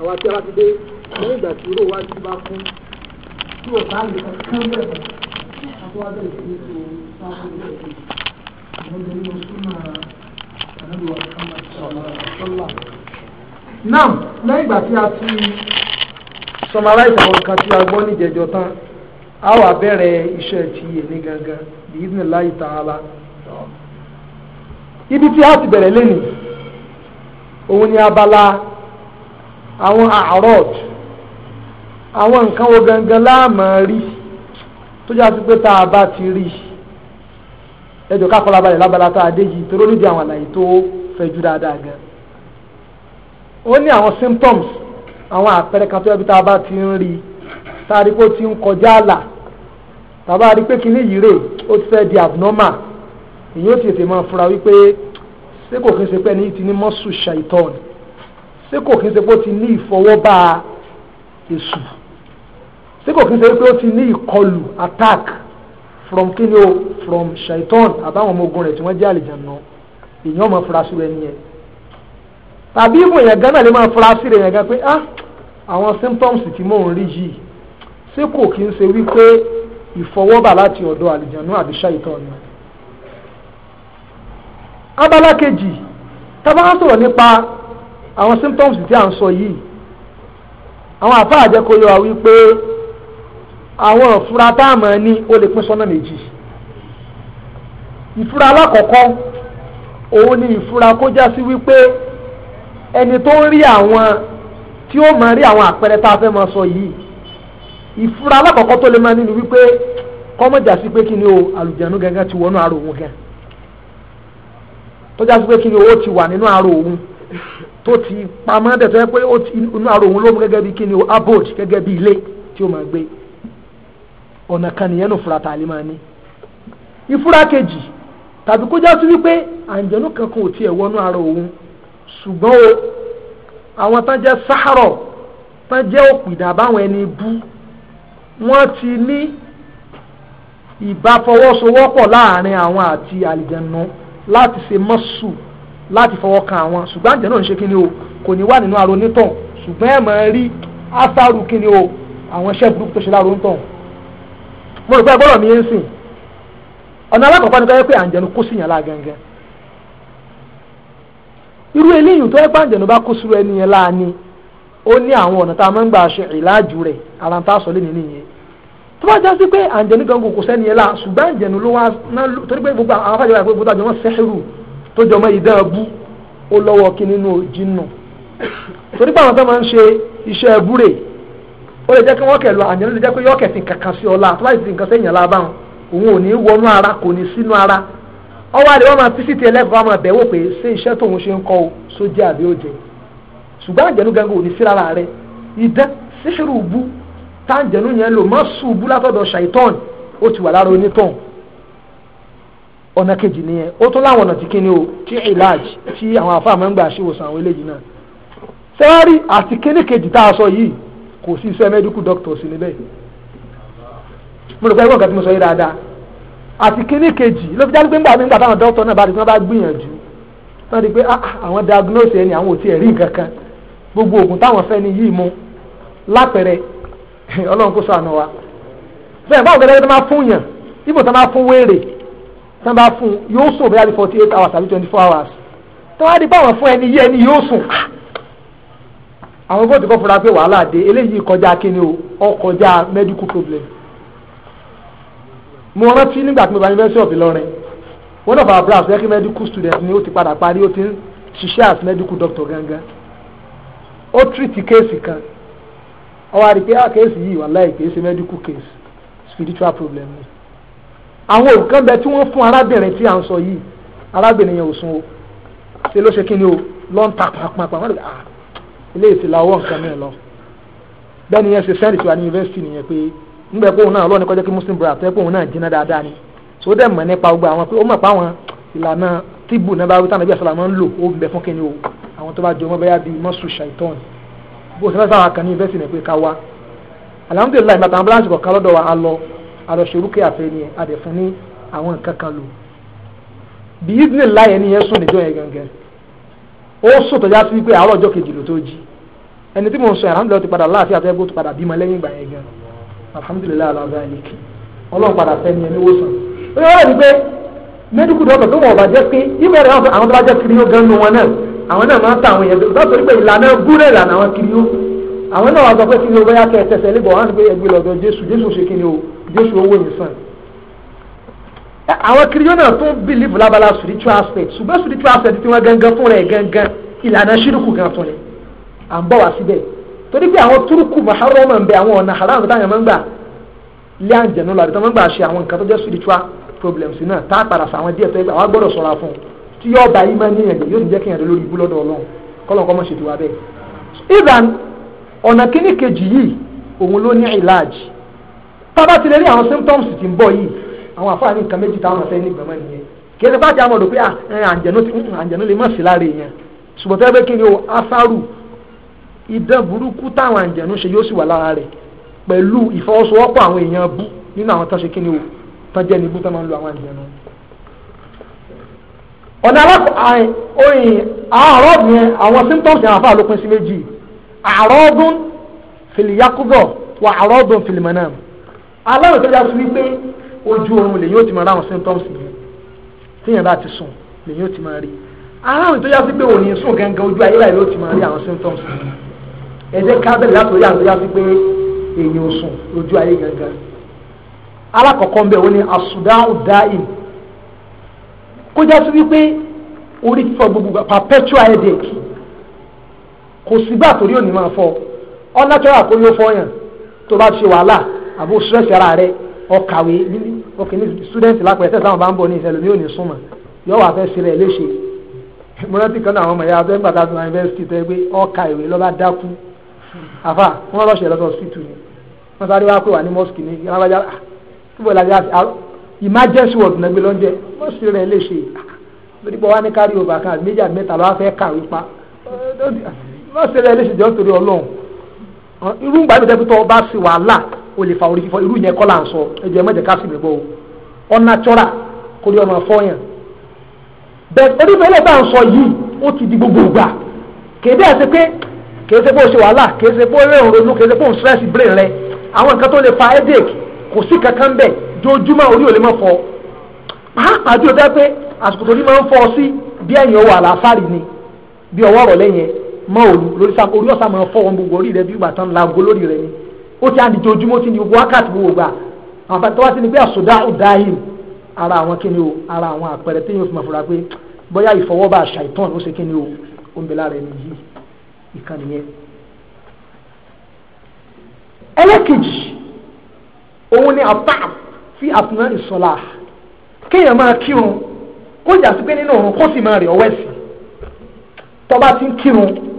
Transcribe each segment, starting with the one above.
àwọn àti ara ti dé lẹ́yìn ìgbà tí irú wa bá fún tí o bá lè kọ́ bẹ̀rẹ̀ àwọn abẹ́rẹ́ sí ètò sáfù lẹ́yìn àwọn ọmọ ìlú súnmọ́ àdúgbò àkàmà náà lẹ́yìn ìgbà tí a ti summarize àwọn kan tí a gbọ́ níjẹ̀jọ́ tán a wà bẹ̀rẹ̀ iṣẹ́ ti èmi gangan bí ibùdó láì tààlà ibi tí a ti bẹ̀rẹ̀ lẹ́nu òun ni abala àwọn àrọ́d àwọn nǹkan wo gangan láàmà rí tó já sí pé tá a bá ti rí ẹjọ́ káfọlá balẹ̀ lábala tá a dé yìí torí ó nídìí àwọn àlàyé tó fẹjú dáadáa gan ó ní àwọn symptoms àwọn àpẹẹrẹ kan tó yẹ bí tá a bá ti ń rí tá a rí pé ó ti ń kọjá àlà tàbá rí pé kinní yìí rè ó ti fẹ́ di abnormal èyí ó ti tètè máa fura wípé ṣé kò kí n ṣe pé ẹni yìí ti ní mọ́sù ṣàìtọ́ọ̀nù ṣé kò kí n ṣe pé ó ti ní ìfọwọ́bá èṣù ṣé kò kí n ṣe pé ó ti ní ìkọlù attack from kíni o from shaitan àbáwọn ọmọ ogun rẹ̀ tí wọ́n jẹ́ àlìjànà èèyàn ọmọ afurasí rẹ̀ nìyẹn tàbí ìmọ̀ èèyàn gánà lè máa afurasí rẹ̀ yẹn gan pé ah àwọn symptoms tí mò ń rí yìí ṣé kò kí n ṣe wípé ìfọwọ́bà láti ọ̀dọ̀ àlìjànà àbí shaitan ni abala kejì tábà sọ̀rọ̀ nípa àwọn symptoms tí à ń sọ yìí àwọn àfa àjẹkọyọ wa wípé àwọn ìfura tá a mọ̀ ní ó lè pín sọ́nà méjì ìfura alákọ̀ọ́kọ́ òun ni ìfura kó já sí wípé ẹni tó ń rí àwọn tí ó máa rí àwọn àpẹẹrẹ tá a fẹ́ máa sọ yìí ìfura alákọ̀ọ́kọ́ tó lè máa nínú wípé kọ́mọ̀jà sí pé kí ni o àlùjànnú gángan ti wọnú àrò òun gan tó já sí pé kí ni o ó ti wà nínú àrò òun tó ti pamọ́ dẹ̀ tó yẹ pé inú ara òun ló mú gẹ́gẹ́ bí kíni o abode gẹ́gẹ́ bí ilé tí ó máa gbé ọ̀nà kan nìyẹn nù fura tá a lè máa ní. ìfura kejì tàbí kó já sí wípé àǹjẹ̀nú kankan ò tiẹ̀ wọnú ara òun ṣùgbọ́n o àwọn tán jẹ́ sáárọ̀ tán jẹ́ òpìdà báwọn ẹni bú wọ́n ti ní ìbáfọwọ́sowọ́pọ̀ láàrin àwọn àti àlìjẹ̀nú láti ṣe mọ́sù láti fọwọ́ kan àwọn ṣùgbọ́n àjẹ́ náà ń ṣe kí ni o kò ní wà nínú ara onítàn ṣùgbọ́n ẹ̀ máa rí ásáàrù kí ni o àwọn iṣẹ́ burúkú tó ṣe lára onítàn. mo rò pé ẹgbọ́n mi ń sìn ọ̀nà alákọ̀ọ́kọ́ ni pé pé àǹjẹ̀nu kó síyàn láà gẹ́gẹ́ irú eléyìí tó ẹ pé àǹjẹ̀nu bá kó sí ẹni yẹn láà ni ó ní àwọn ọ̀nà tá a máa ń gbà ṣe ìlàjú rẹ̀ ara ń tà sọ lé nínú tó bá já sí pé àǹjẹ̀nu gangan kò sẹ́ni yẹn ṣùgbọ́n àǹjẹ̀nu ló wá torí pé gbogbo àwọn afájọba ìpínlẹ̀ gbogbo àjọ wọn sẹ́hìrù tó jọmọ́ ìdán abú ó lọ́wọ́ kí nínú jinnu torí pé àwọn tó máa ń ṣe iṣẹ́ ẹbúrè ó lè jẹ́ kí wọ́n kẹ̀lú àyàn lè jẹ́ pé yọ́ kẹ̀sìn kankan sí ọlá àtúwáyé sí nǹkan sẹ́yìn alábàáhùn òun ò ní wọnú ara kò ní sínú ara ọwọ́ àdé wọ́n máa fi síte ẹlẹ́gbẹ̀ẹ́ wọ́n máa bẹ̀wò pé ṣé iṣẹ́ tóun ṣe ń kọ́ o sójà àbí òjẹ́ ṣùgbọ́n àjẹnú gangan ò ní sí rárá rẹ idán síṣirù bú táǹjẹ̀nú yẹn lò má sùn bú látọ̀dọ̀ ṣàìtọ́n ó ti wà lára onítọ̀hún ọ̀nà kejì nìyẹn ó tún láwọn ọ̀nà tí kíni o tí ìlàj tí àwọn àfáà máa ń gbà ṣe ìwòsàn àwọn eléyìí náà sẹ́wárì àti kíní kejì tá a sọ yìí kò sí iṣẹ́ medical doctor sí níbẹ̀ mo rò pé ẹgbọ́n kan tí mo sọ yìí dáadáa àti kíní kejì ló fi jáde pé ńgbà mi ńgbà táwọn doctor náà bá di pé wọ́n bá gbìyànjú wọ́n di pé ah, ah, àwọn diagnose ẹni àwọn ò tiẹ̀ rí nǹkan kan gbogbo oògùn táwọn fẹ́ ni yìí mu lápẹẹrẹ ọlọ́run kó sọ àná wa bẹ́ẹ̀ báwo gẹ́gẹ́ bí wọ́n máa fún yàn ibò máa fún wéèrè tán bá fún un yóò sùn bóyá bí forty eight hours àbí twenty four hours tó wá di pé àwọn fún ẹni yé ẹni yóò sùn ah! àwọn bóòtù kan fura pé wàhálà dé eléyìí kọjá kíni o ọ kọjá medical problem mo rántí nígbà tí mo bá university of Ìlọrin one of our brass rẹ́kí medical student ni ó ti padà parí ó ti ń ṣiṣẹ́ as medical doctor gangan ó tírìtì kéèsì kan ó wá rí pé kéèsì ah, yìí wàhálà yìí kìí medical case spiritual problem ni àwọn nǹkan bẹ tí wọ́n fún arábìnrin tí à ń sọ yìí arábìnrin yẹn ò sun o ṣe ló ṣe kí ni o lọ ń ta pàápàá wọn lè ah ilé ìsìlá ọwọ́ nǹkan mìíràn lọ bẹ́ẹ̀ ni yẹn ṣe sẹ́ẹ̀lì tiwa ní yunifásitì nìyẹn pé ńgbẹ́ pé òun náà lọ́ọ́ ní kọjá kí muslim brother pé òun náà jiná dáadáa ni tó dẹ̀ mọ̀ nípa gbogbo àwọn pé ó mọ̀ pé àwọn ìlànà tíbù náà bá wí tánà bí àṣàlà máa ń lò ó bẹ fún kíni o àwọn tó bá jọ wọn bẹ́yà bíi mọ́sù ṣàìtọ́n bó ṣe fẹ́ sáwà kan ní yunifásitì ni pé ká wá alhamdulilayi bàtà ambulance kọ̀ọ̀kan lọ́dọ̀ wa a lọ àròṣerúkẹ́ àfẹ́ni àdẹ̀fún ní àwọn nǹkan kan lò bí ìdílé láyé ni yẹn sùn níjọ́ yẹn gangan ó sùn tọ́já sí pé àárọ̀ ọjọ́ kejì ló tó jí ẹni tí mò ń sọ alhamdulilayi ti padà láàfin àtẹ́gbó ti padà bímọ lẹ́yìn ìgbà yẹn gan alhamdulilayi aláàbẹ̀ àyíkì ọlọ́run padà fẹ́ni ẹni wò sàn ó yẹ wọ́n rí pé mẹ́díkù dọ́kítọ̀ tó wọ̀ bá jẹ́ pé ìmọ̀ ẹ̀rọ àwọn tó bá jẹ́ kiri yóò gan nu wọn náà àwọn náà máa ń ta àwọn yẹn bẹ́ẹ̀ sọ́tò pé ìlànà búrẹ́ ìlànà àwọn kiri yóò àwọn náà wà sọ pé kiri yóò bóyá kẹ́ ẹ tẹ̀sẹ̀ wọn á ní pé ẹgbẹ́ lọ́dọ̀ Jésù Jésù ṣe kí ni Joshua owó mi sàn àwọn kìrìyàn náà tún believe lábala spiritual aspect ṣùgbọ́n spiritual aspect tí wọ́n gangan fúnra ẹ̀ gangan ìlànà ṣírùkù gan tún ni à ń bọ̀ wá síbẹ̀ torí pé àwọn túrùkù maharoma ń bẹ àwọn ọ̀nà haram tó táyàn máa ń gbà lé àǹjẹ̀nú lọ àbí tó máa ń gbà ṣe àwọn nǹkan tó jẹ́ spiritual problems náà tá a padà sọ àwọn díẹ̀ tó yẹ àwọn gbọ́dọ̀ sọ̀rọ̀ fún un tí yóò bá yí máa ní ìyànjẹ yóò ní jẹ́ kéèyàn lórí ibú lọ́dọ̀ ọlọ́run kọ́lọ̀ kọ́ mọ̀ ṣètò wa bẹ́ẹ̀. ìdàn ọ̀nà kíní kejì yìí òun ló ní ìlàjì tábà ti lè rí àwọn symptoms tí ń bọ̀ yìí àwọn àfáà ní nǹkan méjì táwọn ọ̀sẹ̀ ní gbẹ̀mọ́ nìyẹn kì í ṣe pàtàkì àwọn ọ̀dọ̀ pé ah, àǹjẹ̀nú mm, lè má sí lára èèyàn ṣùgbọ́n tẹ́lẹ̀ pé kí ni o asaru idán burúkú táwọn àǹjẹ̀nú ṣe yóò sì wà lára rẹ̀ pẹ̀lú ìfọwọ́sowọ́pọ̀ àwọn èèyàn bú nínú àwọn tán ṣe kí ni o tán jẹ́ níbú tán máa ń lo àwọn àǹjẹ̀nú. ọ̀nà oyin àárọ̀dùn yẹn àwọn symptoms aláwọ̀ tó dáa sí wípé ojú oorun lèyìn ó ti máa ráwọn symptoms yẹn tíyẹn bá ti sùn lèyìn ó ti máa rí aláwọ̀ tó dáa sí pé òní sùn gangan ojú ayé láì ló ti máa rí àwọn symptoms ẹ jẹ́ kábẹ́lì látòrí àwọn tó dáa sí pé èyí ò sùn ojú ayé gangan alákọ̀ọ́kọ́ ń wọ́n ní asudáhùn dáìm kó dáa sí wípé orí fífọ́ gbogbo perpetual headache kò sígbà torí òní máa fọ́ ọ́ natural kó yóò fọ́ yàn tó bá ti ṣe wàhálà àbò stress ara rẹ ọkàwé ok ní student lápẹ̀ẹ́ tẹ̀sán àwọn bá ń bọ̀ ní ìṣẹ̀lẹ̀ mi ò ní súnmọ́ yóò wà fẹ́ ṣe rẹ̀ léṣe mo rántí kan náà àwọn ọmọ ìyá abẹ́ gbàdá tó yunifásitì tó yẹ pé ọkà ìwé lọ́ba dákú àfà wọ́n rọ̀ṣẹ̀ lọ́sọ̀ hospital ni wọ́n sáré wá pé wà ní mosque ní alábàjá túbọ̀ ìlàjì emergency ward náà gbé lọ́njẹ́ mosque rẹ̀ lè ṣe lórí ah, pé wọ́n ní kárí òbá kan méjì àti mẹ́ta lọ́wọ́ fẹ́ kàwé pa mosque rẹ̀ lè jọ́ torí ọlọ́run irú ìgbà ìbẹ̀tẹ̀ pé tó o wàhálà o lè fa orí fífọ́ irú yẹn kọ́ là ń sọ ẹjọ́ ẹ má jẹ́ ká sì mí gbọ́ o ọ̀nà tíọ́rà kò rí ọmọ fọ́yàn bẹ́ẹ̀ onífẹ́lẹ́ bá ń sọ yìí ó ti di gbogbo ìgbà kéde àti pé kèé ṣe pé o ṣe wàhálà kèé ṣe pé o rẹ̀ ronú kèé ṣe pé o stress brain rẹ àwọn nǹkan tó lè fa headache kò sí kankan bẹ́ẹ̀ jojúmọ́ orí ò lè má fọ́ pàápàá jù dá pé àsìkò tó ní máa ń fọ́ sí bí ẹ̀yìn ọwọ́ àlàáfàrì ni bí ọwọ́ ọ̀rọ̀ lẹ́yìn mọ́ òru lórí ọ̀sán ó ti àǹdí jojúmọ́ ti ní gbogbo wákàtí gbogbo gbà àwọn fàtí wá sí ni pé àsọdá ó dá yìí ara àwọn kíni o ara àwọn àpẹẹrẹ téèyàn fi máa fura pé bóyá ìfọwọ́bà ṣàìtàn ó ṣe kíni o ó ń bẹ lára ẹni yìí ìkànnì yẹn. ẹlẹ́kejì òun ni àpá fi àtúnyàn ìsọlá kéèyàn máa kírun kó jà sí pé nínú òun kó sì máa rẹ̀ ọwẹ́ sí tọ́ba ti ń kírun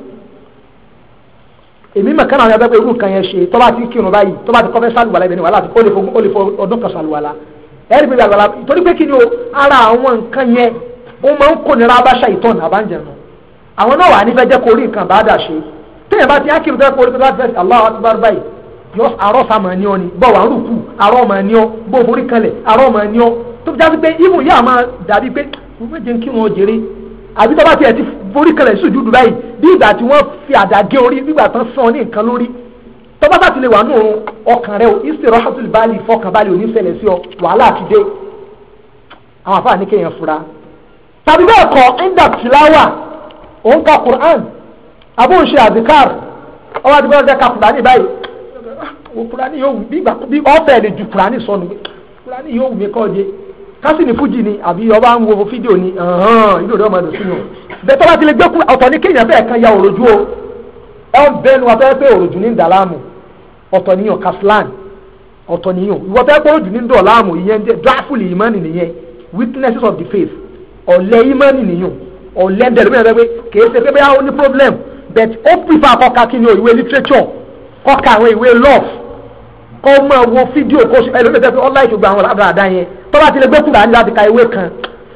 èmi mọ̀ kánà àwọn ẹgbẹ́ pé irú kan yẹn ṣe tọ́ba ti kírun báyìí tọ́ba ti kọ́ fẹ́ sàlùwàlà ibẹ̀ ni wàhálà ti ó lè fọ ọdún kan sàlùwàlà ẹ̀rí pé àgbàlá torí pé kí ni o ara àwọn nǹkan yẹn ó máa ń kó nira abáṣà ìtọ́nà àbájẹ̀nu àwọn náà wà nífẹ̀ẹ́ jẹ́ kó rí nǹkan bá dà ṣe téèyàn bá ti ákìrì tẹ́lẹ̀ kó rí pé bá Allahu Akbar báyìí yọ àárọ̀ sá máa ní ọ ni bọ́ wà ń rùkú àárọ̀ máa ní ọ àbí tó bá tiẹ̀ ti forí kan rẹ̀ sùjúdù báyìí bí ìgbà tí wọ́n fi àdá gé orí nígbà tán sàn ní nǹkan lórí tó bá bá lè wà ní òun ọkàn rẹ o istirahatul bali ìfọkànbalẹ̀ oníṣẹ̀lẹ̀ sí ọ wàhálà ti dé àwọn afáà kéèyàn fura tàbí bẹ́ẹ̀ kọ́ inda tilawa òun ka Qur'an àbó ń ṣe àdìkár ọwọ́ àdìgbò ọ̀dẹ́ ka Qur'an báyìí Qur'an yóò wù bí ọ̀fẹ́ lè ju Qur'an sọnù Qur'an yóò wù mí kọ́ ọ Kasi ní fújì ni àbí ọba ń wo fídíò ni ìlú òde ọmọdé sínú bẹ́ẹ̀ tó bá ti lè gbé kú ọ̀tọ̀ ní kéèyàn bẹ́ẹ̀ kan ya òròjú o ẹ ń bẹnu wa fẹ́ẹ́ pé òròjú ní dàlámù ọ̀tọ̀ níyàn kaslan ọ̀tọ̀ níyàn ìwọ fẹ́ẹ́ pé òròjú ní dọ̀lámù ìyẹn dráfùlì ìmánì nìyẹn witnesses of the faith ọ̀lẹ́ ìmánì nìyàn ọ̀lẹ́ dẹ̀lúmíyàn fẹ́ pé kèé bẹ́ẹ̀ ó problem but ó prefer kọ́ka kí literature kọ́ka àwọn ìwé love kọ́ wo fídíò kó ẹlòmíyàn fẹ́ pé ọ́ láì ṣùgbọ́n tọ́ba ti lè gbé kura ní láti ka ìwé kan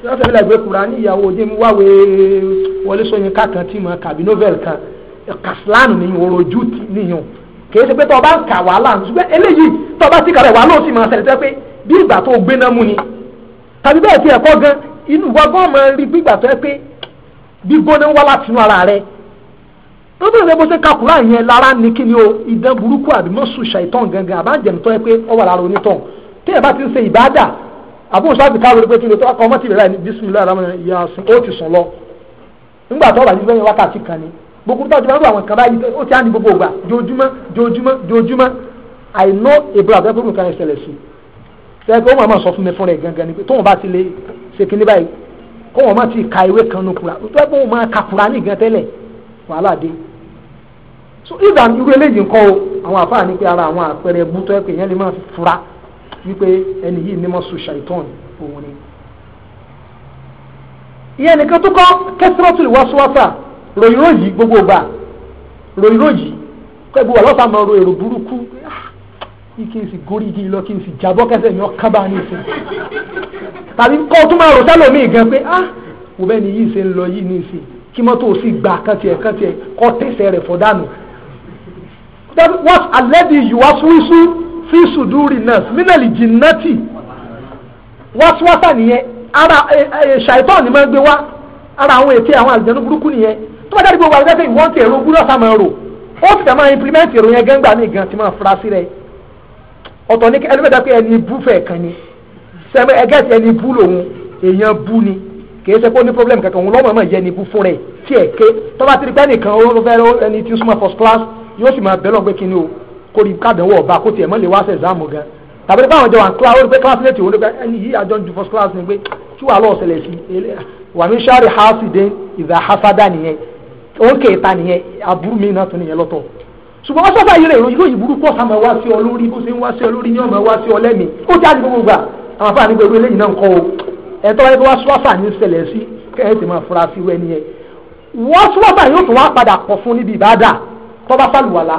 yóò fẹ́ lẹ́gbẹ́ kura ní ìyàwó òde mi wáwé wọlé sọyìnká kan tí mo kà bí novel kan kasilaanu ni oroju niyàn kìí ṣe pé tọ́ba ń kà wàhálà ṣùgbọ́n eléyìí tọ́ba ti kàwé wàhálà ó sì máa ṣẹlẹ̀ pé bí ìgbà tó gbé náà mú ni tàbí bẹ́ẹ̀ ti ẹ̀kọ́ gan inú gbọ́ngàn máa ń rí bí ìgbà tó yẹ pé gbígbóná wá láti inú ara rẹ̀ tó bẹ̀rẹ̀ pé bó ṣe kakura yẹn lára ni kí ni o ìdán burúkú àbí mọ́sù ṣàìtàn gangan àbájẹ̀mítọ́ yẹ pé ọ wà lára tí ẹ bá ti ń ṣe ìbádà àbúrò sáà ká lórí pé kí ló tó ọmọ tìrẹ láì ní bisimilayi ramani ìyá sùn ó ti sùn lọ nígbà tó wà nígbà yẹn wákàtí kan ni gbogbo tó ti máa àwọn kan báyìí ó ti á ní gbogbo ògbà jojúmọ́ jojúmọ́ jojúmọ́ I know ebúra àti ẹgbẹ́ nǹkan ẹsẹ̀ lẹ̀ sí ṣe pé ó máa sọ fún mi fúnra ẹ̀ gangan ni pé tóun bá ti lè ṣe kíní báyìí kó wọn má ti ka ìwé kan nu kura tó ẹgbẹ́ wọn máa ka kura ní ìgbà tẹ́lẹ̀ wàhálà dé so ìgbà irú eléyìí nǹkan o àwọn àfáà ní pé ara àwọn àpẹẹrẹ ẹbú tó pé yẹn lè máa fura wípé ẹni yìí ní mọ́sù ṣàìtàn òun ni. ìyẹn nìkan tó kọ́ kẹsìrọ́tù ìwọ́sowọ́sà ròyìnrò yìí gbogbo gbà ròyìnrò yìí kẹ́gbù wà lọ́sàá máa ro èrò burúkú ah, kí n sì gorí igi lọ kí n sì jábọ́ kẹsẹ̀ mi ọ̀ká bá ní ìsìn tàbí kọ́ ọ tún máa rò sálòmíì gan pé ah wò bẹ́ẹ̀ ni yìí ṣe ń lọ yìí ní ìsìn kí mọ́tò sì gbà kàntiẹ̀ kàntiẹ̀ kọ́ tẹ̀sẹ̀ rẹ̀ fọ́ dànù. what alẹ́ di yìí wá súwísú fi sùdúrì náà mínàlì jìnnàtì wáṣíwáṣà nìyẹn ara ṣàìtọ́ e, e, ni máa ń gbé wá ara àwọn ète àwọn àlùjànnú burúkú nìyẹn tó bá dárí gbogbo àwọn ẹgbẹ́ ìwọ́n ti èrò gbúdọ̀ sá máa rò ó sì fẹ́ máa implement èrò yẹn gángbà ní ìgàn tí máa fura sí rẹ̀ ọ̀tọ̀ ní ẹlẹ́mẹ̀dá pé ẹni bú fẹ̀ kàn ni sẹ́mi ẹgẹ́ ti ẹni bú lòun èèyàn bú ni kìí ṣe pé ó ní problem kankan òun lọ́mọ máa yẹ ẹni bú fún rẹ̀ tí ẹ̀ ké tó bá ti rí pẹ́ nìkan ó fẹ́ ẹni tí ó súnmọ́ first class yóò sì máa bẹ́ lọ́gbẹ́ kínní o kó rí kádánwò ọba kó tiẹ̀ mọ́ lè wá ṣe ẹ̀sáàmù gan tàbí báwọn jọ wà ń kíláà ó rí pé kílásìlẹ̀tì òun ló pé ẹni yìí àjọ ń ju first class ni pé tí wàá lọ́ọ̀ ṣẹlẹ̀ sí wà ní sáré hasidin ìdá hasada nìyẹn òun kẹta nìyẹn aburú mi náà tún nìyẹn lọ́tọ̀ ṣùgbọ́n wọ́n sábà yìí rẹ̀ ìró ìburú pọ̀ sáà máa wá sí ọ lórí bó ṣe ń wá sí ọ lórí ní ọmọ wá sí ọ lẹ́mìí ó jáde gbogbo gbà àwọn afáàní gbogbo eléyìí náà ń kọ́ o ẹ̀tọ́ ẹ bí wá sọ́sà ní ṣẹlẹ̀ sí kẹ́hìntì máa fura sí wẹ́ni yẹn wọ́n sọ́sà yóò tún wá padà pọ̀ fún níbi ìbádà tọ́ba sálùwàlà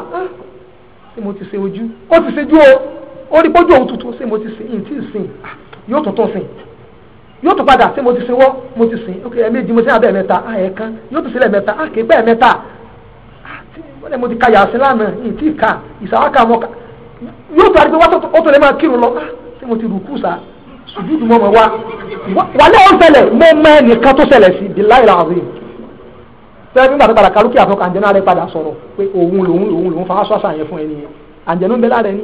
ṣé mo ti ṣe ojú ó ti ṣe jú o ó rí pójú òun tuntun ṣé mo ti ṣe ìtì sìn ah, yóò tún tún sìn yóò tún padà ṣé mo ti ṣe wọ́ mo ti sìn ok ẹ̀mí ìdí mo ṣe abẹ́ mẹ́ta ah ẹ̀ kan yóò tún ṣe lẹ́ẹ̀mẹ́ta ah kì í bẹ́ẹ̀ mẹ́ta ah, wọ́n lè mo ti ka yàsí lánàá ìtì ka ìsàwákà mọ́ ka yóò tún àdìgbò wá ó tún lè máa kírun lọ ah ṣé mo ti rùkú sa sùdúdù mọ́ mọ́ wa wàlẹ́ ọ̀sẹ̀lẹ̀ mo mọ ẹnìkan tó ṣẹlẹ̀ sí bíláì làwọn sẹ́yìn nígbà tó padà kálukí àfọkàn àǹjẹ̀nú ààrẹ padà sọ̀rọ̀ pé òun lòun lòun lòun fa wáṣọ àṣà yẹn fún ẹni yẹn àǹjẹ̀nú ń bẹ lára ẹni.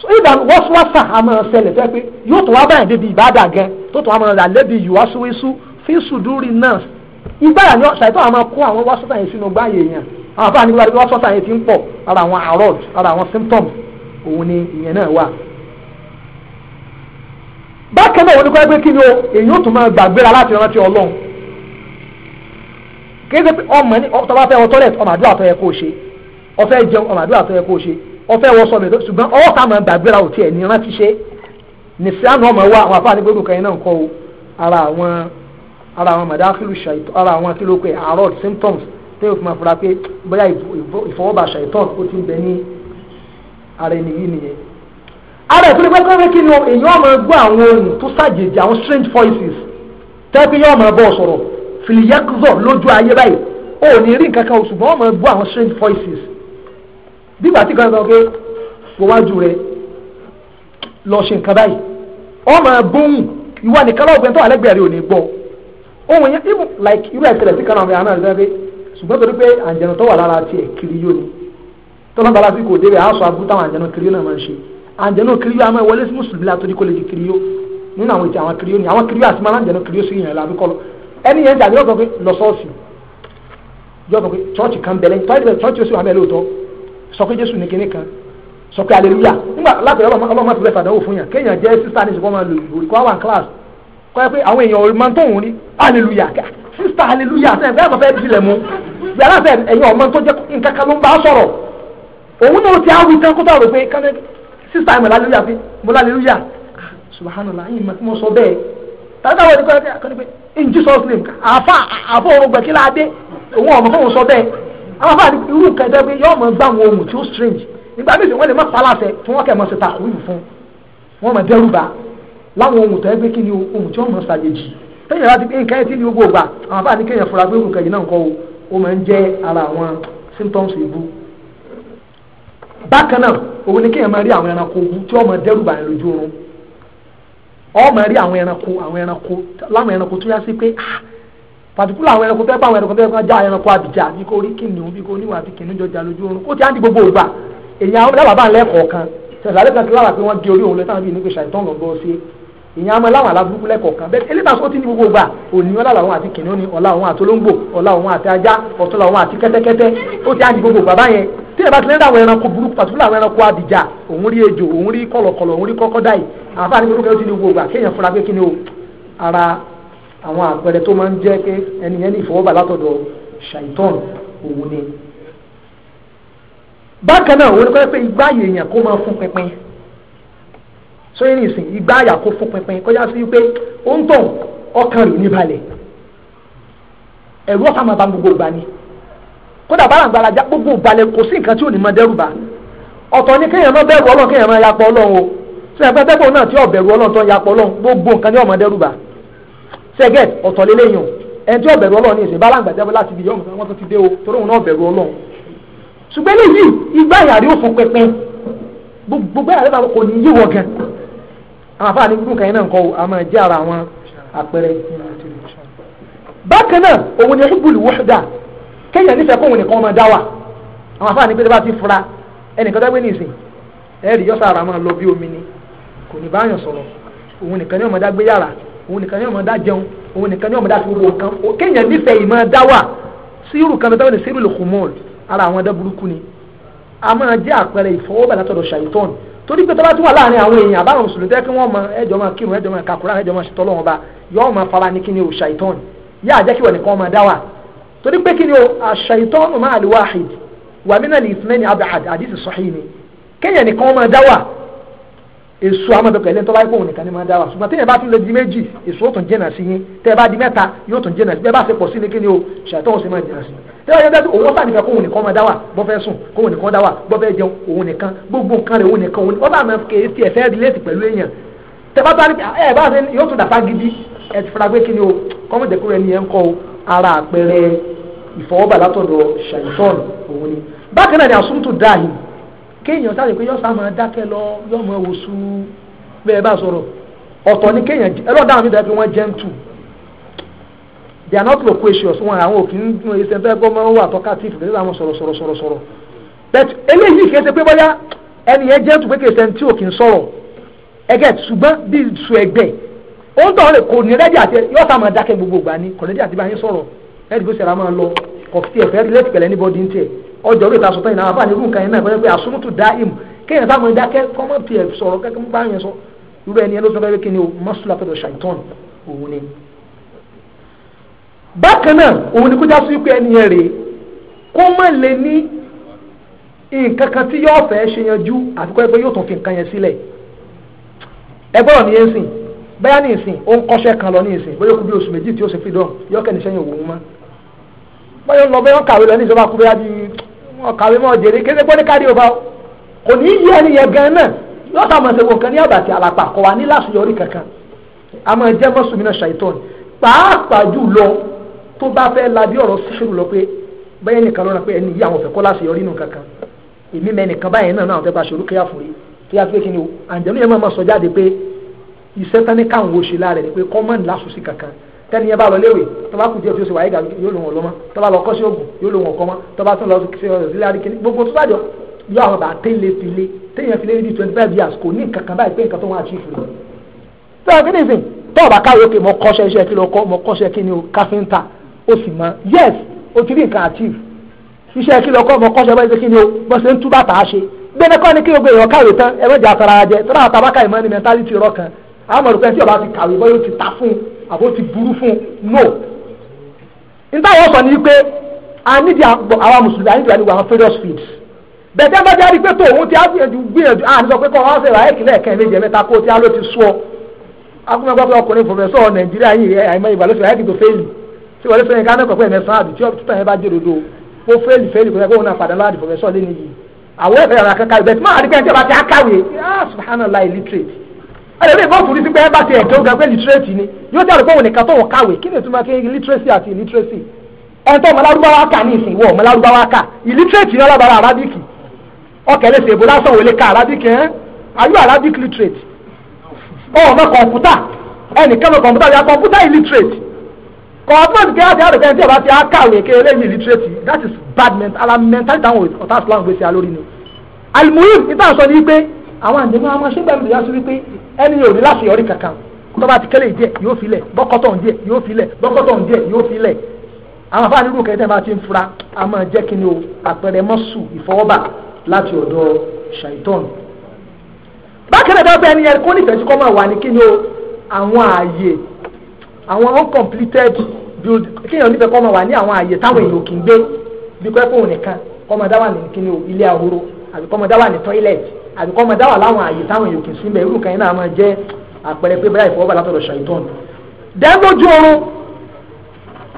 so ìdá wọ́sọ́wọ́sà a máa ṣẹlẹ̀ fẹ́ pé yóò tó wá báyìí débi ìbáàdà gan tó tó wá máa rà lébi ìwáṣúwíṣú fi sùdúrì náà ìgbà yà ni ṣàìtọ́ àwọn kó àwọn wọ́sọ́sà yẹn sínú gbáyé yẹn àwọn afáàní wíwá bí wọ́sọ́sà yẹn ti ń pọ̀ ara àwọn arod ara àwọn symptoms òun ni ìyẹn náà wà. bákan náà wọn ni kọ́ ẹgbẹ́ kí ni o èyí ó tún máa gbàgbéra láti rántí Ọlọ́run kéde pé ọmọ ní tọ́ba fẹ́ wọ tọ́lẹ̀tì ọmọ àdúrà tó yẹ kó ṣe ọfẹ́ jẹun ọmọ àdúrà tó yẹ kó ṣe ọfẹ́ wọ sọmi tó ṣùgbọ́n ọwọ́ tá a máa gbàgbéra òtí ẹ̀ ní rántí ṣe nìsíánù ọmọ wa àwọn afáàní gbogbo kan náà ń kọ́ o ara àwọn ara àwọn madakilu ṣàìtọ́ ara àwọn kílókè àárọ̀ symptoms tẹ́ òfin máa fura pé bóyá ìfọwọ́bà ṣàìtọ́ ó ti ń bẹ ní ara ẹni yìí nìyẹn. ara ìpínlẹ̀ pẹ́ pẹ́ kí ni èèyàn máa gbọ́ àwọn ohun tó ṣàjèjì àwọn strange voices tẹ́ pé yóò máa bọ́ sọ̀rọ̀ fìlìyẹ́kùzọ̀ lójú ayé báyìí ó ní rí nǹkan kan ṣùgbọ́n wọ́n máa gbọ́ àwọn strange voices bí ìgbà tí kan sọ pé kò wájú rẹ lọ ṣe nǹkan báyìí wọ́n máa bóhùn ìwà nìkan lọ́wọ́ tó wà rẹ ò ní gbọ́ ohun yẹn even like irú ẹ̀sẹ̀ rẹ̀ sí kan àwọn àmì àná ṣùgbọ́n torí pé àǹjẹ̀nù tó wà lára tiẹ̀ kiri yóò ni tọ́lá bala sí kò débẹ̀ aṣọ abúlé táwọn àǹjẹ̀nù kiri yóò náà máa ń ṣe ẹni yẹn dàbí lọ́kàn pé lọ́sọ́ọ̀sì yọ sọ pé chọ́ọ̀chì kan bẹ̀rẹ̀ chọ́ọ̀chì oṣù àmì ẹlòótọ́ sọ pé jésù ní kinní kan sọ pé aleluya nígbà látọ̀rọ̀ ọlọ́mọ ti rẹ̀ fàdánwò fún yàn kéèyàn jẹ́ sísá ní ìṣùkọ́ máa lò ìbòrí kọ́ àwọn class kọ́ ẹ pé àwọn èèyàn ọ̀rẹ́ máa ń tóun rí aleluya sísá aleluya sẹ́yìn bẹ́ẹ̀ máa fẹ́ dilẹ̀ mu yàrá fẹ́ ẹ̀yìn ọmọ tó jẹ́ nǹkan kan ló ń bá tàbí àwọn ìdíkọ́ ẹ̀ka kan ní in Jesus name àfa àfọ òun gbẹ̀kí ládé òun ọ̀mọ̀ fóun sọ bẹ́ẹ̀ àwọn afáà ní irú nǹkan ẹ̀dá pé yọ ọmọ gbà wọn ohun tí ó strange nígbà míì wọ́n lè má paláṣẹ tí wọ́n kẹ̀ mọ́ sí takùn yìí fún wọn mọ̀ dẹ́rù bá láwọn ohun tó ẹgbẹ́ kí ni ohun tí wọ́n mọ̀ ṣàjèjì tẹ́yìn láti pé nǹkan ẹ̀ tí ní gbogbo ògbà àwọn afáà ní kéèyàn fura pé irú nǹkan yìí náà ń kọ́ ó máa ń jẹ́ ara àwọn symptoms ìbú bákan náà òun ni kéèyàn máa rí àwọn ẹranko ogun tí wọ́n mọ̀ dẹ́rù bá lójú oorun ọmọ rí àwọn ẹranko àwọn ẹranko láwọn ẹranko tó yá sí pé ah pàtíkúlà àwọn ẹranko tẹ́pẹ́ àwọn ẹranko tẹ́pẹ́ já ẹranko àbíjà bí kò rí kìnìún bí kò níwà bí kìnìún jọjà lójú oorun ó ti á di gbogbo ògbà èyàn àwọn dábàá bá ń lẹ́kọ̀ọ́ kan tẹ̀sán alẹ́ kan ti lára pé wọ́n gé orí òun lẹ́sàn bí nígbèsà ìtàn lọ́gbọ́ sí èyàn àmọ́ láwọn aláburúkú lẹ́kọ̀ọ́ kan bẹ́ẹ̀ eléyìí ó ti ní gbogbo ògbà òní ọ̀la àti kìnìún ni ọ̀la àwọn àti olóńgbò ọ̀la àwọn àti ajá ọ̀tún làwọn àti kẹ́tẹ́kẹ́tẹ́ ó ti á di gbogbo ògbà báyẹn tí ẹ bá ti lè ra àwọn ẹranko burúkú pàtó àwọn ẹranko abìjà òun rí ejò òun rí kọlọkọlọ òun rí kọkọdáì àwọn afáàní burúkú yóò ti ní wo ògbà kéèyàn fura pé kí ni o ara àwọn àpẹẹrẹ tó máa ń jẹ́ pé ẹni yẹn ní ìfọwọ́bà látọ̀dọ̀ ṣàìtàn òun ni. bákan náà òun ni kọ́ pé igbá èèyàn kó máa fún pínpín sóyè ní ìsìn igbá àyà kó fún pínpín kọjá sí pé ó ń tàn ọkàn rẹ̀ níbalẹ̀ ẹ̀rú ọ̀fà kódà bára gbalaja gbogbo balẹ̀ kò sí nǹkan tí ò ní máa dẹ́rù bá ọ̀tọ̀ ni kéèyàn máa bẹ̀rù ọlọ́run kéèyàn máa yapọ̀ ọlọ́run o tí ẹ pẹ́ẹ́ tẹ́gbọ̀n náà tí ọ̀bẹ̀rù ọlọ́run tó ń yapọ̀ ọlọ́run gbogbo nǹkan ni ó máa dẹ́rù bá sẹ́gẹ̀t ọ̀tọ̀ lélẹ́yìn o ẹni tí ọ̀bẹ̀rù ọlọ́run ní ìsìn bára gbàjábọ̀ láti ibi yọ̀ọ̀mù wọn tó ti dé o torí òun náà bẹ̀rù ọlọ́run ní yíwọ gan àwọn afáàní gbúdùn kéèyàn nífẹ̀ẹ́ kóhun nìkan ọmọ dá wà àwọn afáàní pé bá ti fura ẹnìkan dágbé nìsín ẹ̀ẹ́dì yọ́sà ara máa lọ bí omi ni kò ní báyàn sọ̀rọ̀ òun nìkan ní ọmọ dá gbé yàrá òun nìkan ní ọmọ dá jẹun òun nìkan ní ọmọ dá fi gbogbo nǹkan kéèyàn nífẹ̀ẹ́ ìmọ̀ dá wà sírù kan dábẹ́ ní sírù lè kùmọ́ọ̀l ara àwọn ẹ̀dá burúkú ni a máa jẹ́ àpẹẹrẹ ìfọwọ́bà látọ̀dọ̀ ṣàìtọ́n torí pé tọ́ba tún wà láàrin àwọn èèyàn àbáwọn mùsùlùmí tẹ́ kí wọ́n mọ ẹjọ́ máa kírun ẹjọ́ máa kakura ẹjọ́ máa ṣètọ́ lọ́wọ́n ba yọ́ọ́ máa fara o ṣàìtọ́n yáà jẹ́ torí pé kí ni o àṣàìtọ́nù máa lè wáhid wà mí náà lè ìsinmi ní abahad àdìsí sọ́hìn ni kéèyàn nìkan máa dá wà èso amọ̀dọ̀kọ̀ ẹlẹ́tọ́ báyìí kóhùn nìkan ni máa dá wà ṣùgbọ́n téèyàn bá tún lè di méjì èso ó tún jìnnà sí yín tẹ́ ẹ bá di mẹ́ta yóò tún jìnnà sí bẹ́ẹ̀ bá ṣe pọ̀ sí ni kí ni o ṣàìtọ́nù sì máa jìnnà sí tẹ́wọ́n yẹn dẹ́tù òun sànífẹ́ kóhùn nìkan máa dá wà bọ́ fẹ́ sùn kóhùn nìkan dá wà bọ́ fẹ́ jẹun òun nìkan gbogbo nǹkan rẹ̀ òun nìkan òun ọba àmọ́ kèé tiẹ̀ fẹ́ relate pẹ̀lú èèyàn tẹ́bátà ah, ẹ bá ṣe yóò tún dàpá gidi ẹ̀ ti fara pé kí ni o kọ́mọ̀jẹ̀kúrẹ́ ni ẹ̀ ń kọ́ ara àpẹẹrẹ ìfọwọ́bà látọ̀dọ̀ ṣàìtọ́ọ̀nù òun ni bákan náà ni àsúntù dáhìn kéèyàn sáré pé yọ́sà máa dákẹ́ lọ yọ́ máa wò sú bẹ́ẹ̀ bá sọ̀rọ̀ ọ̀tọ̀ ni kéèyàn ẹlọ́dà àwọn ìdájọ́ wọn jẹ́ ń tù they are not loquacious wọn àwọn òfin nínú ẹsẹ̀ fẹ́ gbọ́ máa ń wà tọ́ka tí ìfìdí àwọn sọ̀rọ̀ sọ̀rọ̀ sọ̀rọ̀ sọ̀rọ̀ but eléyìí kìí ṣe pé bóyá ẹni yẹn jẹ́ ń tù pé kìí ṣe tí ò kì í sọ̀rọ̀ ẹgẹ́ ṣùgbọ́n bí su ẹgbẹ́ ó ń tọ́ ọ lè kò ní rẹ́dí àti yọ́sà máa dákẹ́ gbogbo ìgbà ni kò ní rẹ́dí àti bá yín sọ̀rọ̀ ẹ̀ẹ́dì bó ṣe máa lọ kọ̀kítì ẹ̀fẹ́ lẹ́tì pẹ̀lẹ́ ní bọ́dí ń tẹ̀ ọjọ́ lóta sọ tẹ́yìn náà àbá nírú nǹkan yẹn náà pẹ́ẹ́ pé àsúnútù dá ìmù kéèyàn táwọn ẹja kẹ́ kọ́mọ́ tiẹ̀ sọ̀rọ̀ kẹ́kẹ́ mú báyẹn sọ irú ẹni ẹlọ́sọ fẹ́ kí ni o mọ́sùlá tó lọ òun ni. bákan náà òun ni kó já sí pé ẹni yẹn rèé kó má lè ní nǹkan kan tí yóò fẹ́ ṣe yanjú àfikún ẹgbẹ́ yóò tún fi nǹkan báyọ̀ lọ bẹ́ẹ̀ wọ́n kàwé lọ ní ìjọba kúrẹ́ àti wọ́n kàwé mọ́ jèrè kéde pé ní kárí ọba kò ní yí ẹni yẹn gan náà yóò sá mọ̀ ṣe wò kan ní àbàtì àlàpà kò wá ní láṣeyọrí kankan a máa jẹ́ mọ́sùmí náà ṣàìtọ́n pàápàá jù lọ tó bá fẹ́ labí ọ̀rọ̀ síṣirò lọ pé bẹ́ẹ̀ nìkan lọ́nà pé ẹni yí àwọn fẹ́ kọ́ láṣeyọrí nù kankan èmi mẹ́nìkan báyẹn náà náà tẹ́ni yẹn bá lọ léwe tó bá kù díẹ̀ tí ó ṣe wáyé gà yóò lò wọ́n lọ́mọ́ tó bá lọ kọ́ṣẹ́ ògùn yóò lò wọ́n kọ́mọ́ tó bá tún lọ sí ilé adékèké gbogbo tó bá jọ yọ àwọn bàá tẹ́lẹ̀ file tẹ́yìn file ní twenty five years kò ní nǹkan kan báyìí pé nǹkan tó wọ́n àti ìfìlẹ̀. tó o kíni sìn tó o bá káwé òkè mọ kọ́ṣẹ́ iṣẹ́ kí ló kọ́ mọ kọ́ṣẹ́ kí ni o káfíńtà o sì mọ yes o ti rí nǹkan achieve iṣẹ́ kí ló kọ́ mọ kọ́ṣẹ́ báyìí kí ni o bó ṣe ń tú bàtà á ṣe gbẹ́ni kọ́ni kí gbogbo èèyàn káwé tán ẹ mọ̀jà àtàrà jẹ tó náà àtàbákà ìmọ̀ ni mentality rọ̀ kan àwọn ọmọ àbó ti burú fún un no nígbà yẹn sọ ni pé a nídìí àwọn mùsùlùmí a nídìí àwọn àwọn various fields bẹ̀tẹ̀ bá jáde pé tòun ti á gbìyànjú à ní sọ pé kọ́ ọ́n ṣe wàhálà ìkìlẹ̀ ẹ̀kẹ́ méje mẹ́ta kó tí a ló ti sú ọ akúnmọ́ pé ọkùnrin pòfẹ́sọ̀ nàìjíríà yìí àìmọ́ ìgbà ló ṣe wàhálà ìkìtò fẹ́ẹ̀lì tí wọ́n lè fẹ́ẹ́ ká mẹ́kọ̀ọ́ pé ẹ̀mẹ́sán àbí tí ọ̀tún yẹn bá jẹ́ dodo ó fẹ́ẹ̀lì fẹ́ẹ̀lì kò yẹ kó náà padà láàdì pòfẹ́sọ̀ lé nìyí àwọn ẹ̀fẹ́ yàrá kankan ìbẹ̀tí máa rí pé ẹni tí a bá ti á kàwé ah subhanallah illiterate ẹlẹ́mi ìbọn tún ní sí pé ẹ bá ti ẹ̀dọ́ gan pé literate ni yóò dàrú pé òun nìkan tó wọ́n kàwé kí ni ìtumọ̀ kí literacy àti illiteracy ẹ̀ńtọ́ ọmọlárúbáwá kà ní ìsìn ìwọ ọmọlárúbáwá kà illiterate ni ọlọ́bàrà arabic ọkẹ̀lẹ̀ ṣèbó lásán wọlé ká arabic ẹ̀ are you arabic literate ọmọ kọ̀ǹpútà ẹnìkan mọ kọ̀ǹpútà ya kọ̀ǹpútà illiterate kọ̀ǹpútà kí á ti á rẹ̀ kẹ́ntì ọba ti á kàwé kí eléyìí illiterate that is bad Mental. mental mentality táwọn ọ̀tá slang gbèsè alórí ni alimuhim níta sọ ni pé àwọn àjẹmọ́ àwọn aṣẹ́gbàmì yà sọ wípé ẹni yóò ní láṣeyọrí kankan tó bá ti kẹ́lẹ̀ díẹ̀ yóò filẹ̀ bọ́kọ́tọ̀ díẹ̀ yóò filẹ̀ bọ́kọ́tọ̀ díẹ̀ yóò filẹ̀ àwọn afáàní irú kẹ́tẹ́ bá ti ń fura a máa jẹ́ kí ni o àpẹẹrẹ mọ́sù ìfọwọ́bà láti ọ̀dọ̀ ṣàìtọ́n. bákẹ́rẹ́ dọ́gba ẹni yẹn kó nífẹ̀ẹ́ sí kọ́ máa wà ní kí ni o àwọn ààyè àwọn uncompleted build kí èèyàn nífẹ̀ẹ́ kọ́ máa wà ní àwọn ni o ilé àbí kọ́ mọ dá wà ní toilet àbí kọ́ mọ dá wà láwọn àyè táwọn èèyàn kì í sí bẹ́ẹ̀ irú kan yẹn náà máa jẹ́ àpẹẹrẹ pé báyìí ìfowópamọ́ látọ̀dọ̀ ṣàìtọ́n. dẹ́gbójú oorun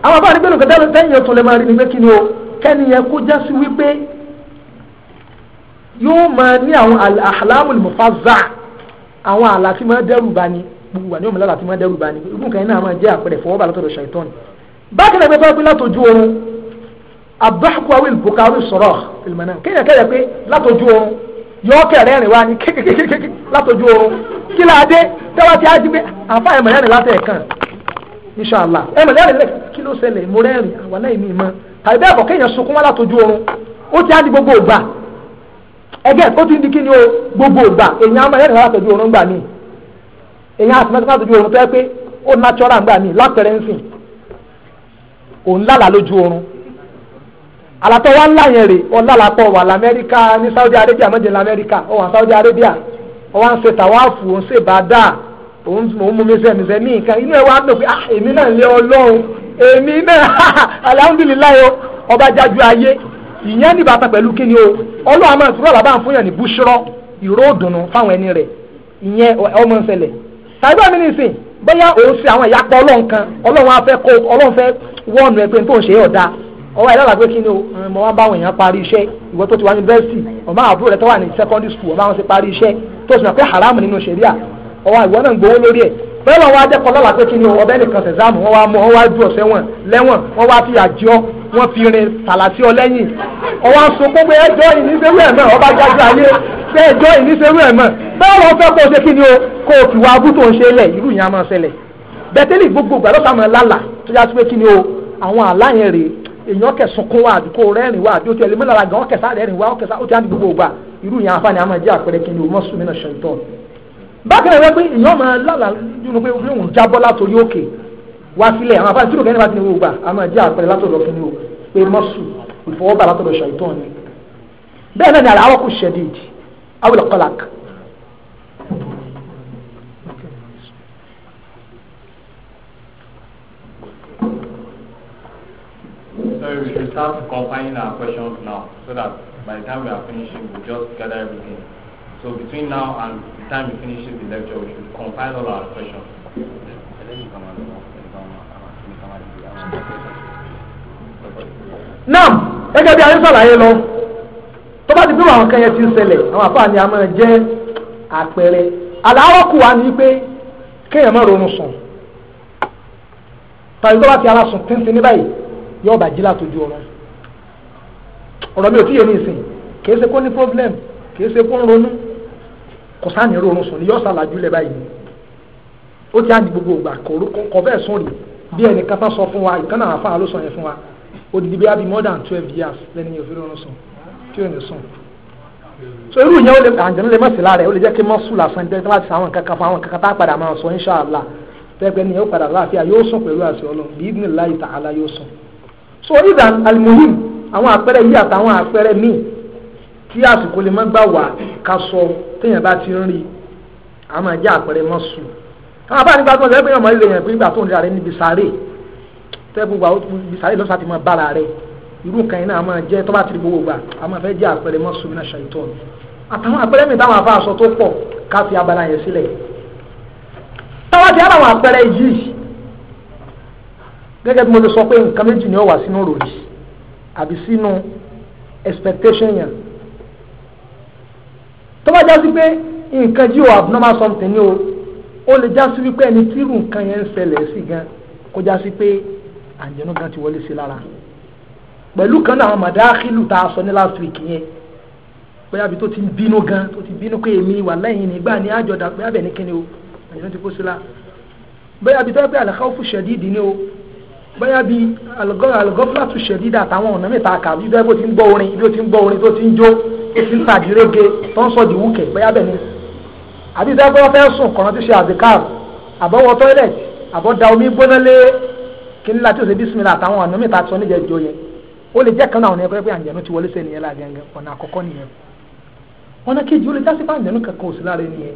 àwọn abáwọn nígbẹ́ lókè tẹ́yìn yẹn tó lè máa rí ni pé kí ni o kẹ́ni yẹn kó já sí wípé yóò máa ní àwọn àhàlámù mufazza àwọn àlá tí máa dẹ́rù bá ni gbogbo àníwọ̀n mi lára tí máa dẹ́rù bá ni irú kan yẹn náà máa jẹ́ àpẹẹrẹ ìfowópamọ́ látọ̀dọ̀ ṣàìtọ́n. bákan náà gbé abdulhaku awil bukari sọ̀rọ̀ ìlmọ̀nà kéèyàn kéèyàn pé látọjú oorun yọ kẹrẹ rìn wá ní kékékékéké látọjú oorun kí la dé tẹ́wọ́ ti á jí pé àfa ẹ̀mọ̀lẹ́ rìn látẹ̀ kan inshàlá ẹ̀mọ̀lẹ́ rìn lẹ́kì kí ló ṣẹlẹ̀ mo rẹ́rìn àwàlẹ́ ìmí mọ́ tàbí bẹ́ẹ̀ kọ́ kéèyàn sunkún wá látọjú oorun ó ti á di gbogbo ògbà ẹgẹ́ ó ti di kí ni o gbogbo ògbà èèyàn á máa rẹ́rìn wá látọjú gbà míì èèyàn àti látọjú oorun tó yẹ pé ó natural gbà míì lápẹ̀rẹ̀ ń sìn òun lálàá lójú oorun àlàtọ̀ wa ńlá yẹn rè ọ̀la làpọ̀ wà lamẹ́ríkà ní Saudi Arabia mọ́jẹ̀ lamẹ́ríkà ọ̀wà Saudi Arabia ọ̀wà ń ṣe tàwáàfù ń ṣe bàdà òun mú mẹsẹ̀ mẹsẹ̀ ní nǹkan inú ẹ̀ wá dùn pé ah èmi náà lé ọlọ́run èmi náà alihamudulilayi o ọba jájú ayé ìyẹn ní bàtà pẹ̀lú kí ni o ọlọ́run àmọ́ ìtura làbá ń fún yàn ní búṣọ́rọ́ ìró òdùnnú fáwọn ẹni rẹ̀ ìyẹn ọmọ ń ṣẹlẹ̀ tàbí àmì nìsín bóyá òun ṣe àwọn ìyapa ọlọ́run kan ọlọ́run á fẹ́ kó ọlọ́run fẹ́ wọ́ọ̀nù ẹ tó ń ṣe é ọ̀dà ọwọ́ ẹ̀rọ àgbẹ̀ kí ni o mo máa bá àwọn èèyàn parí iṣẹ́ ìwọ tó ti wá yunifásitì ọmọ àbúrò rẹ tó wà ní secondary school ọmọ àwọn ṣe parí iṣẹ́ tó sì mọ̀ pé haram nínú ṣẹ̀ríà ọwọ́ ìwọ náà ń gbowó lórí ẹ̀ bẹ́ẹ̀ wọ́n wá dẹ́kọ̀ lọ́la pé kí ni o ọbẹ̀ nìkan sẹ̀sáàmù wọ́n wá mú wọ́n wá ju ọ̀sẹ̀ wọn lẹ́wọ̀n wọ́n wá fi àjọ wọ́n fi rin tàlàsí ọ lẹ́yìn ọwọ́ aṣọ gbogbo ẹjọ́ ìníṣẹ́wé ẹ̀mọ́ ọba jáde ayé ṣé ẹjọ́ ìníṣẹ́wé ẹ̀mọ́ bẹ́ẹ̀ wọ́n fẹ́ kó o ṣe kí ni o kó o fi wá abútó ń ṣe lẹ̀ irú yẹn á máa ṣẹlẹ̀ bẹ́tẹ́lì gbogbo gbàdọ́ta mọ̀ lálà tó èèyàn kẹsùn kún wa àbí rẹ́rìn wa àbí ó ti ẹlẹ́mọ́ lára gan ọ̀kẹsà rẹ́rìn wa ọ̀kẹsà ó ti á ní gbogbo ògbà irú yẹn afáàní àmọ́ jẹ́ àpẹẹrẹ kí ni o mọ́ sùn mí náà ṣèǹtọ́. bákan náà wọ́n pé èèyàn máa lálàá nínú pé òun jábọ́ látòrí òkè wá sílẹ̀ àwọn afáàní tíro kẹ́ni bá ti ní gbogbo ògbà àmọ́ jẹ́ àpẹẹrẹ látọ̀dọ̀ kí ni o pé mọ́ sùn Sorry, we should start compiling our questions now so that by the time we are finishing, we just gather everything. So between now and the time we finish the lecture, we should compile all our questions. Náà gẹ́gẹ́ bí ayé sàlàyé lọ, tó bá ti bí àwọn kan yẹn ti ń ṣẹlẹ̀, àwọn àfáà ni a máa jẹ́ àpẹẹrẹ. Àlàárọ̀ kù wá ní pé kéèyàn má ronú sùn. Tàbí tó bá ti ara sùn tíntìn ní báyìí yóò bá jí látọjú ọ̀rọ̀ ọ̀rọ̀ mi ò tíye ní ìsìn kì í ṣe kó ní problem kì í ṣe kó ń ronú kò sáà ní rọrùn sùn ni yóò ṣàlàjú lẹ báyìí ó ti àdì gbogbo ìgbà kò bẹ́ẹ̀ sùn rí bí ẹnì kan sọ fún wa ìkànnà àfa ló sọ yẹn fún wa odidi bí abi more than twelve years lẹ́ni yóò fi rọrùn sùn tí yóò ní sùn so irú ìyẹn ó lè àǹjẹ̀nú lè mọ̀sí lára ẹ̀ ó lè jẹ́ kí mọ́sù lásán jẹ́ tí wọ́n ti sàwọn kankan fún àwọn so idan almuhim àwọn àpẹẹrẹ yìí àtàwọn àpẹẹrẹ míì tí àsìkò lè má gbà wá ká sọ téèyàn bá ti ń rí àwọn máa jẹ́ àpẹẹrẹ mọ́ sùn àwọn abáyé nígbà tó ń sọ pé ọmọ ilé yẹn pé nígbà tó ń rí ààrẹ níbi sáré tẹ́gbù gbà ó níbi sáré lọ́sà ti máa bára rẹ irú nǹkan yìí náà máa jẹ́ tó bá ti rí gbogbo gbà àwọn máa fẹ́ jẹ́ àpẹẹrẹ mọ́ sùn náà ṣàyítọ́ àtàwọn àpẹẹrẹ mi táwọn afáàsọ tó pọ̀ ká abala yẹn sílẹ̀ táwọn ti gẹ́gẹ́ bí mo ti sọ pé nǹkan méjì ni ó wà sínú ròyìn àbí sínú expectation yẹn tó bá jásí pé nǹkan jí o abnormal something ni o ó lè jásí wípé ẹni tí irú nǹkan yẹn ń ṣẹlẹ̀ sí gan kó jásí pé àjẹnú gan ti wọlé sí lára pẹ̀lú kan náà màdáàkìlù tá a sọ ní last week yẹn bóyá bí tó ti ń bínú gan tó ti bínú pé èmi wà lẹ́yìn nígbà ní àjọdá bóyá bẹ̀ ní kíni o àjẹnú ti kó sí la bóyá bí tó yẹ pé àlàkà ó fún ṣẹ̀díìdì ni o bóyá bíi alugọ́fúlàtù ṣẹ̀dídà àtàwọn ọ̀nà mẹ́ta kà bí bẹ́ẹ̀ bó ti ń gbọ́ orin bí ó ti ń gbọ́ orin tó ti ń jó etí ń tàdí rége tó ń sọ di wúkẹ̀ bóyá bẹ́ẹ̀ ni àbí bẹ́ẹ̀ bọ́ fẹ́ sùn kọ̀ọ̀rọ̀ ti ṣe àdìkáàrù àbọ̀wọ̀ tọ́ílẹ̀tì àbọ̀dà omi gbóná lé kíní láti ṣe bísímìlà àtàwọn ọ̀nà mẹ́ta sọ níjẹ̀ jọ yẹn ó lè jẹ́ kan náà ọ̀nà pé àǹjẹ̀nu ti wọlé sẹ́niyẹn láàrin ẹ̀ngẹ̀ ọ̀nà àkọ́kọ́ nìyẹn ọ̀nà kejì ó lè jásí pé àǹjẹ̀nu kankan ò sí lára ẹniyẹn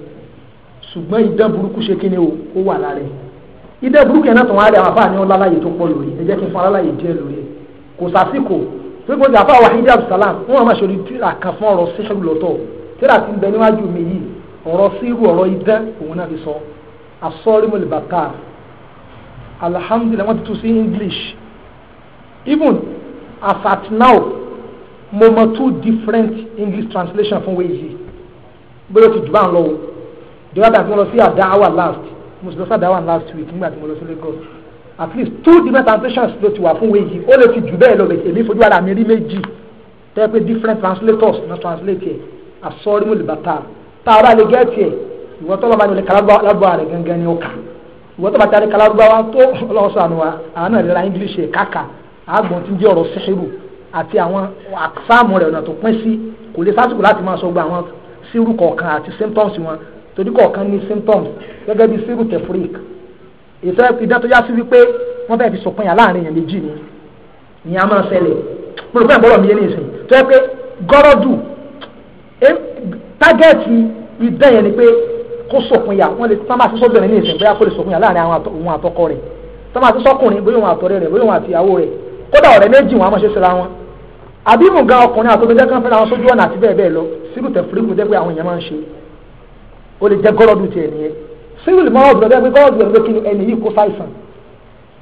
ṣùgbọ́n ìdán burúkú ṣe kíni o ó wà lára ẹniyẹn ìdẹ́ burúkú yẹn náà tó wá rí àwọn afáà ní ọlá láyè tó pọ̀ lórí ẹ jẹ́ kí n fún aláyè díẹ̀ lórí ẹ̀ kò sàsìkò pé kò sí àfáà abdulsalam wọn àwọn aṣọ ìtura kan fún ọ̀rọ̀ síṣẹ́gun lọ́tọ̀ tíra ti ń bẹ níwájú mi yìí ọ̀rọ̀ síru ọ̀rọ̀ idán òun náà fi sọ asọ́rímọ̀lì bàtà alhamdulilayi wọ́n ti tún sí english even as at now mo mọ two different english translations fún wẹ́yì bóyá o ti jù bá ń lọ o the other time mo lọ sí àdáwà last mo sì lọ sàdáwà last week nígbà tí mo lọ sí Lagos at least two different translations ló ti wà fún wéyí ó lè ti jù bẹ́ẹ̀ lọ bẹ̀tẹ̀ èmi fojú ara mi rí méjì tẹ́ pé different translators na translate ẹ̀ asọ́rí mo lè bá ta tá a bá lè gẹ́ẹ̀tì ẹ̀ ìwọ tó lọ́ba nílẹ̀ kalábọ̀ rẹ̀ gangan ni ó kà ìwọ tó bá tarí kalábọ̀ wa tó ọlọ́wọ́ sànù wa àánú ìlera English ẹ̀ káka àgbọ̀n ti jẹ́ ọ̀rọ̀ síhìrù àti àwọn àksáàmù rẹ̀ ọ̀nà tó pín sí kò lè sásìkò láti máa sọ gba àwọn sírù kọ̀ọ̀kan àti symptoms wọn torí kọ̀ọ̀kan ní symptoms gẹ́gẹ́ bí síru tefrik ìdá tó yá sí wípé wọ́n fẹ́ẹ́ fi sọ̀pin yà láàrin èèyàn méjì ni ni a máa ṣẹlẹ̀ mo rò pé àbọ̀rọ̀ mi yé ní ìsìn tó yẹ pé gọ́rọ́dù tágẹ́ẹ̀tì ìdá yẹn ni pé kó sọ̀pin yà wọ́n lè tán bá ti sọ́dọ̀ rẹ̀ ní ìsìn bóyá kó lè sọ̀pin yà láàrin àwọn àtọkọ rẹ̀ tán bá ti sọ́kùnrin bóyá òun àtọ̀rẹ́ rẹ̀ bóyá òun àtìyàwó rẹ̀ kódà ọ̀rẹ́ méjì wọn a máa ṣe síra wọn àbí mùgá ọkùnrin àtọ́gbẹ́jẹ́ kan fẹ́ra wọn sójú ọ̀nà àti bẹ́ẹ̀ bẹ́ẹ̀ lọ sírù tẹ̀fúríkù jẹ́ pé àwọn èèyàn máa ń ṣe ó lè jẹ́ gọ́lọ́dún tiẹ̀ nìyẹn sílùú ìmọ̀ ọ̀dùn ọ̀dẹ́ pé gọ́lọ́dún ọ̀dẹ́ pé kí ni ẹni yìí kó sáìsàn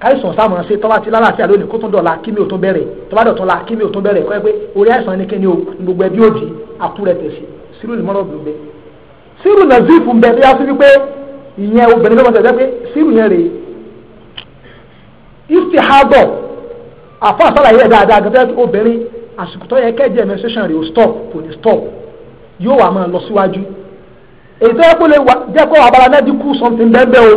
káìsàn sáà máa ṣe tọ́wá ti lálàáfíà lónìí kó tún dọ̀la kí mi ò tún bẹ̀rẹ̀ tọ́wá dọ̀tún la kí mi ò tún bẹ̀rẹ̀ kọ́ ẹ pé orí àìsàn ni kíni o gbogbo ẹbí òdì àkúrẹ̀ tẹ̀sí sílùú ìmọ̀ ọ̀dùn bẹ sílùú nàzífù bẹ bí a fi wípé ìyẹn obìnrin ló mọ̀ pé sílùú yẹn rèé istihadọ̀ àfa àsàlàyé dáadáa gẹ́gẹ́ obìnrin àsìkò tó yẹ kẹ́jẹ́ menstruation rèé o stop kò ní stop yóò wà máa lọ síwájú ètò ẹ̀kọ́ lè jẹ́ kó abala medical something bẹ́ẹ̀ o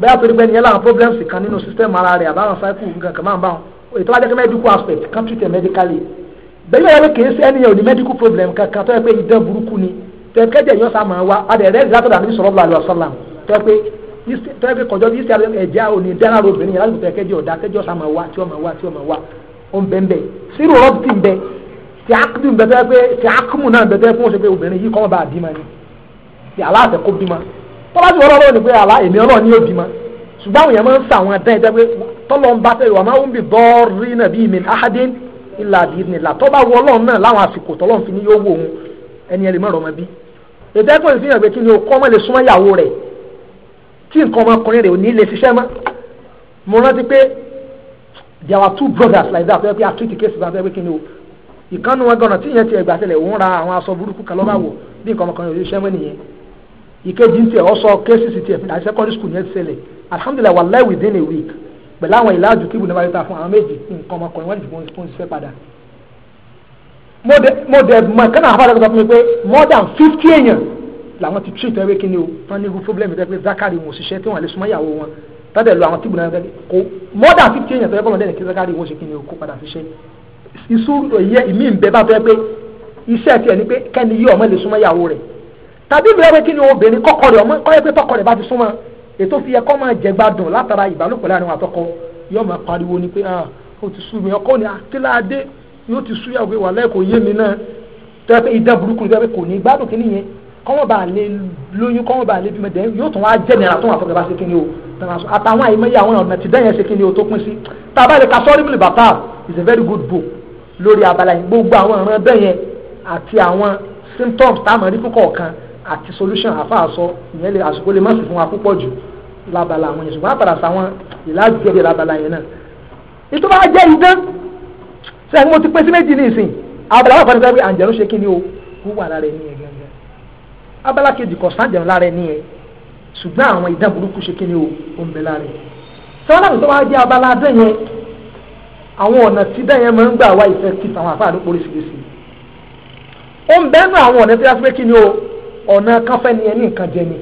bẹ́ẹ̀ àti onígbẹ́ni yẹn láwọn problems kan nínú system ara rẹ̀ àbáwọn cycle nǹkan kan máa ń bá wọn ètò ajẹ́kẹ́ medical aspect kan treat it medically bẹ́ẹ̀ yẹn wọ́n kì í ṣe ẹni yẹn ò ní medical problem kankan tó yẹ pé idán burúkú ni tó yẹ kẹ́jẹ́ yẹn sàmà wá adẹ̀rẹ́ ìdílátọ̀ dàbí sọ̀rọ̀ àlùwà sọ̀làm tó yẹ pé tó yẹ pé kọjọ́ bí ìṣẹ́ ẹ̀já òní dáná obìnrin yẹn lásìkò tó yẹ kẹ́jẹ́ ọ̀dà kẹ́jẹ́ sàmà wá tí ọmọ wá tí ọmọ wá ó ń bẹ́ẹ̀ bẹ́ẹ̀ sírò rọ́bìtì ń bẹ tí akudu ń bẹ tó yẹ pé tí akumu náà ń bẹ tó yẹ pé wọ́n ṣe pé obìnrin yìí kọ́ bá a bí ma pé aláàfẹ kó tọ́lá ti wọ́n lọ́wọ́ ni pé àlá èmi ọlọ́ọ̀ ni yóò bímọ ṣùgbọ́n àwọn èèyàn máa ń sa àwọn ẹ̀dá ẹ̀dá pé tọ́lọ́ ń bá tẹ̀ wà máa ń bì bọ́ọ̀rì náà bíi mi ahadin ilà bíi nìlà tó wọ ọlọ́run náà láwọn àsìkò tọ́lọ́run fi ní yóò wò òun ẹni ẹ̀rì lè súnmọ́ ìyàwó rẹ̀ tí there were two brothers like that pé àtúntì kéésì bá pé kí ni o ìkànnì wọn gan-an tí ìyẹn ti ẹgbà tẹ̀lẹ̀ òun ra àwọn aṣọ burúkú kan lọ́ba wò bí nǹkan ọmọkùnrin ò lè mọ́ nìyẹn ìkejì ń tiẹ̀ ọ sọ kéésì tiẹ̀ fún àti secondary school yẹn ṣẹlẹ̀ alhamdulilayi wallahi within a week pẹ̀lú àwọn ìlàjù kíbu ní wáyé ta fún àwọn méjì nǹkan ọmọkùnrin wọn jù fún ṣiṣẹ́ padà. mo dẹ̀ mọ̀ kánà àfáàdé kan sọ fún mi pé more than fifty èèyàn làwọn ti treat ẹwé kíni o wọn ní irú problem tẹ́ pé zakari wọn òṣìṣẹ́ tí wọ́n lè súnmọ́ ìyàwó wọn tọ́jà lu àwọn kíbu náà kó more than fifty èèyàn tọ́jà kọ́mọdé ní kí zakari wọn ṣe kíni o kó padà ṣiṣẹ́ iṣu tàbí ìlú ẹgbẹ́ kí ni obìnrin kọ́kọ́ rẹ̀ ọmọ kọ́yẹ́ pé tọkọ rẹ̀ bá ti súnmọ́ ètò fi yẹ máa jẹ látara ìbálòpọ̀ láàrin àtọkọ yóò máa pariwo ni pé o ti sú mi ọkọ ni akíláàdé yóò ti sú yàgò ìwà lẹ́ẹ̀kọ́ yé mi náà tẹ́lẹ̀ pé ìdá burúkú ni pé kò ní gbádùn kíní yẹn kọ́mọ́ bá lè lóyún kọ́mọ́ bá lè bímọ dẹ́yìn yóò tún wá jẹ́ nira tó wà bá ṣe kíní a very good book lórí abala yìí gbogbo àwọn ọ̀ràn bẹ́yẹn àti àwọn symptoms táwọn rí fún kọ̀ọ̀kan àti solution àfàsọ ìyẹn lè àsìkò lè má sì fún wa púpọ̀ jù lábala àwọn yẹn ṣùgbọ́n àpàdà sáwọn ìlàjì ẹ̀rẹ̀ lábala yẹn náà ìtura jẹ́ idán sẹ́yìn mo ti pé sí méjì ní ìsìn abala wà fún mi àǹjẹ̀rún ṣe kí ni o kú wà lára ẹni yẹn gangan abala kejì kọ̀ sáǹjẹ̀rún lára ẹni yẹn ṣùgbọ́n àwọn idán burúkú ṣe kí ni o ó ń bẹ lára ẹ̀ sọ́wọ́n náà tó wá jẹ́ abala adán yẹn àwọn ọ̀nà tí dán yẹn máa ń gbà wá ìfẹ́ kí àwọn àfáà ló porí sí i ó ń bẹ́ẹ̀ nù àwọn ọ̀nà tí wọ́n fi pé kí ni o ọ̀nà káfẹ́ ni ẹni nǹkan jẹ ni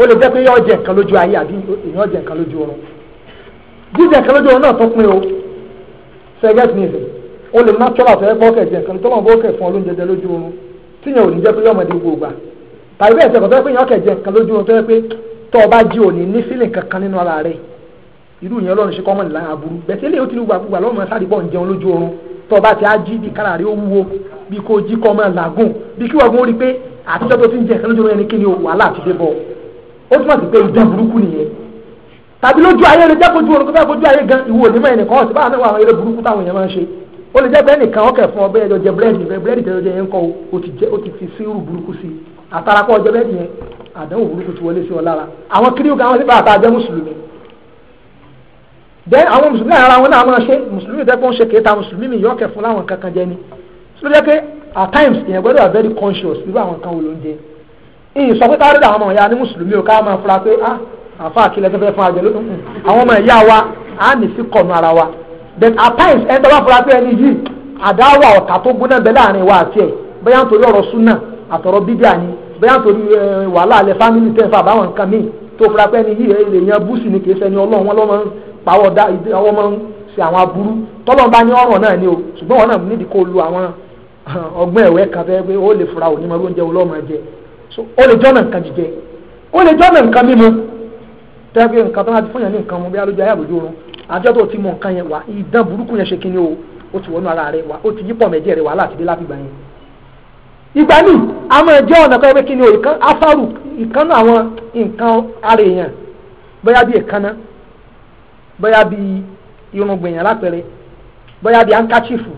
ó lè jẹ́ pé yọ jẹ nǹkan lójú ayé àbí èèyàn jẹ nǹkan lójú ọ̀run jíjẹ nǹkan lójú ọ̀run náà tó pin o sẹ́gẹ́t ní ìsìn ó lè má tọ́lá tó yẹ bọ́ọ̀kẹ̀ jẹ nǹkan tó mọ̀ bọ́ọ̀kẹ̀ fún ọlóúnjẹ jẹ lójú ọ̀run tíyẹn ò ní jẹ́ pé yọ̀mọ̀dé gbogbo gbà tàbí bẹ́ẹ̀ sẹ́kọ̀ tó yẹ pé yọ̀ọ̀kẹ̀ jẹ nǹkan lójú ọ̀run tó pé tó o bá jí ò ní ní fílìn kankan nínú ara rẹ̀ irú ìyẹn ọlọ́run ṣe kọ́mọ̀ nílá aburú bẹ̀tẹ́lẹ̀ ó ti ní gbàgbà lọ́mọ sáré bọ́ọ̀ ń jẹun lójú ọ̀run tó bá ti á jí bí kára rí ó wúwo bí kò jí kọ́ máa làágùn bí kí wọ́n rí pé àtijọ́ tó ti ń jẹ ẹ̀ka lójú ẹni kíni wàhálà àti débọ̀ ó túmọ̀ sí pé ìdán burúkú nìyẹn tàbí lójú ayé rẹ jẹ́kojú orun kó fẹ́ fojú ayé gan ìwò onímọ̀ ẹnìkan ọ̀sìn báwọn àwọn eré burúkú táwọn èèyàn máa ń ṣe ó lè jẹ́ pé ẹnìkan ọkẹ́ fún ọbẹ̀ ẹjọ́ jẹ búrẹ́dì rẹ then àwọn mùsùlùmí ara wọn náà máa ṣe mùsùlùmí tẹ́kọ̀ ń ṣe kéta mùsùlùmí mi yọ̀ọ́kẹ́ fún láwọn kankan jẹ ni so jẹ́ pé at times èèyàn gbọ́dọ̀ are very conscious irú àwọn kan wo ló ń jẹ ìyìn sọ pé tá a rẹ̀ àwọn ọmọ ìyá ní mùsùlùmí o ká máa fura pé ah àfa àkílẹ̀ fẹ́ fún àjẹ lókun àwọn ọmọ ìyá wa á nì sí kọ̀nù ara wa but at times ẹni tó bá fura pé ẹni yìí àdáwà ọ̀tà tó gbóná bẹ láàrin wa àti ẹ̀ bóyá nítorí ọ̀rọ̀ súnà àtọ̀rọ̀ bídíà ni bóyá nítorí wàhálà alẹ́ fámìlì tẹ̀ fà báwọn nǹkan míì tó fura pé ẹni yìí èèyàn búùsì ni kì í ṣẹni ọlọ́run wọn lọ́mọ pàwọ́ dá ìdí àwọn ọmọ ń ṣe àwọn aburú tọ́lọ́ bá ní ọ̀ràn náà ni o ṣùgbọ́n wọn náà nídìí kó lu àwọn ọgbọ́n ẹ̀wẹ́ kan fẹ́ pé ó lè fura òní mọ oúnjẹ olóòmọ jẹ ó lè jọ́nà nǹkan jíjẹ ó lè jọ́nà nǹkan mímu tẹ́gbẹ́ nǹkan tó máa ti fún yàn ní nǹkan mu bí alójú ayé àbójú oorun àjọ tó ti mọ nǹkan yẹn wá ìdán burúkú yẹn ṣe kí ni o ó ti wọnú ara rẹ wá ó ti yípọ̀ mẹ́jẹ ni o ìkan afárù ìkan náà àwọn nǹkan ara bóyá bí irun gbìyàn lápẹ̀rẹ̀ bóyá bí ankachifu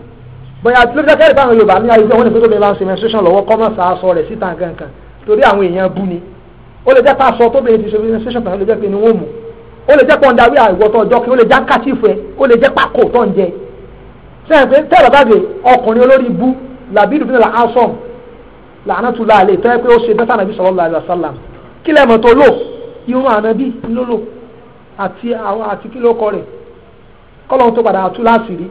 bóyá lóbi dákẹ́rì báwọn Yorùbá ní ayélujára wọn ní pẹ́tọ́ bẹ́ẹ̀ bá ń ṣe menstruation lọ́wọ́ kọ́mọ̀ sá aṣọ rẹ̀ síta nǹkan torí àwọn èèyàn bú ni ó lè jẹ́ pé aṣọ tó bẹ̀rẹ̀ ti ṣe menstruation tàn ó lè jẹ́ pé ni wọ́n mú ó lè jẹ́ pé ọ̀ndàwí àìwọ́tọ̀ ọjọ́ kí ó lè jẹ́ ankachifu ẹ̀ ó lè jẹ́ pákó tó ń jẹ sẹ́yìn pé tẹ́lẹ̀ bàbá ọkùnrin olórí bú làbídùn fún làásọ̀m làánàtúlá àlè tẹ́lẹ̀ pé ó ṣe bẹ́sà nàbí sallallahu alaihi wasallam kílẹ̀ mọ̀tò lò irun ànábì lólò àti àwọn àti kí ló kọ rẹ̀ kọ́lọ́n tó padà tú láti rí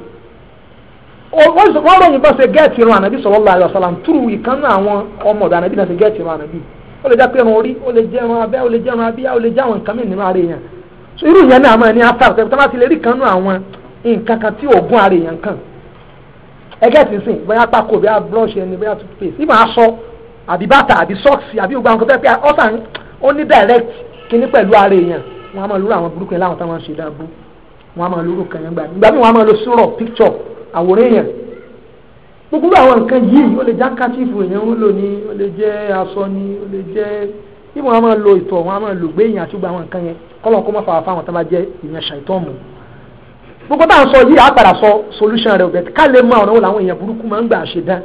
wọ́n ròyìn bá ṣe gẹ́ẹ̀tì irun ànábì sallallahu alaihi wasallam túrú ìkànnì àwọn ọmọ ọ̀dọ̀ ànábì náà ṣe gẹ́ẹ̀tì irun ànábì ó lè jẹ́ pé irun orí ó lè jẹ́ irun abẹ́ ó lè jẹ́ irun abíyá ó lè jẹ́ àwọn nǹkan mìíràn nínú ara èèyàn so irú ìyẹn náà máa ní after ọ̀sẹ̀ tó bá ti lè rí kan nínú àwọn nǹkan kan tí oògùn ara èèyàn kàn ẹgẹ́ ti sìn bóyá pákó bóyá brush ẹni bóyá socks àbí gbogbo àwọn kan tó yẹ pé ọ̀sán direct kinní pẹ̀lú ara wọ́n á máa lórí àwọn burúkú yẹn láwọn táwọn ṣe dáàbò wọ́n á máa lórí kàn yẹn gbà nígbà míì wọ́n á máa lo sọ̀rọ̀ píkṣọ̀ àwòrán èèyàn gbogbo àwọn nǹkan yìí ó lè já kátìfù èèyàn ń lò ní ó lè jẹ́ aṣọ ní ó lè jẹ́ bí wọ́n á máa lo ìtọ̀ wọ́n á máa lò gbé èèyàn àti gbogbo àwọn nǹkan yẹn kọ́lọ̀ kó má fà fáwọn tó bá jẹ́ èèyàn ṣàìtọ́mù gbogbo táwọn sọ yìí àgbàrá sọ solution rẹ̀ bẹ̀ẹ̀ ká lè mọ ọ̀nà wo làwọn èèyàn burúkú máa ń gbà ṣe dán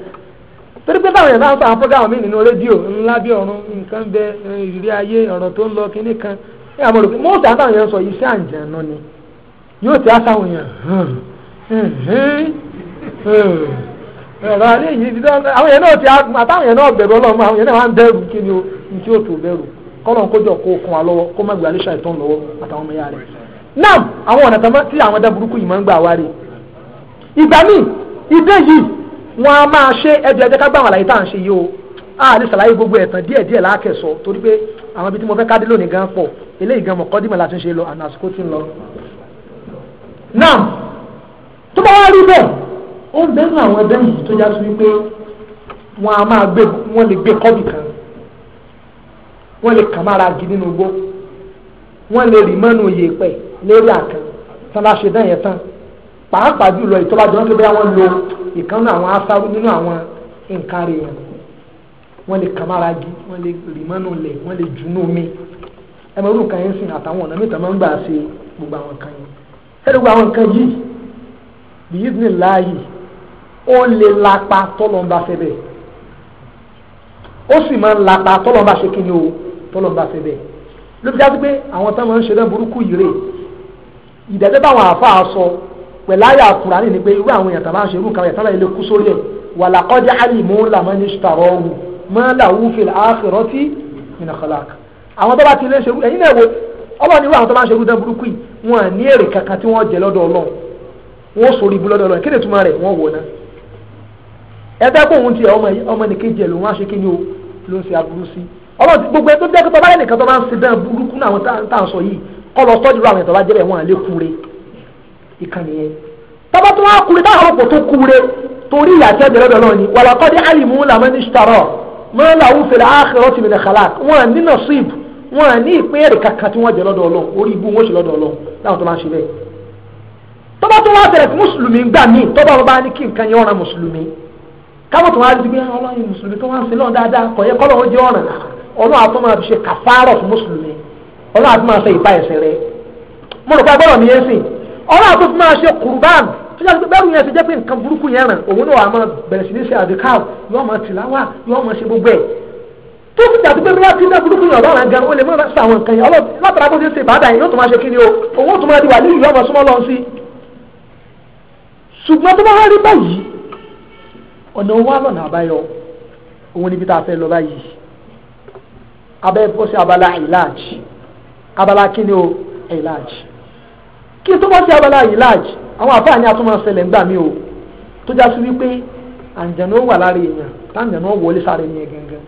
torí pé báwọn èèyàn bá ń sọ àwọn program mi nínú rédíò ńlá bí ọ̀run nǹkan bẹ ìrírí ayé ọ̀rọ̀ tó ń lọ kinní kan ẹ àmọ́ rògbò mọ́ọ̀sì yẹn sọ iṣẹ́ ni yóò ti àtàwọn yẹn ẹ̀rọ alẹ́ yìí ti dáná àwọn yẹn náà ti àtàwọn yẹn náà bẹ̀rù ọlọ́run àwọn yẹn náà máa ń bẹ̀rù kí o ní tí tó bẹ̀rù kọ́lọ̀ kójọ kó kún wa kó má gbé alẹ́ ṣàìtàn àtàwọn ọmọ ya rẹ̀ náà àwọn ọ̀nà tàbí tí àwọn ẹ̀dá burúkú yìí máa ń gbà wá rè ìgbà míì ìdé yìí wọ́n á máa ṣe ká gbà wọn àlàyé tá à ń ṣe yìí o a lè ṣàlàyé gbogbo ẹ̀tàn díẹ̀ díẹ̀ láàkẹ́sọ torí pé àwọn ibi tí mo fẹ́ kádé lónìí gan pọ̀ eléyìí gan mọ̀kọ́dìmọ̀ la tún ṣe lọ àná àsìkò tí ń lọ. náà tó bá wá rí bẹ́ẹ̀ ó ń bẹ́ẹ̀ nù àwọn ẹgbẹ́ yìí tó já sí wípé wọn a máa gbé wọn lè gbé kọ́ọ̀bì kan wọn lè kà mára gi nínú igbó wọn lè rì mọ́nu yèèpẹ̀ lérí àkàn tán bá ṣe dán tán pàápàá wọ́n lè kàmáragi wọ́n lè rìmọ́nù lẹ̀ wọ́n lè junú mi ẹ mọ̀ orúkọ yẹn sìn àtàwọn ọ̀nà mẹ́ta máa ń gbà ṣe gbogbo àwọn nǹkan yẹn ẹ gbogbo àwọn nǹkan yìí bíyí ní láàyè ó lè lapa tọ́lọ́mbà fẹ́ bẹ́ẹ̀ ó sì máa ń lapa tọ́lọ́mbà ṣe kí ni o tọ́lọ́mbà fẹ́ bẹ́ẹ̀ ló fi dá sí pé àwọn táwọn ń ṣe náà burúkú yìí rè ìdẹ́gbẹ́ báwọn àáfàá sọ pẹ̀lú àyà àkùrá ní ni pé irú àwọn èèyàn tàbá ń ṣe irú kan èèyàn tàbá ilé kú sórí ẹ̀ wàlàkọ́jà àlìmọ́ làmọ́ ní ṣùtàrọ̀ ọ̀hún ma lahu fil akhirati min khalaq àwọn tó bá ti lé ṣerú ẹ̀yin náà wo ọlọ́run irú àwọn tó bá ń ṣerú dán burúkú yìí wọn ní èrè kankan tí wọ́n jẹ lọ́dọ̀ ọlọ́run wọ́n sòrí ibú lọ́dọ̀ ọlọ́run kí ni túmọ̀ rẹ̀ wọ́n wò ná. ẹgbẹ́ kó òun ti ọmọ nìkejì ẹ̀ ló wọ́n á ṣe kí ni o ló ń ṣe aburú sí. ọlọ́run gbogbo ẹ tó jẹ́ tó bá lẹ́nìkan tó bá ń ṣe dán burúkú náà àwọn tá à ń sọ yìí kọ́ lọ sọ́jú àwọn ìtọ́ba jẹ́ bẹ̀ wọ́n kure ìkànnì yẹn. tọ́ba tó wá kure táwọn ọlọ́pọ̀ tó kure torí ìyàtẹ́ ìdẹ́rẹ́dọ̀ náà ni wàlàkọ́dé alimu lamẹ́ni ṣ mọ́láwù fẹ̀lẹ̀ àkẹ́rọ́tì min khalaq wọn ní nasib wọn ní ìpín èrè kankan tí wọ́n jẹ lọ́dọ̀ ọlọ́run orí ibú wọn ṣe lọ́dọ̀ ọlọ́run láwọn tó máa ń ṣe bẹ́ẹ̀. tọ́ba tó wá mùsùlùmí gbà tọ́ba ní kí nǹkan yẹn ọ̀ràn mùsùlùmí káwọn tó wá gbé ah, mùsùlùmí tó wá ń sin kọ́lọ́ tó yàtọ̀ bẹ́ẹ̀rù yẹn ti jẹ́ pé nǹkan burúkú yẹn ràn òun náà àmọ́ bẹ̀rẹ̀ sí ní ṣe àdìkáw yóò máa tìláwà yóò máa ṣe gbogbo ẹ̀ tó fi dàbí pé bóyá tí iná burúkú yẹn ọ̀rọ̀ gan o lè mú ẹ̀rọ àwọn nǹkan yẹn ọlọ́ látara bó ṣe ṣe ìbáda yẹn yóò tún máa ṣe kí ni o owó tún máa di wà ní ìlú ọmọ súnmọ́ lọ sí. ṣùgbọ́n tó bá wá rí báyìí ọ̀nà wa lọ́nà a fẹ́ lọ báyìí abẹ́ bó ṣe abala ìlàjì abala kí ni o ìlàjì kí tó bá ṣe àwọn àbá ni atúmọ̀ ṣẹlẹ̀ ńgbà mí o tó já sí wípé àǹjẹ̀nú wà lára èèyàn táǹjẹ̀nú wọlé sára ẹni yẹn gangan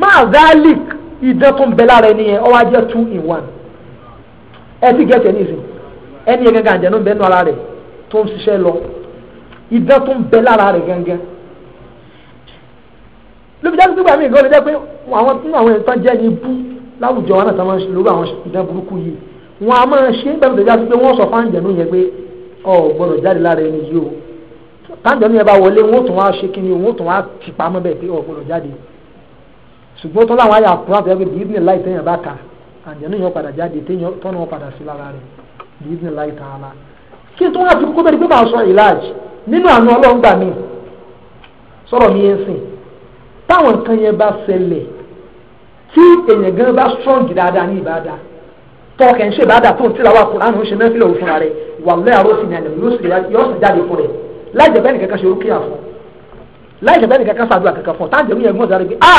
máa garlic ìdán tó ń bẹ lára ẹni yẹn ó wá two in one ẹ ti gẹ̀ẹ́tì ẹni ìsìn ẹni yẹn gangan àǹjẹ̀nú ń bẹ nù ara rẹ̀ tó ń ṣiṣẹ́ lọ ìdán tó ń bẹ lára rẹ̀ gangan lóbi jáde pípa mi ìgbọ́n mi jẹ́ pé àwọn nínú jẹ́ ní ibú láwùjọ wọn náà tó wọn a máa ṣe nígbà tó jáde pé wọ́n sọ fáńjẹ̀nù yẹn pé ọ gbọ́dọ̀ jáde lára ẹni yìí o fáńjẹ̀nù yẹn bá wọlé wọ́n tún wá ṣe kíni o wọ́n tún wá ti pamọ́ bẹ́ẹ̀ pé ọ gbọ́dọ̀ jáde ṣùgbọ́n tó láwọn àyà kúrò àti ẹgbẹ́ bíbí láì téèyàn bá kà àjẹ̀nù yẹn padà jáde tọ́nà wọn padà sí lára rẹ̀ bíbí láì tàn án la kí tó wá fi kókó bẹ́ẹ̀ ni pé màá sọ ìlàjì nínú àná ọlọ́run gbà mí sọ̀rọ̀ mi yẹn sìn táwọn nǹkan yẹn bá ṣẹlẹ̀ tí èèyàn gan bá strong dáadáa ní ìbáda tọ́kẹ̀ ń ṣe ìbáda tó ń tìlà wà kúránù ń ṣe mẹ́fìlẹ̀ òun fúnra rẹ̀ wà lẹ́ àròsì ní ànàmì yóò sì jáde fún rẹ̀ láì jẹ́ bẹ́ẹ̀ nìkankan ṣe rúkìá fún láì jẹ́ bẹ́ẹ̀ nìkankan ṣàdúrà kankan fún táǹjẹ̀ ní ẹ̀gbọ́n sáré pé a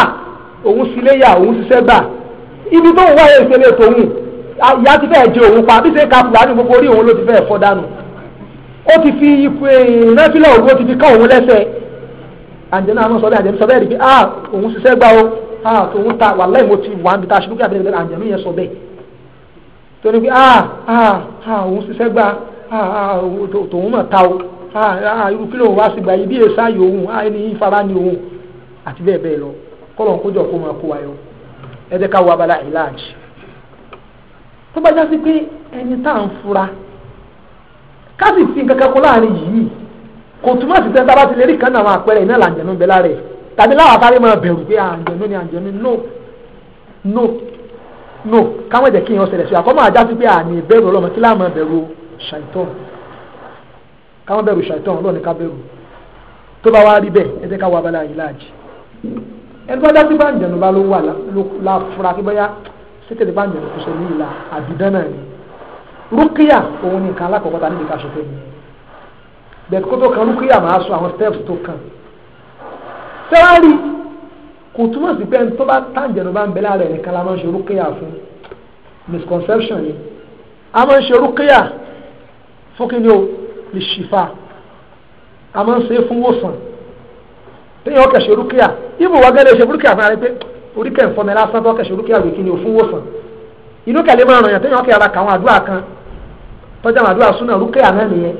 òun sì léyà òun ṣiṣẹ́ gbà ibi tó ń wáyé ìṣẹ̀lẹ̀ tòun ìyá ti fẹ́ẹ̀ jẹ òun pa bí ṣe ka kúránù gbogbo orí òun ló ti fẹ́ẹ̀ fọ́ dànù ó ti torí pé ah ah ah òun ṣiṣẹ́ gbà ah ah tòun mọ̀ ta o ah ah irú kí lóun wá sí gbà yìí bí èso ayò òun ah ẹni ìfara ni òun àti bẹ́ẹ̀ bẹ́ẹ̀ lọ kọ́lọ̀ kójọ kó máa kó wa yọ ẹ jẹ́ ká wo abala ìlàjì tó bá já sí pé ẹni tá à ń fura ká sì fi nǹkan kan kó láàrin yìí kò túmọ̀ sí sẹ́ńtà bá ti lè rí kan náà àpẹẹrẹ iná làǹjẹ̀nú bẹ́ẹ̀ lára ẹ̀ tàbí láwọn àtàrí máa bẹ̀rù pé ah, àǹjẹ̀nú ni àǹjẹ̀nú no no no káwọn ẹ̀jẹ̀ kí èèyàn ṣẹlẹ̀ sí àkọ́mọ́ ajá sí pé àní ìbẹ̀rù ọlọ́mọ kí láàmú bẹ̀rù ṣàìtàn káwọn bẹ̀rù ṣàìtàn ọlọ́ọ̀ni ká bẹ̀rù tó bá wá rí bẹ́ẹ̀ ẹ jẹ́ ká wá abala yìí láàjì ẹni tó dájú bá ń jẹun bá ló wà láfura kí bóyá sẹ́tẹ̀lẹ̀ bá ń jẹun kò sọ ní ìlà àbídán náà ni rúkìá òun ni nǹkan alákọ̀ọ́kọ́ ta níbi ká ṣe fẹ́ mi bẹ̀ẹ̀ kó tó kan rúkìá máa sọ àwọn steps tó kàn sẹ́wárì kò túmọ̀ sí pé tó bá tàǹjẹ̀nù bá ń bẹ láàrẹ̀ nìkan la máa ń ṣe rúkìá fún misconception ni a máa ń ṣe rúkìá fún kí ni o lè ṣìfà a máa ń ṣe fún wòsàn téèyàn kẹ̀ ṣe rúkìá ibù wá gẹ́lẹ́ ṣe rúkìá fún ara pé orí kẹ̀ lásán tó kẹ̀ ṣe rúkìá wèé kí ni o fún wòsàn inú kẹ̀lé máa ràn yàn téèyàn kẹ̀ ara kà àwọn àdúrà kan tọ́jà àdúrà súnà náà nìyẹn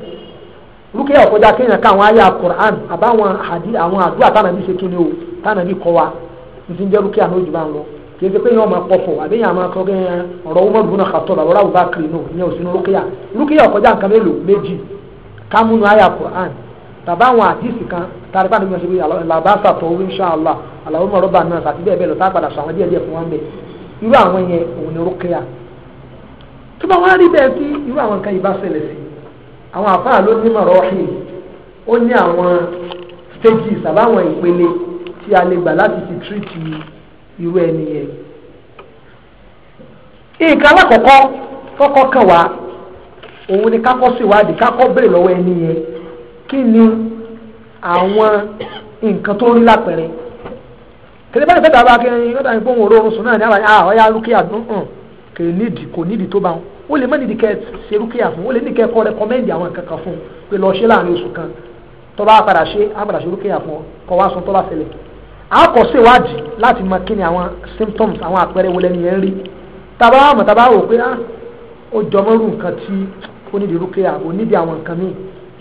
rúkìá Qur'an àbáwọn àdúrà táwọn àbí ṣe kí ni o táwọn àbí kọ nítorí jẹ́ rúkìá ní ojúbà lọ kì í ṣe pé yẹn ọmọ pọ̀fọ̀ àbí yẹn àmọ́ sọ́kẹ́ yẹn ọ̀rọ̀ Umar bùnà kàtọ́ làwọn ọ̀rọ̀ àbúkàkiri náà yẹn ò sínú rúkìá rúkìá ọ̀kọ́jà nǹkan mélòó méjì kámúnú àyà Qur'an tàbá àwọn àdìsí kan tàbí pàdé mi tó wí àlàó bẹ́ẹ̀ bẹ́ẹ̀ lọ a sọ àwọn díẹ̀ díẹ̀ fún wọn bẹ́ẹ̀ irú àwọn yẹn òun ni wọn tí a lè gbà láti fi tírìtì irú ẹni yẹn. nǹkan alákọ̀ọ́kọ́ kọ́kọ́ kàn wá òun ni kákọ́ sí ìwádìí kákọ́ béèrè lọ́wọ́ ẹni yẹn kí ni àwọn nǹkan tó ń rí lápẹ̀rẹ̀ kìlẹ̀ bá ní fẹ́ta bá kẹrin lọ́dà ní fóun òróró sùn náà ní àwọn àwọn ọ̀yà rúkìá dùn hàn kò nídìí kò nídìí tó bá wọn ó lè má nídìí kẹ ṣe rúkìá fún ó lè nídìí kẹ kọ́ rẹkọmẹ́ndì àwọn nǹkan kan fún pé lọ ṣe láàrin oṣù kan tó bá padà ṣe á padà ṣe rúkìá fún ọ kọ wá sùn tó bá ṣẹlẹ̀ a kò ṣe ìwádìí láti mọ kí ni àwọn symptoms àwọn àpẹẹrẹ wo lẹ́nu yẹn rí tàbá àmọ̀ tàbá wò pé ah, ó jọmọ́rú nǹkan tí ó nídìí rúkìá ó nídìí àwọn nǹkan míì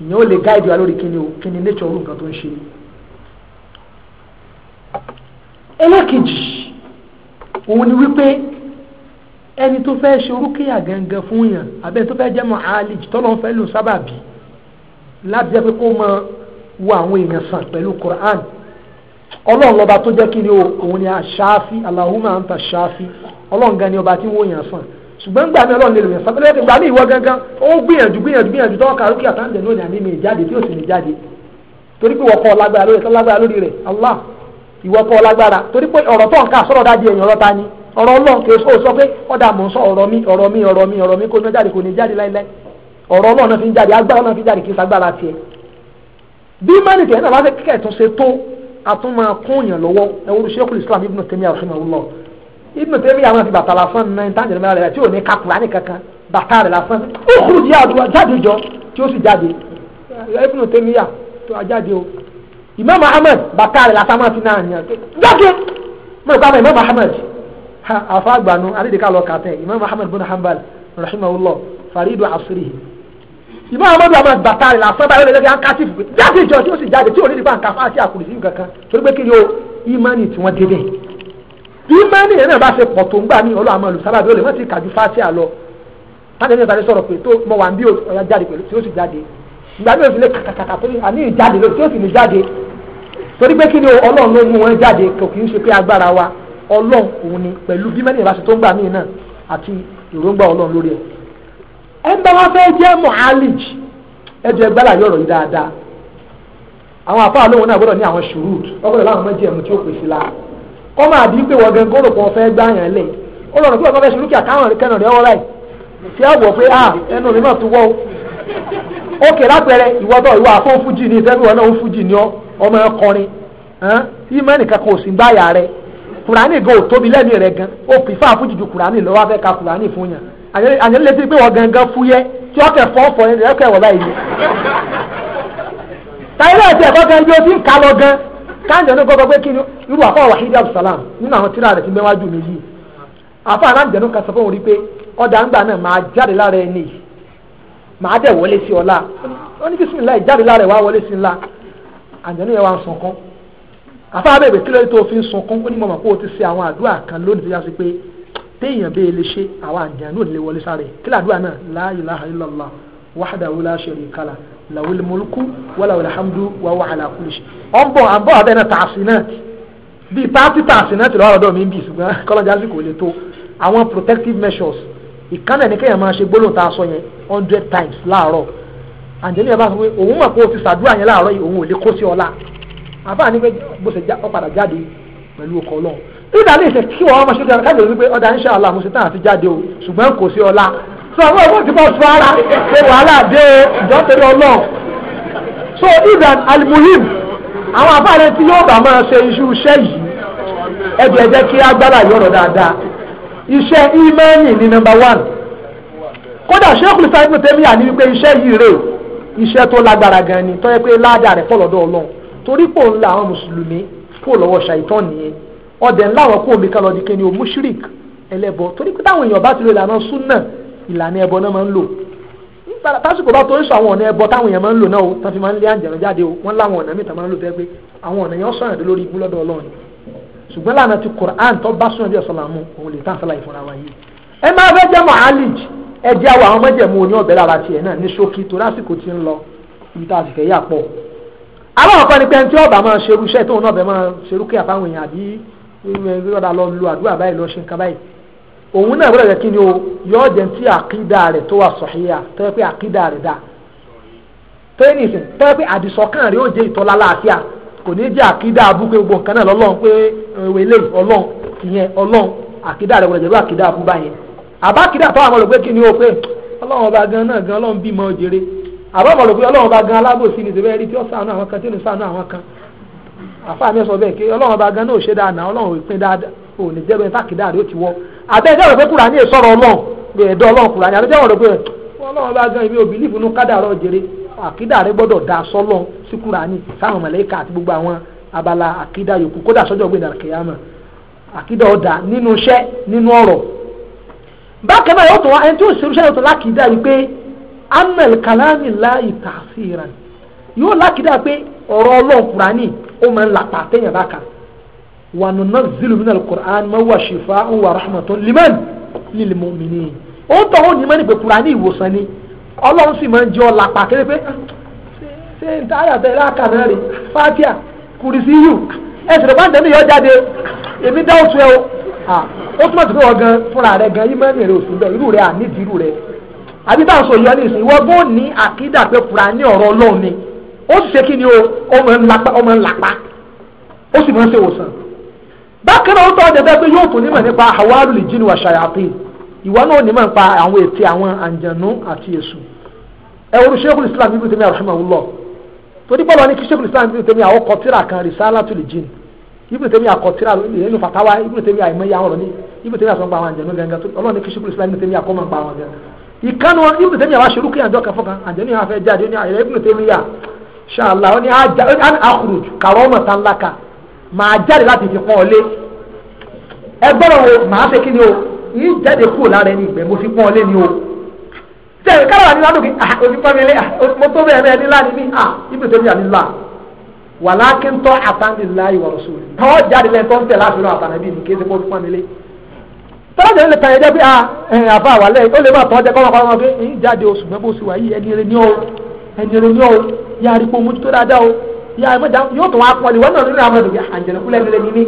ìyẹn ó lè gáìdì wa lórí kíni o kíni nature orú nǹkan tó ń ṣe. ẹlẹ́kejì òun ni wípé ẹni tó fẹ́ ṣe rúkìá gangan fún yàn àbẹ́ni tó fẹ́ jẹ́ mọ́ àálìjì tọ́lọ́ fẹ́ lò sábàbí láti jẹ́ pé kó mọ wo àwọn èèyàn sàn pẹ̀lú Quran ọlọ́run lọ́ba tó jẹ́ kí ni òun ni aṣááfi Allahumma anta ṣááfi ọlọ́run gan ni ọba tí wọ́n yàn sàn ṣùgbọ́n gbà mí ọlọ́run lè lòyàn sàn pẹ́lẹ́pẹ́ gbà mí ìwọ gangan ó gbìyànjú gbìyànjú gbìyànjú tọ́wọ́ kàró kí àtàǹdẹ̀ náà ní àmì mi jáde tí ó sì ní jáde torí pé wọ́kọ́ lágbára lórí lágbára lórí rẹ̀ Allah ìwọ kọ́ lágbára torí pé ọ̀rọ̀ tó ń ká sọ̀rọ̀ dájú èèyàn ọ̀rọ̀ ta ni ọ̀rọ̀ ọlọ́run kì í sọ pé ọ̀dà mò ń sọ ọ̀rọ̀ mi ọ̀rọ̀ mi ọ̀rọ̀ mi ọ̀rọ̀ mi kò ní jáde kò ní jáde láíláí ọ̀rọ̀ ọlọ́run náà fi ń jáde agbára náà fi ń jáde kì í sagbára tiẹ̀ bí mánìkì ẹ̀ náà wá fẹ́ kíkẹ́ tó ṣe tó àtúmọ̀ kúnyàn lọ́wọ́ ẹ̀wọ́n Sheikhul Islam Ibn Taymiyyah rahimahullah Ibn Taymiyyah máa fi bàtà lásán ní ìtàjẹ̀ mẹ́ra rẹ̀ tí ò ní kakura ní kankan bàtà rẹ̀ lásán ó kúrò di àdúrà jáde jọ tí ó sì jáde Ibn Taymiyyah tó ajáde o Imam Ahmad bàtà rẹ̀ lásán máa fi náà yàn jáde mo kọ́ àwọn Imam Ahmad àfa àgbànú adédèkà lọ kàtẹ́ Imam Ahmad bin Hanbal rahimahullah faridu asrihi ìmọ̀ àwọn ọmọdé àwọn bàtà rẹ̀ làásán báyọ̀ lẹ́lẹ́gbẹ̀ẹ́ akáṣí fún mi jáde ìjọ tí ó sì jáde tí ò ní nípa nǹkan fáṣí àkùrẹ́ sí nǹkan kan torí pé kí ni o ìmánì tí wọ́n débẹ̀ ìmánì yẹn náà bá ṣe pọ̀ tó ń gbà ní ọlọ́ àmọ́ olùsábàbí olè wọ́n ti kàjú fáṣí àlọ́ táwọn ènìyàn tàbí sọ̀rọ̀ pé tó mọ wà ń bí ọ̀yà jáde pẹ̀lú tí ó sì jáde ìgbà tí ó sì lè kàkàkà torí àní ìjáde ló tí ó sì lè jáde torí pé kí ni ọlọ́run ló mú wọn jáde kò kì í ṣe pé agbára wa ọlọ́run òun ni pẹ̀lú bí mẹ́rin ìbáṣe tó ń gbà míì náà àti èròǹgbà ọlọ́run lórí ẹ̀ Ebe wa fẹ́ jẹ́ muhalij ẹjọ ẹgbẹ́ là yọ̀rọ̀ yìí dáadáa àwọn àfáà lóhùn náà gbọ́dọ̀ ní àwọn ṣùrùt ọgbọ́dọ̀ láwọn méjì ẹ̀mú tí ó pèsè la kọ́ máa di pé wọ́n gẹ́gẹ́ rò pọ̀ fẹ́ gbá yàn lẹ̀ ó lọ́nà pé wọ́n fẹ́ ṣùrùkì àkáwọn kẹ́nà tí a pé a ah, ẹnu mi náà ti wọ́ ó kè àyẹ̀lẹ́ létí pé wọ́n gangan fúyẹ́ tí wọ́n kẹ̀ fọ́ fọ́ yẹn kẹ̀ wọ́n báyìí. táyọ̀ àti ẹ̀kọ́ kan bí o ti ń ka lọ gan káńtẹ̀ ní gbọ́dọ̀ pé kí ni irú àfọ̀ wàhídì abdulsalam nínú àwọn tíra rẹ̀ ti mẹ́wájú mi yìí àfọ̀ aláǹdẹ̀nu kan sọ fún òun rí pé ọ̀dà ń gbà náà máa jáde lára ẹni yìí màá dẹ̀ wọlé sí ọlá ó ní bísímìlá ìjáde lára ìwà wọlé sí ńlá àjẹnú yẹn wà ń sunkún àfọ̀ abẹ́bẹ̀ kílódé tó fi ń sunkún ó ní mọ̀mọ́ kó o ti ṣe àwọn àdúrà kan lónìí tó yá sí pé téèyàn bẹ́ẹ̀ lè ṣe àwọn àjànú ò lè wọlé sáré kílàdúrà náà la ilaha illallah wahdahu la sharika lah lawul mulku wala wala hamdu wa wa ala kulli shay on bo an bo abena ta'sinat bi party ta'sinat lo do mi bi ṣùgbọ́n kolo jasi kò lè tó àwọn protective measures ikana ni kéèyàn máa ṣe gbolo tá sọ yẹn 100 times láàárọ̀ anjeli bá sọ pé òun mọ̀ kó ti ṣàdúrà yẹn láàárọ̀ yìí òun ò lè kó sí ọlá àbá ni pé bó ṣe já ọ padà jáde pẹ̀lú ọkọ̀ Ọlọ́run ìdá lè ṣe kí wọ́n ọmọ ṣẹ́jà káàdì wípé ọ̀dà ń ṣe àlàmùsí tán àti jáde o ṣùgbọ́n kò sí ọlá sọ àwọn ọmọ ti bọ́ sọ ara pé wàhálà dé ìjọ́tẹ̀lẹ̀ ọlọ́ọ̀ so ìdá alimuhim àwọn afáàlẹ̀ tí yóò bá máa ṣe iṣu iṣẹ́ yìí ẹ̀jẹ̀ ẹ̀jẹ̀ kí agbára yọ̀rọ̀ dáadáa iṣẹ́ ìmẹ́ẹ̀nì ní nọ́mbà wán kódà ṣéèkù sáyẹ́pù tẹ́mí àní wípé iṣẹ́ yìí rè iṣẹ́ tó lágbára gan ni tó yẹ pé ládàá rẹ̀ pọ̀ lọ́dọ̀ ọlọ́run torí pò ńlá àwọn mùsùlùmí kò lọ́wọ́ ṣàìtọ́ nìyẹn ọdẹ ńláwọ̀ kó omi kan lọ di kẹ́ni o mushrik ẹlẹ́bọ torí pé táwọn èèyàn bá ti lo ìlànà súnà ìlànà ẹbọ náà máa ń lò tásìkò bá torí sọ àwọn ọ̀nà ẹbọ táwọn èèyàn máa ń lò náà o tán fi máa ń lé àǹjẹ̀rẹ̀ jáde o wọ́n láwọn ọ̀nà mìíràn máa ń lò bẹ́ẹ̀ pé àwọn ọ̀nà yẹn sọ̀rọ̀ lórí ibú lọ́dọ̀ ọlọ́run ṣùgbọ́n lànà ti Qur'an tó bá súnà bí ọ̀sán làmú òun lè tán àfẹ́lá ìfúnra wa yìí ẹ máa fẹ́ jẹ́ mọ̀hálíj ẹ jẹ́ àwọn àwọn mọ́jẹ̀mú oní ọ̀bẹ lára tiẹ̀ náà ní ṣókí torí àsìkò ti ń lọ ibi tá a sì fẹ́ yà pọ̀ aláwọ̀ kan ni pé ẹni tí ọba máa ṣerú iṣẹ́ tóun náà bẹ́ẹ̀ máa ṣerú kí àbáwọn èèyàn àbí yọ̀dà lọ lu àdúrà báyìí lọ ṣe nǹkan báyìí òun náà gbọ́dọ̀ jẹ́ kí ni o yọ̀ọ́ jẹ́ ti àkídà rẹ̀ tó wà sọ̀híyà tó yẹ pé àkídà rẹ̀ dáa tẹ́nìsì tẹ́wọ́ pé àdìsọ́kàn rẹ̀ ó jẹ́ ìtọ́lá láàfíà kò ní jẹ́ àkídà abú pé gbogbo nǹkan náà lọ́lọ́run pé wele ọlọ́run ìyẹn ọlọ́run àkídà rẹ̀ wọlé jẹ̀rú àkídà abú báyẹn àbá àkídà tó àwọn olùgbé kí ni ó pé ọlọ́run ọba gan náà gan ọlọ́run bímọ ni ìṣẹ̀fẹ́ rí àfáàní sọ bẹ́ẹ̀ kí ọlọ́run ọba gan náà ò ṣe dáadáa ọlọ́run ìpín dáadáa ò ní jẹ́ bẹ́ẹ̀ táàkì dáadáa ó ti wọ́ àbẹ́ẹ̀dẹ́ rẹ̀ pé Kùránì è sọ̀rọ̀ ọlọ́run bí ẹ̀dọ́ ọlọ́run Kùránì àbẹ́ẹ̀dẹ́ rẹ̀ pé ọlọ́run ọba gan ìbí òbí lífù nù kádàrá jèrè àkídà rẹ̀ gbọ́dọ̀ da sọ́lọ́ sí Kùránì sáwọn mọ̀lẹ́kà àti gbogbo àwọn abala àkídà yòókù kódà sọ́jọ́ gbé àkídà ọ̀dà yóò lákìdá pé ọ̀rọ̀ ọlọ́run kùránì ó máa ń làpà téèyàn bá kà wà nùnà zilu minal kùránì máa wà ṣèfà ó wà rahmatun liman lil mu'minin ó ń tọ́wọ́ ní mẹ́rin pé kùránì ìwòsàn ni ọlọ́run sì máa ń jẹ́ ọ làpà kéré pé ah, ṣé n ta àyàtọ̀ ẹ̀ láàkà náà rè fatia kùrìsì yù ẹsẹ̀ rẹ̀ bá ń tẹ̀lé yọ jáde èmi dá òtún ẹ o ó túmọ̀ sí pé wọ́n gan fúnra rẹ̀ gan yí mẹ́rin rẹ̀ òsùn àbí bá sọ ìyọ́ ní ìsìn ìwọ́gbọ́n ní àkídà pé kùránì ọ̀rọ̀ ọlọ́run ni ó sì ṣe kí ni o ọmọ ńlápá ọmọ ńlápá ó sì máa ń ṣe òsàn bákan náà ó tọ́ ọ̀dẹ̀dẹ́ pé yóò tó nímọ̀ nípa àwárù lè jíni wà ṣàyàpín ìwọ náà nímọ̀ nípa àwọn ète àwọn àǹjànú àti èṣù ẹ orú ṣékùlù islam ibi tèmi rahimahullah torí pọ́lọ́ ní kí ṣékùlù islam ibi tèmi àwọn kọtíra kan risalatu lè jíni ibi tèmi àkọtíra nínú fatawa ibi tèmi àìmọye àwọn ọ̀rọ̀ ní ibi tèmi àsọ̀npa àwọn àǹjànú gangan ọlọ́run ní kí ṣékùlù islam ibi tèmi àkọ́mọ̀ pa àwọn gangan ìkànnì ibi tèmi àwọn aṣerúkẹ́ àjọ kan fọ́kan àǹjànú yà ṣàlà ó ní àkùrùjù kàrọ́ ọmọ tán láka màá jáde láti fi pọ́n ọ lé ẹgbọ́n wo màá fẹ́ kí ni o yìí jáde kúrò lára ẹni ìgbẹ́ mo fi pọ́n ọ lé ni o tẹ̀lé káwọn ní ládùúgbò ah òfin pọ́nmi lé ah mo tó bẹ̀rẹ̀ bẹ́ẹ̀ ní láàní ní ah ibi tó bí àní là wà láàkí ń tọ́ àtàndì láàyè wà lọ́sùn rẹ̀ tọ́ jáde lẹ́yìn tó ń tẹ̀ láti lọ́wọ́ àtàndì bíi nìkéde kó pọ́nmi lé tọ́lá jẹ́ lè tàn yẹn jẹ́ pé ah ẹ̀hìn àbá wà lẹ́yìn ó lè má tọ́ jẹ́ kọ́ ẹni rẹ yóò yá arípo mójútó dáadáa o yá ẹgbẹ́jà yóò tún wá pọ́n ní wọ́n náà nínú àwọn ọ̀dọ̀ yà àǹjẹ̀nà kúlẹ̀ nílẹ̀ níní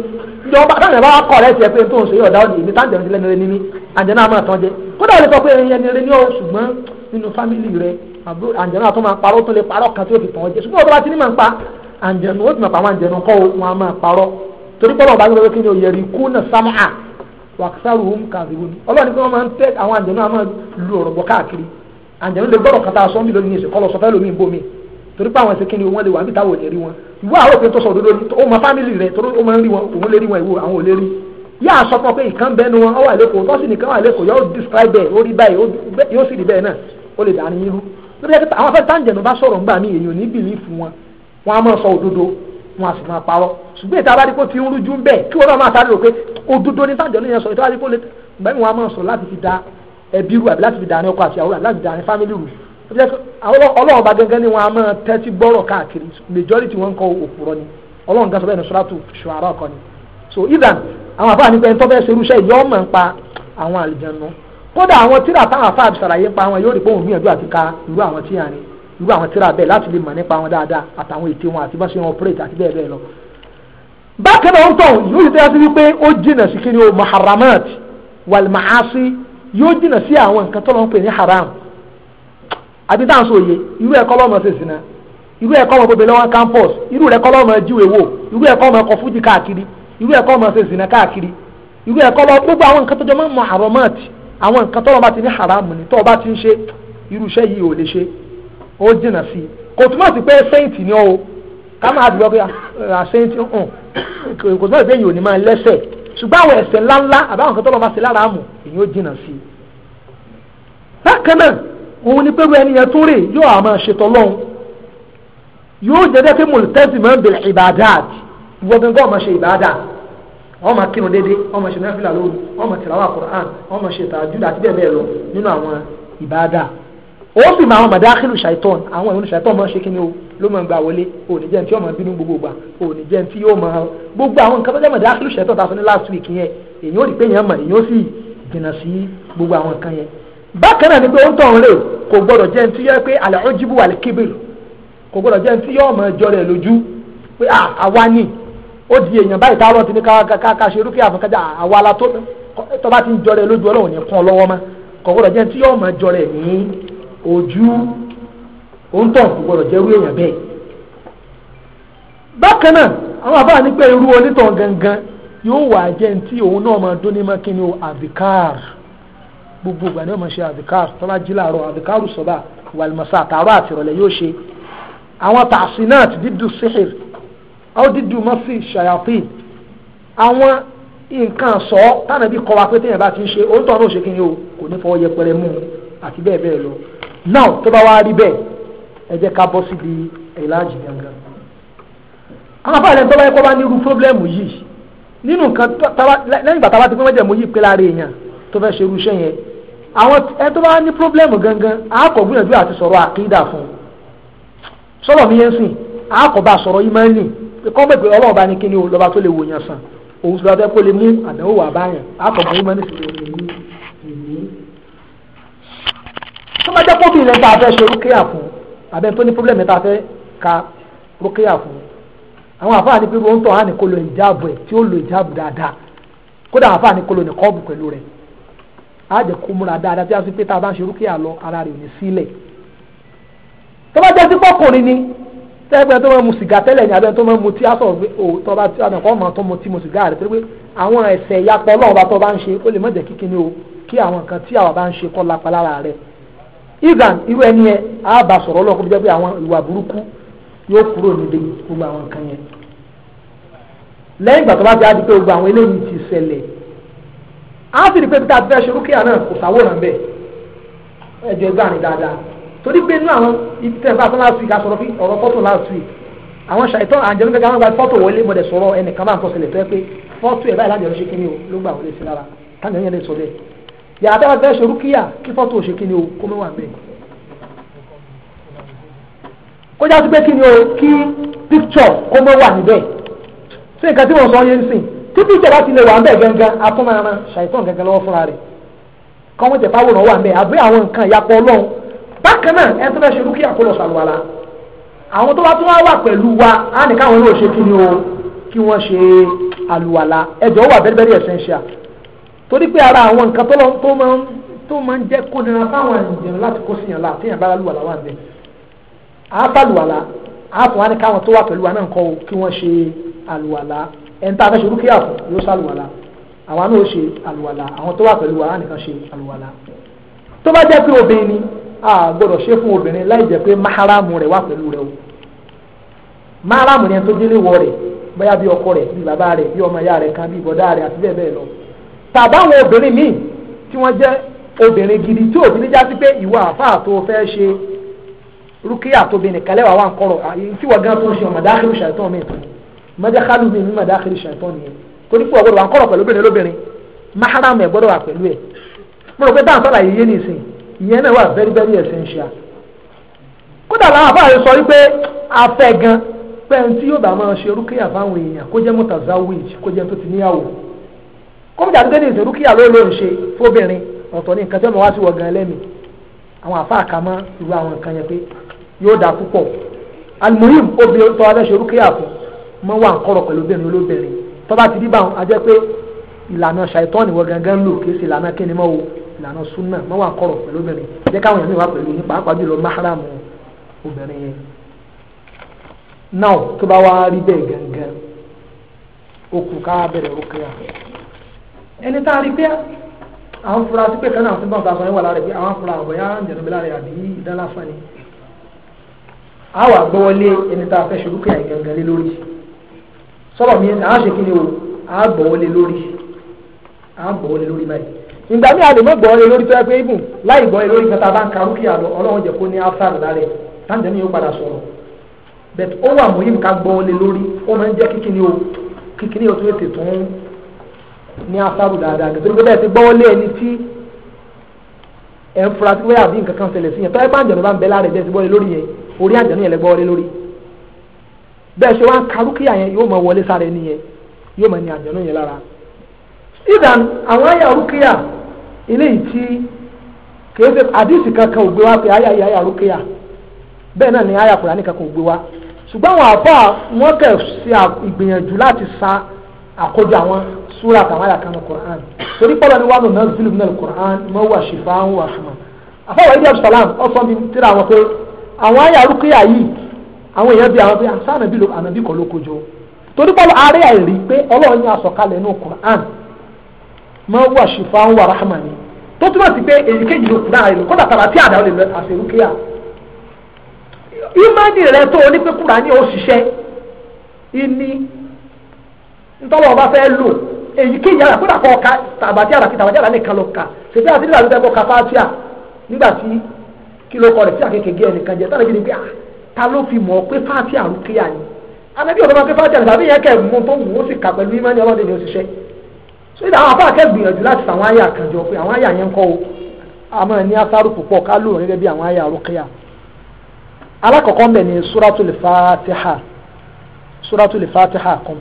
ìjọba táwọn ìjọba kọ̀ rẹ̀ tiẹ̀ pé tó ń ṣe yọ̀ọ̀dá òdì ìbí táǹjẹ̀ nílẹ̀ nílẹ̀ níní àǹjẹ̀nà àmọ́ àtàn jẹ kódà ó lè sọ pé ẹni rẹ ní o ṣùgbọ́n nínú fámìlì rẹ àǹjẹ̀nà àtọ́ máa parọ́ tó lè parọ́ kan tí ó fi tàn ọ́ jẹ ṣùgbọ́n ọba tí ní máa ń pa àǹjẹ̀nù ó ti máa pa àwọn àǹjẹ̀nù kọ́ wọn a máa parọ́ torí pọ́lọ́ ọba gbẹgbẹ́ kí ni òyẹ̀rì kú náà sámà wàkísàrù hùm kàzíwòn ọlọ́ọ̀ni pé wọ́n máa ń tẹ́ àwọn àǹjẹ̀nù àmọ́ lu ọ̀rọ̀ bọ̀ káàkiri àjẹmí lè gbọ́dọ̀ kata sọ́ńbì lórí ní ìṣe kọ́ lọ sọ fẹ́ lómi ìbò mi torí pé àwọn ìṣèkínni wọn lè wà níta wọn lè rí wọn ìwọ àwọn òfin tó sọ òdodo ó mọ fámìlì rẹ torí ó máa ń rí wọn òun lè rí wọn ìwọ àwọn ò lè rí yà á sọ fún ọ pé ìkan bẹnu wọn ọ wà lẹ́kọ̀ọ́ tọ́sí nìkan wà lẹ́kọ̀ọ́ yóò describe ẹ̀ ó rí báyìí yóò sì rí bẹ́ẹ̀ náà ó lè dàrin yín hù lórí ẹ̀ àwọn afẹ́ táǹjẹ̀nù bá sọ̀rọ̀ ńgbà mí èèyàn ní bìlífù wọn wọn á máa sọ òdodo wọn á sì máa parọ́ ṣùgbọ́n ìta bá rí pé ó ti ń rújú ń kí wọn náà máa sáré rò pé òdodo ní táǹjẹ̀nù yẹn sọ ìta bá lè gbẹ́mí wọn á máa sọ láti fi da ẹbí rú àbí láti fi dàrin ọkọ àti ìyàwó láti dàrin fámìlì rú ọlọ́run bá gángan ni wọ́n á máa tẹ́tí gbọ́rọ̀ káàkiri majority wọn kọ́ òpùrọ̀ ni ọlọ́run gan sọ bẹ́ẹ̀ ní sọ́ràtù ṣùgbọ́n ọkọ ni so either àwọn àfáà nípa ẹni tó fẹ́ serú iṣẹ́ yọ ọmọ pa àwọn àlùjànnú kódà àwọn tíra táwọn àfáà ṣàlàyé pa wọn yóò rí pé òun gbìyànjú àti ka irú àwọn tí yàn ni irú àwọn tíra bẹ́ẹ̀ láti lè mọ̀ nípa wọn dáadáa àtàwọn ète wọn àti bá ṣe wọn operate àti bẹ́ẹ̀ bẹ́ẹ̀ lọ. bákan náà ń tọ̀ yóò yí tẹ́lá sí wípé ó jìnà sí kí ni o maharamat wal maasi yóò jìnnà sí àwọn nǹkan tó lọ́n pè ní haram àbí táwọn sọ yé irú ẹ̀kọ́ lọ́mọ ṣe sìnà irú ẹ̀kọ́ ọmọ bèbè lọ́wọ́ campus irú ẹ̀kọ́ lọ́mọ jíwèé wò irú ẹ̀kọ́ ọmọ ọkọ̀ fújì káàkiri irú ẹ̀kọ́ ọmọ ṣe sìnà káàkiri irú ẹ̀kọ́ lọ gbogbo àwọn nǹkan tó jọ máa ń mọ haramati àwọn nǹkan tó lọ́ bá ti ní haram ni tó o bá ti ń ṣe irú iṣẹ́ yìí ò lè ṣe ó jìnnà sí i kò túmọ̀ sí pé sẹ́ǹtì ni ó ká ah, máa dùgbọ́ pé àṣẹ́ǹtì kò ṣùgbọ́n àwọn ẹ̀ṣẹ̀ ńláńlá àbáwọn kan tọ́lọ́ máa ṣe lára àmù èyí ó jìnnà sí i. bákan náà òun ni pé ẹni yẹn tún rè yóò àmọ́ ṣètò lọ́hùn yóò jẹ́jẹ́ pé mọ̀lítẹ́sì máa ń bèrè ìbàdàd ìwọ́gbọ̀n gan ọmọ ṣe ìbàdàd wọ́n máa kírun déédéé wọ́n máa ṣe náfìlà lóru wọ́n tìlàwà Qur'an wọ́n ṣe tàájúdà àti bẹ́ẹ̀ bẹ́ẹ̀ lọ nínú àwọn ìbàdàd ó sì máa àwọn màdákìlù ṣàìtọ́n àwọn ìwọ̀n ṣàìtọ́n máa ṣe kí ni o ló máa gbà wọlé òní jẹ́ ní tí yóò máa bínú gbogbo gbà òní jẹ́ ní tí yóò máa gbogbo àwọn nǹkan bẹ́ẹ̀ mọ̀dá kílù ṣẹ́tọ̀ ta fún ní last week yẹn èyí ò rí pé yẹn mọ̀ èyí ò sì jìnnà sí gbogbo àwọn nǹkan yẹn. bákan náà ni pé ó ń tọ̀ ń rè kò gbọ́dọ̀ jẹ́ ní tí yóò pé àlẹ́ ó jíbù àlẹ́ kébèrè kò gbọ́dọ̀ jẹ́ ní tí yóò máa jọ rẹ̀ lójú pé àwa ni ó di èèyàn báyìí táwọn ti ní ká ṣe irúfẹ́ àfọ̀kájà àwa la tó bá ti ń jọ rẹ̀ lójú ọlọ́run ní kún ọ lọ́wọ́ mọ́ kò gbọ́dọ̀ jẹ́ ní tí yóò máa jọ rẹ̀ ní ojú òun tọ̀ kò gbọdọ̀ jẹ́rú èèyàn bẹ́ẹ̀. bákan náà àwọn àbá ní pé irú onítàn gangan yóò wà jẹ́ tí òun náà máa dún ní mọ́kínní o àbíkár gbogbo ìgbà náà máa ṣe àbíkár tọ́lá jí láàárọ̀ àbíkárù sọ́bà wàlùmọ̀sá àtàárọ̀ àtìrọ̀lẹ̀ yóò ṣe àwọn tàṣínàt dídú sihir àwọn dídú mọ́sí ṣayatin àwọn nǹkan sọ tánàbí kọ́ wa pé téèyàn bá ti ń ṣe òun tọ́ náà ṣe kí ni o kò ní fọwọ́ yẹpẹrẹ mú àti bẹ́ẹ̀ bẹ́ẹ̀ lọ náà tó bá wá rí bẹ́ẹ̀ ẹ jẹ́ ká bọ́ síbi ìlàjì gangan. àwọn afáàlẹ̀ tó bá yẹ kó bá ní irú fúrọ́blẹ́mù yìí nínú nǹkan lẹ́yìn ìgbà táwa ti pín mẹ́jẹ̀mú yìí pé lára èèyàn tó fẹ́ ṣe irú iṣẹ́ yẹn àwọn ẹ tó bá ní fúrọ́blẹ́mù gangan àákọ̀ gbìyànjú àti sọ̀rọ̀ àkídà fún un sọ̀rọ̀ mi yẹn sìn àákọ̀ bá sọ̀rọ̀ yìí máa ń nì kọ́mọ̀ pé ọlọ́ọ̀bá ní kíni o lọ́ba tó lè wò yàn sàn òun sọ̀rọ̀ abẹ́ kó lè mú abẹ́ tó ní problem yẹn tá a fẹ́ ka rókèyà fún àwọn àfáà ní pé wọ́n ń tọ̀ hàn ní kó lo ìjáàbù ẹ̀ tí ó lo ìjáàbù dáadáa kódà àfáà ní kó lo nìkọ́ọ̀bù pẹ̀lú rẹ̀ á jẹ́ kó múra dáadáa tí a sì pé tá a bá ń ṣe rókèyà lọ ara rẹ̀ ò ní sílẹ̀ tó bá jẹ́ sí pọ́kùnrin ni tẹ́gbẹ́ tó máa mu sìgá tẹ́lẹ̀ ní abẹ́ tó máa mu tí a sọ̀rọ̀ pé o tó bá tí a nàkọ́ máa tó mu tí mu sìgá rẹ̀ pé àwọn ẹ̀ṣẹ̀ ìyapọ̀ ọlọ́run bá tó bá ń ṣe ó lè má jẹ́ o kí àwọn nǹkan tí àwa bá ń ṣe kọ́ lápá lára rẹ̀ even irú ẹni yẹn á bá sọ̀rọ̀ ọlọ́run kó fi jẹ́ pé àwọn ìwà burúkú yóò kúrò níbi gbogbo àwọn nǹkan yẹn lẹ́yìn ìgbà tó bá ti á di pé gbogbo àwọn eléyìí ti ṣẹlẹ̀ á sì rí pé bí ká fẹ́ ṣe rúkìá náà kò sáwòrán bẹ́ẹ̀ ẹjọ́ ẹgbẹ́ àrùn dáadáa torí pé inú àwọn ibi tẹ̀ bá tó last week àsọ̀rọ̀ fi ọ̀rọ̀ fọ́tò last week àwọn ṣàìtàn àjẹmí yàrá táwọn fẹ́ ṣerú kíyà kí fọ́tò ṣe kí ni o kó mẹ́wàá bẹ́ẹ̀. kó jásí pé kí ni o kí píkṣọ̀ kó mẹ́wàá níbẹ̀ sí nǹkan tí wọ́n sọ yẹn sìn tí píkṣọ̀ bá ti lè wà ń bẹ̀ gangan atúmọ̀ràn ṣàìsàn gangan lọ́wọ́ fúnra rẹ̀ kọ́ wọ́n jẹ́ fáwọn wà ń bẹ̀ àbí àwọn nǹkan ìyapọ̀ ọlọ́run bákan náà ẹ tó fẹ́ ṣerú kíyà kó lọ ṣàlùwàlà àwọn tó bá tún wá wà pẹ̀lú wa á nìkan àwọn yóò ṣe kí o kí wọ́n ṣe àlùwàlà ẹjọ́ wà bẹ́ẹ̀ bẹ́ẹ̀ torí pé ara àwọn nǹkan tó lọ tó máa ń tó máa ń jẹ́ kó nira fáwọn ènìyàn láti kó sí yàn la àti yàn bá lùwàlà wà bẹ́ẹ̀ àbálùwàlà àtún wá ní káwọn tó wà pẹ̀lú wa náà kọ́ o kí wọ́n ṣe àlùwàlà ẹni tá a fẹ́ ṣe orúkẹ́ àfọ̀ yóò ṣe àlùwàlà àwa náà ó ṣe àlùwàlà àwọn tó wà pẹ̀lú wa nìkan ṣe àlùwàlà tó bá jẹ́ pé obìnrin ni a gbọ́dọ̀ ṣe fún obìnrin láì jẹ́ pé máhàrámù rẹ̀ wà pẹ̀lú rẹ̀ o máhàrámù tàbá àwọn obìnrin míì tí wọ́n jẹ́ obìnrin gidi tí òbí ní jásí pé ìwà àfáà tó fẹ́ ṣe rúkìá tóbi nìkan lẹ́wàá wà ń kọ̀rọ̀ tí wọ́n gan tó ń ṣe mọ̀dákìlì ṣàìtàn mi tán mọ̀dákàlù mi ní mọ̀dákìlì ṣàìtàn nìyẹn torí pé ọ̀gbọ́dọ̀ wà ń kọ̀rọ̀ pẹ̀lú obìnrin lóbìnrin maharam ẹ̀ gbọ́dọ̀ wà pẹ̀lú ẹ̀ mo rò pé táwọn sọ̀rọ̀ àyè nìsín ìyẹn náà wà very very essential kódà làwọn àfáà yẹn sọ wípé afẹ́ gan pẹ́ẹ́n tí yóò bá máa ṣe rúkìá fáwọn kọ́mìtì àti gẹ́gẹ́ ìṣèlú kíyà ló lóun ṣe fóbìnrin ọ̀tọ̀ ní nǹkan tí wọ́n wá sí wọ̀ gan lẹ́mìí àwọn àfa àkàmọ́ irú àwọn nǹkan yẹn pé yóò dáa púpọ̀ almuhim obìnrin tó abẹ́ ṣerú kíyà fún mọ́ wà ń kọ́rọ̀ pẹ̀lú obìnrin olóbìnrin tó bá ti rí báwọn ajẹ́ pé ìlànà ṣàìtọ́ọ̀nì wọ gangan lò kì í ṣe ìlànà kíni mọ́ o ìlànà súnà mọ́ wà ń kọ́rọ̀ pẹ̀lú Enita tá a rí pé àwọn fura sí pé kan náà síbọn tàbí wà lára pé awon fura àbọ̀yá jẹ̀nùbí lára àbí ìdánláfà a wà gbọ́wọ́lé ẹni tá a fẹ́ ṣubú kíyà gangan lé lori sọ̀rọ̀ mi à ṣe kíni o a gbọ́wọ́lé lórí a gbọ́wọ́lé lórí báyìí ìgbà mi a lórí pé ibùn láì lórí bá ń ka rúkìá lọ ọlọ́run jẹ́ kó ní afárá o kíkíni o ní asábù dáadáa kẹsàn-án gbogbo ẹ̀ ti gbọ́wọ́ lé ẹni tí ẹ̀ ń fura pé àbí nǹkan kan ṣẹlẹ̀ sí yẹn tọ́lá ìpàdé ọ̀nà bá ń bẹ láàrẹ̀ bẹ́ẹ̀ ti gbọ́wọ́ lé lórí yẹn orí àjẹ̀nú yẹn lẹ gbọ́wọ́ lé lórí bẹ́ẹ̀ ṣe wá ń ka rúkìá yẹn yóò mọ wọlé sára ẹni yẹn yóò mọ ní àjẹ̀nú yẹn lára. ìdàn àwọn àyà rúkìá ilé tí kìí ṣe àdìsí kankan ò gbé pé àyà yìí àyà bẹ́ẹ̀ náà ni àyà kùránì kankan ò gbé wá ṣùgbọ́n àwọn àbá wọn kẹ̀ ṣe ìgbìyànjú láti sa àkójọ àwọn súra àtàwọn àyàkánú Qur'an torí pọ́lọ́ ni wà lónà zulu minna Qur'an mọ́ wà ṣèfà ń wà fún un ibi abdulsalam ọ̀sán mi tíra àwọn pé àwọn ayàrúkúyà yìí àwọn èèyàn bíi àwọn bíi àsánàbí ló ànàbí kọ́ ló kójọ torí pọ́lọ́ àárẹ̀ àìrí pé ọlọ́run ní àsọ̀kalẹ̀ inú Qur'an wà ń wà ni tó túmọ̀ sí pé ló tí lè lọ o ó ṣiṣẹ́ ntọ́lọ́ ọba fẹ́ lò èyí kéyìí ara kódà kọ́ ọ̀ka tàbátí ara kí tàbátí ara nìkan ló ka ṣètò àti nígbà tó fẹ́ kọ́ ka fáṣíà nígbà tí kí ló kọ́ rẹ̀ tí àkekèké ẹnìkan jẹ ta ló fi mọ̀ pé fáṣíà ló kéyà ni anabi ọ̀dọ́ máa pé fáṣíà nígbà bí yẹn kẹ́ mú tó wù ó sì kà pẹ̀lú ìmọ̀ ní ọlọ́dẹ ni ó so ìdá àwọn afáàkẹ́ gbìyànjú láti sàwọn àyà àkànjọ pé àwọn àyà yẹn ń o àmọ́ ní asárù púpọ̀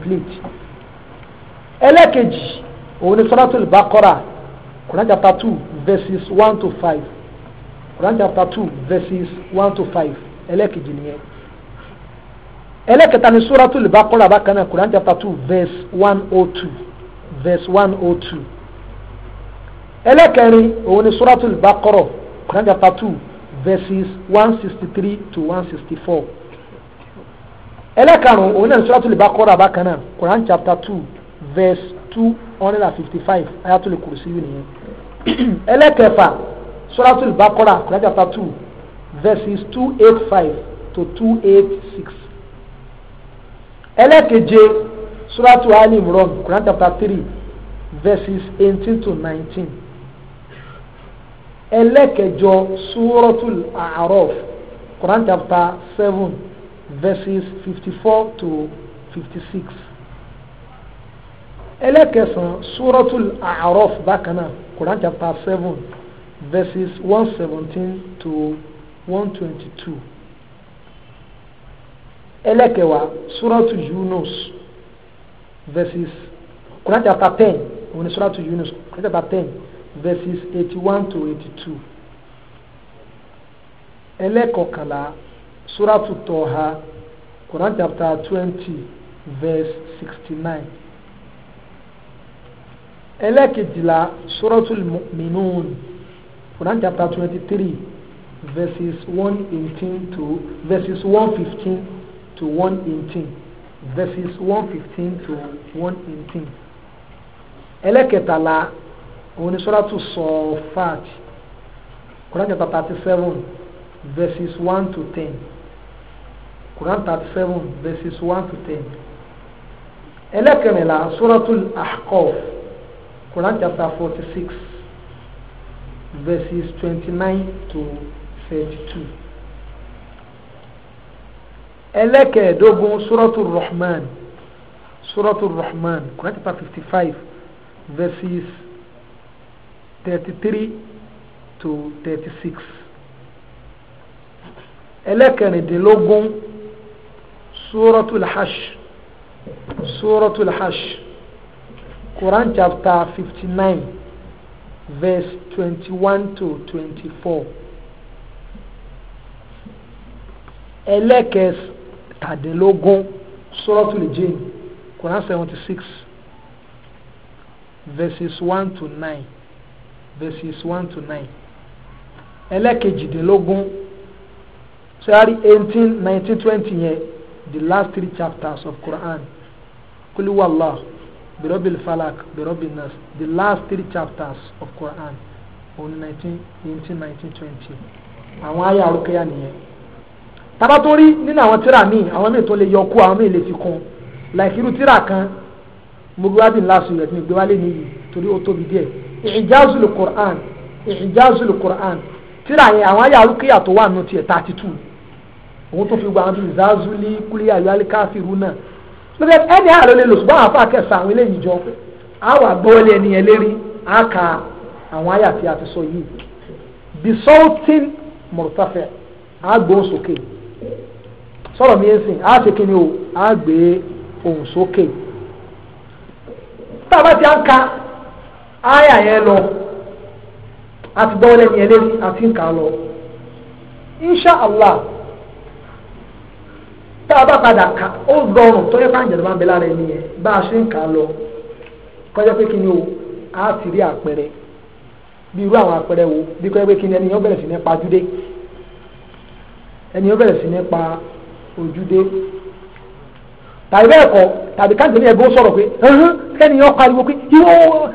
ni ẹlẹ́kejì òun ni suratul baqara quran chapter two verses one to five quran chapter two verses one to five ẹlẹ́kejì nìyẹn ẹlẹ́kẹta ni suratul baqara bákan náà quran chapter two verse one o oh two verse one o oh two ẹlẹ́kẹrin òun ni suratul baqara quran chapter two verses one sixty three to one sixty four ẹlẹ́karùn-ún òun náà ni suratul baqara bákan náà quran chapter two verse two hundred and fifty five ayatul kursi yìí nìyẹn ẹlẹ́kẹfà suratul bakora Quran chapter two verses two eight five to two eight six ẹlẹ́keje suratul ali imran Quran chapter three verses eighteen to nineteen ẹlẹ́kẹjọ suratul a'raf Quran chapter seven verses fifty four to fifty six ẹlẹ́kẹsàn-án suratul a'raf bákan quran chapter seven verses one seventeen to one twenty two ẹlẹ́kẹwàá suratul yunus verses quran chapter ten òun ni suratul yunus quran chapter ten verses eighty one to eighty two ẹlẹ́kọ̀kànlá suratul tọ́ha quran chapter twenty verse sixty nine ẹlẹ́kejìlá suratul mu'minun Quran chapter twenty three verses one eighteen to verses one fifteen to one eighteen verses one fifteen to one eighteen ẹlẹ́kẹtàlá òun ni suratul sọfàt Quran chapter thirty seven verses one to ten Quran thirty seven verses one to ten ẹlẹ́kẹrìnlá suratul ahqaf. Quran chapter 46, verses 29 to 32. Eleke ẹlẹ́kẹ̀ẹ́dógún suratul rahman suratul rahman Quran chapter 55 verses 33 to 36. ẹlẹ́kẹ̀ẹ́rìndínlógún suratul hash suratul hash. Quran chapter 59 verse 21 to 24 ẹlẹ́kẹ̀ẹ́tàdínlógún suratul jinn Quran 76 verses 1 to 9 verses 1 to 9 ẹlẹ́kẹ̀ẹ́jìdínlógún sari 18 19 20 yẹn the last three chapters of Quran kúlíwàlláhu. Birobil Falak, Birobil Nas, the last three chapters of Quran on 19, 19, 20. Àwọn àyà rúkẹ́yà nìyẹn. Tábà tó rí nínú àwọn tíra míì, àwọn míì tó lè yọ kú, àwọn míì lè fi kún. Láìkí irú tíra kan, mo gbé wá bí ńlá sùn ìrẹ̀tí mi gbé wálé nìyí torí ó tóbi díẹ̀. Ìjáàzùlù Quran, Ìjáàzùlù Quran, tíra yẹn àwọn àyà rúkẹ́yà tó wà nù tiẹ̀ 32. Òun tó fi gba àwọn bíi Zazuli, Kúlíyà, Yálí, Káfíìrú náà lọ́dẹ ẹni àárọ̀ lè lò ṣùgbọ́n àwọn afáàkẹ́sà àwọn eléyìí jọ àwọn àgbọ̀wọ́lé ẹni yẹn lérí àkà àwọn àyà tí a ti sọ yìí bisaltin murtafi àgbò sókè sọ̀rọ̀ mi yẹn sìn á ti kí o á gbé sókè tá a bá àyà yẹn lọ àti ẹni lérí àti tá a bá padà kà ó rọrùn tó yẹ fún àjẹ̀dọ̀ máa ń bẹ lára ẹni yẹn bá a ṣe ń kà á lọ kọjá pé kí ni o a ti rí àpẹẹrẹ bí irú àwọn àpẹẹrẹ wo bí kọjá pé kí ni ẹni yẹn bẹ̀rẹ̀ sí ní pa ojúdé ẹni yẹn bẹ̀rẹ̀ sí ní pa ojúdé tàbí bẹ́ẹ̀ kọ́ tàbí káńtì ní ẹgbẹ́ ó sọ̀rọ̀ pé kẹ́ni yẹn pariwo pé yóò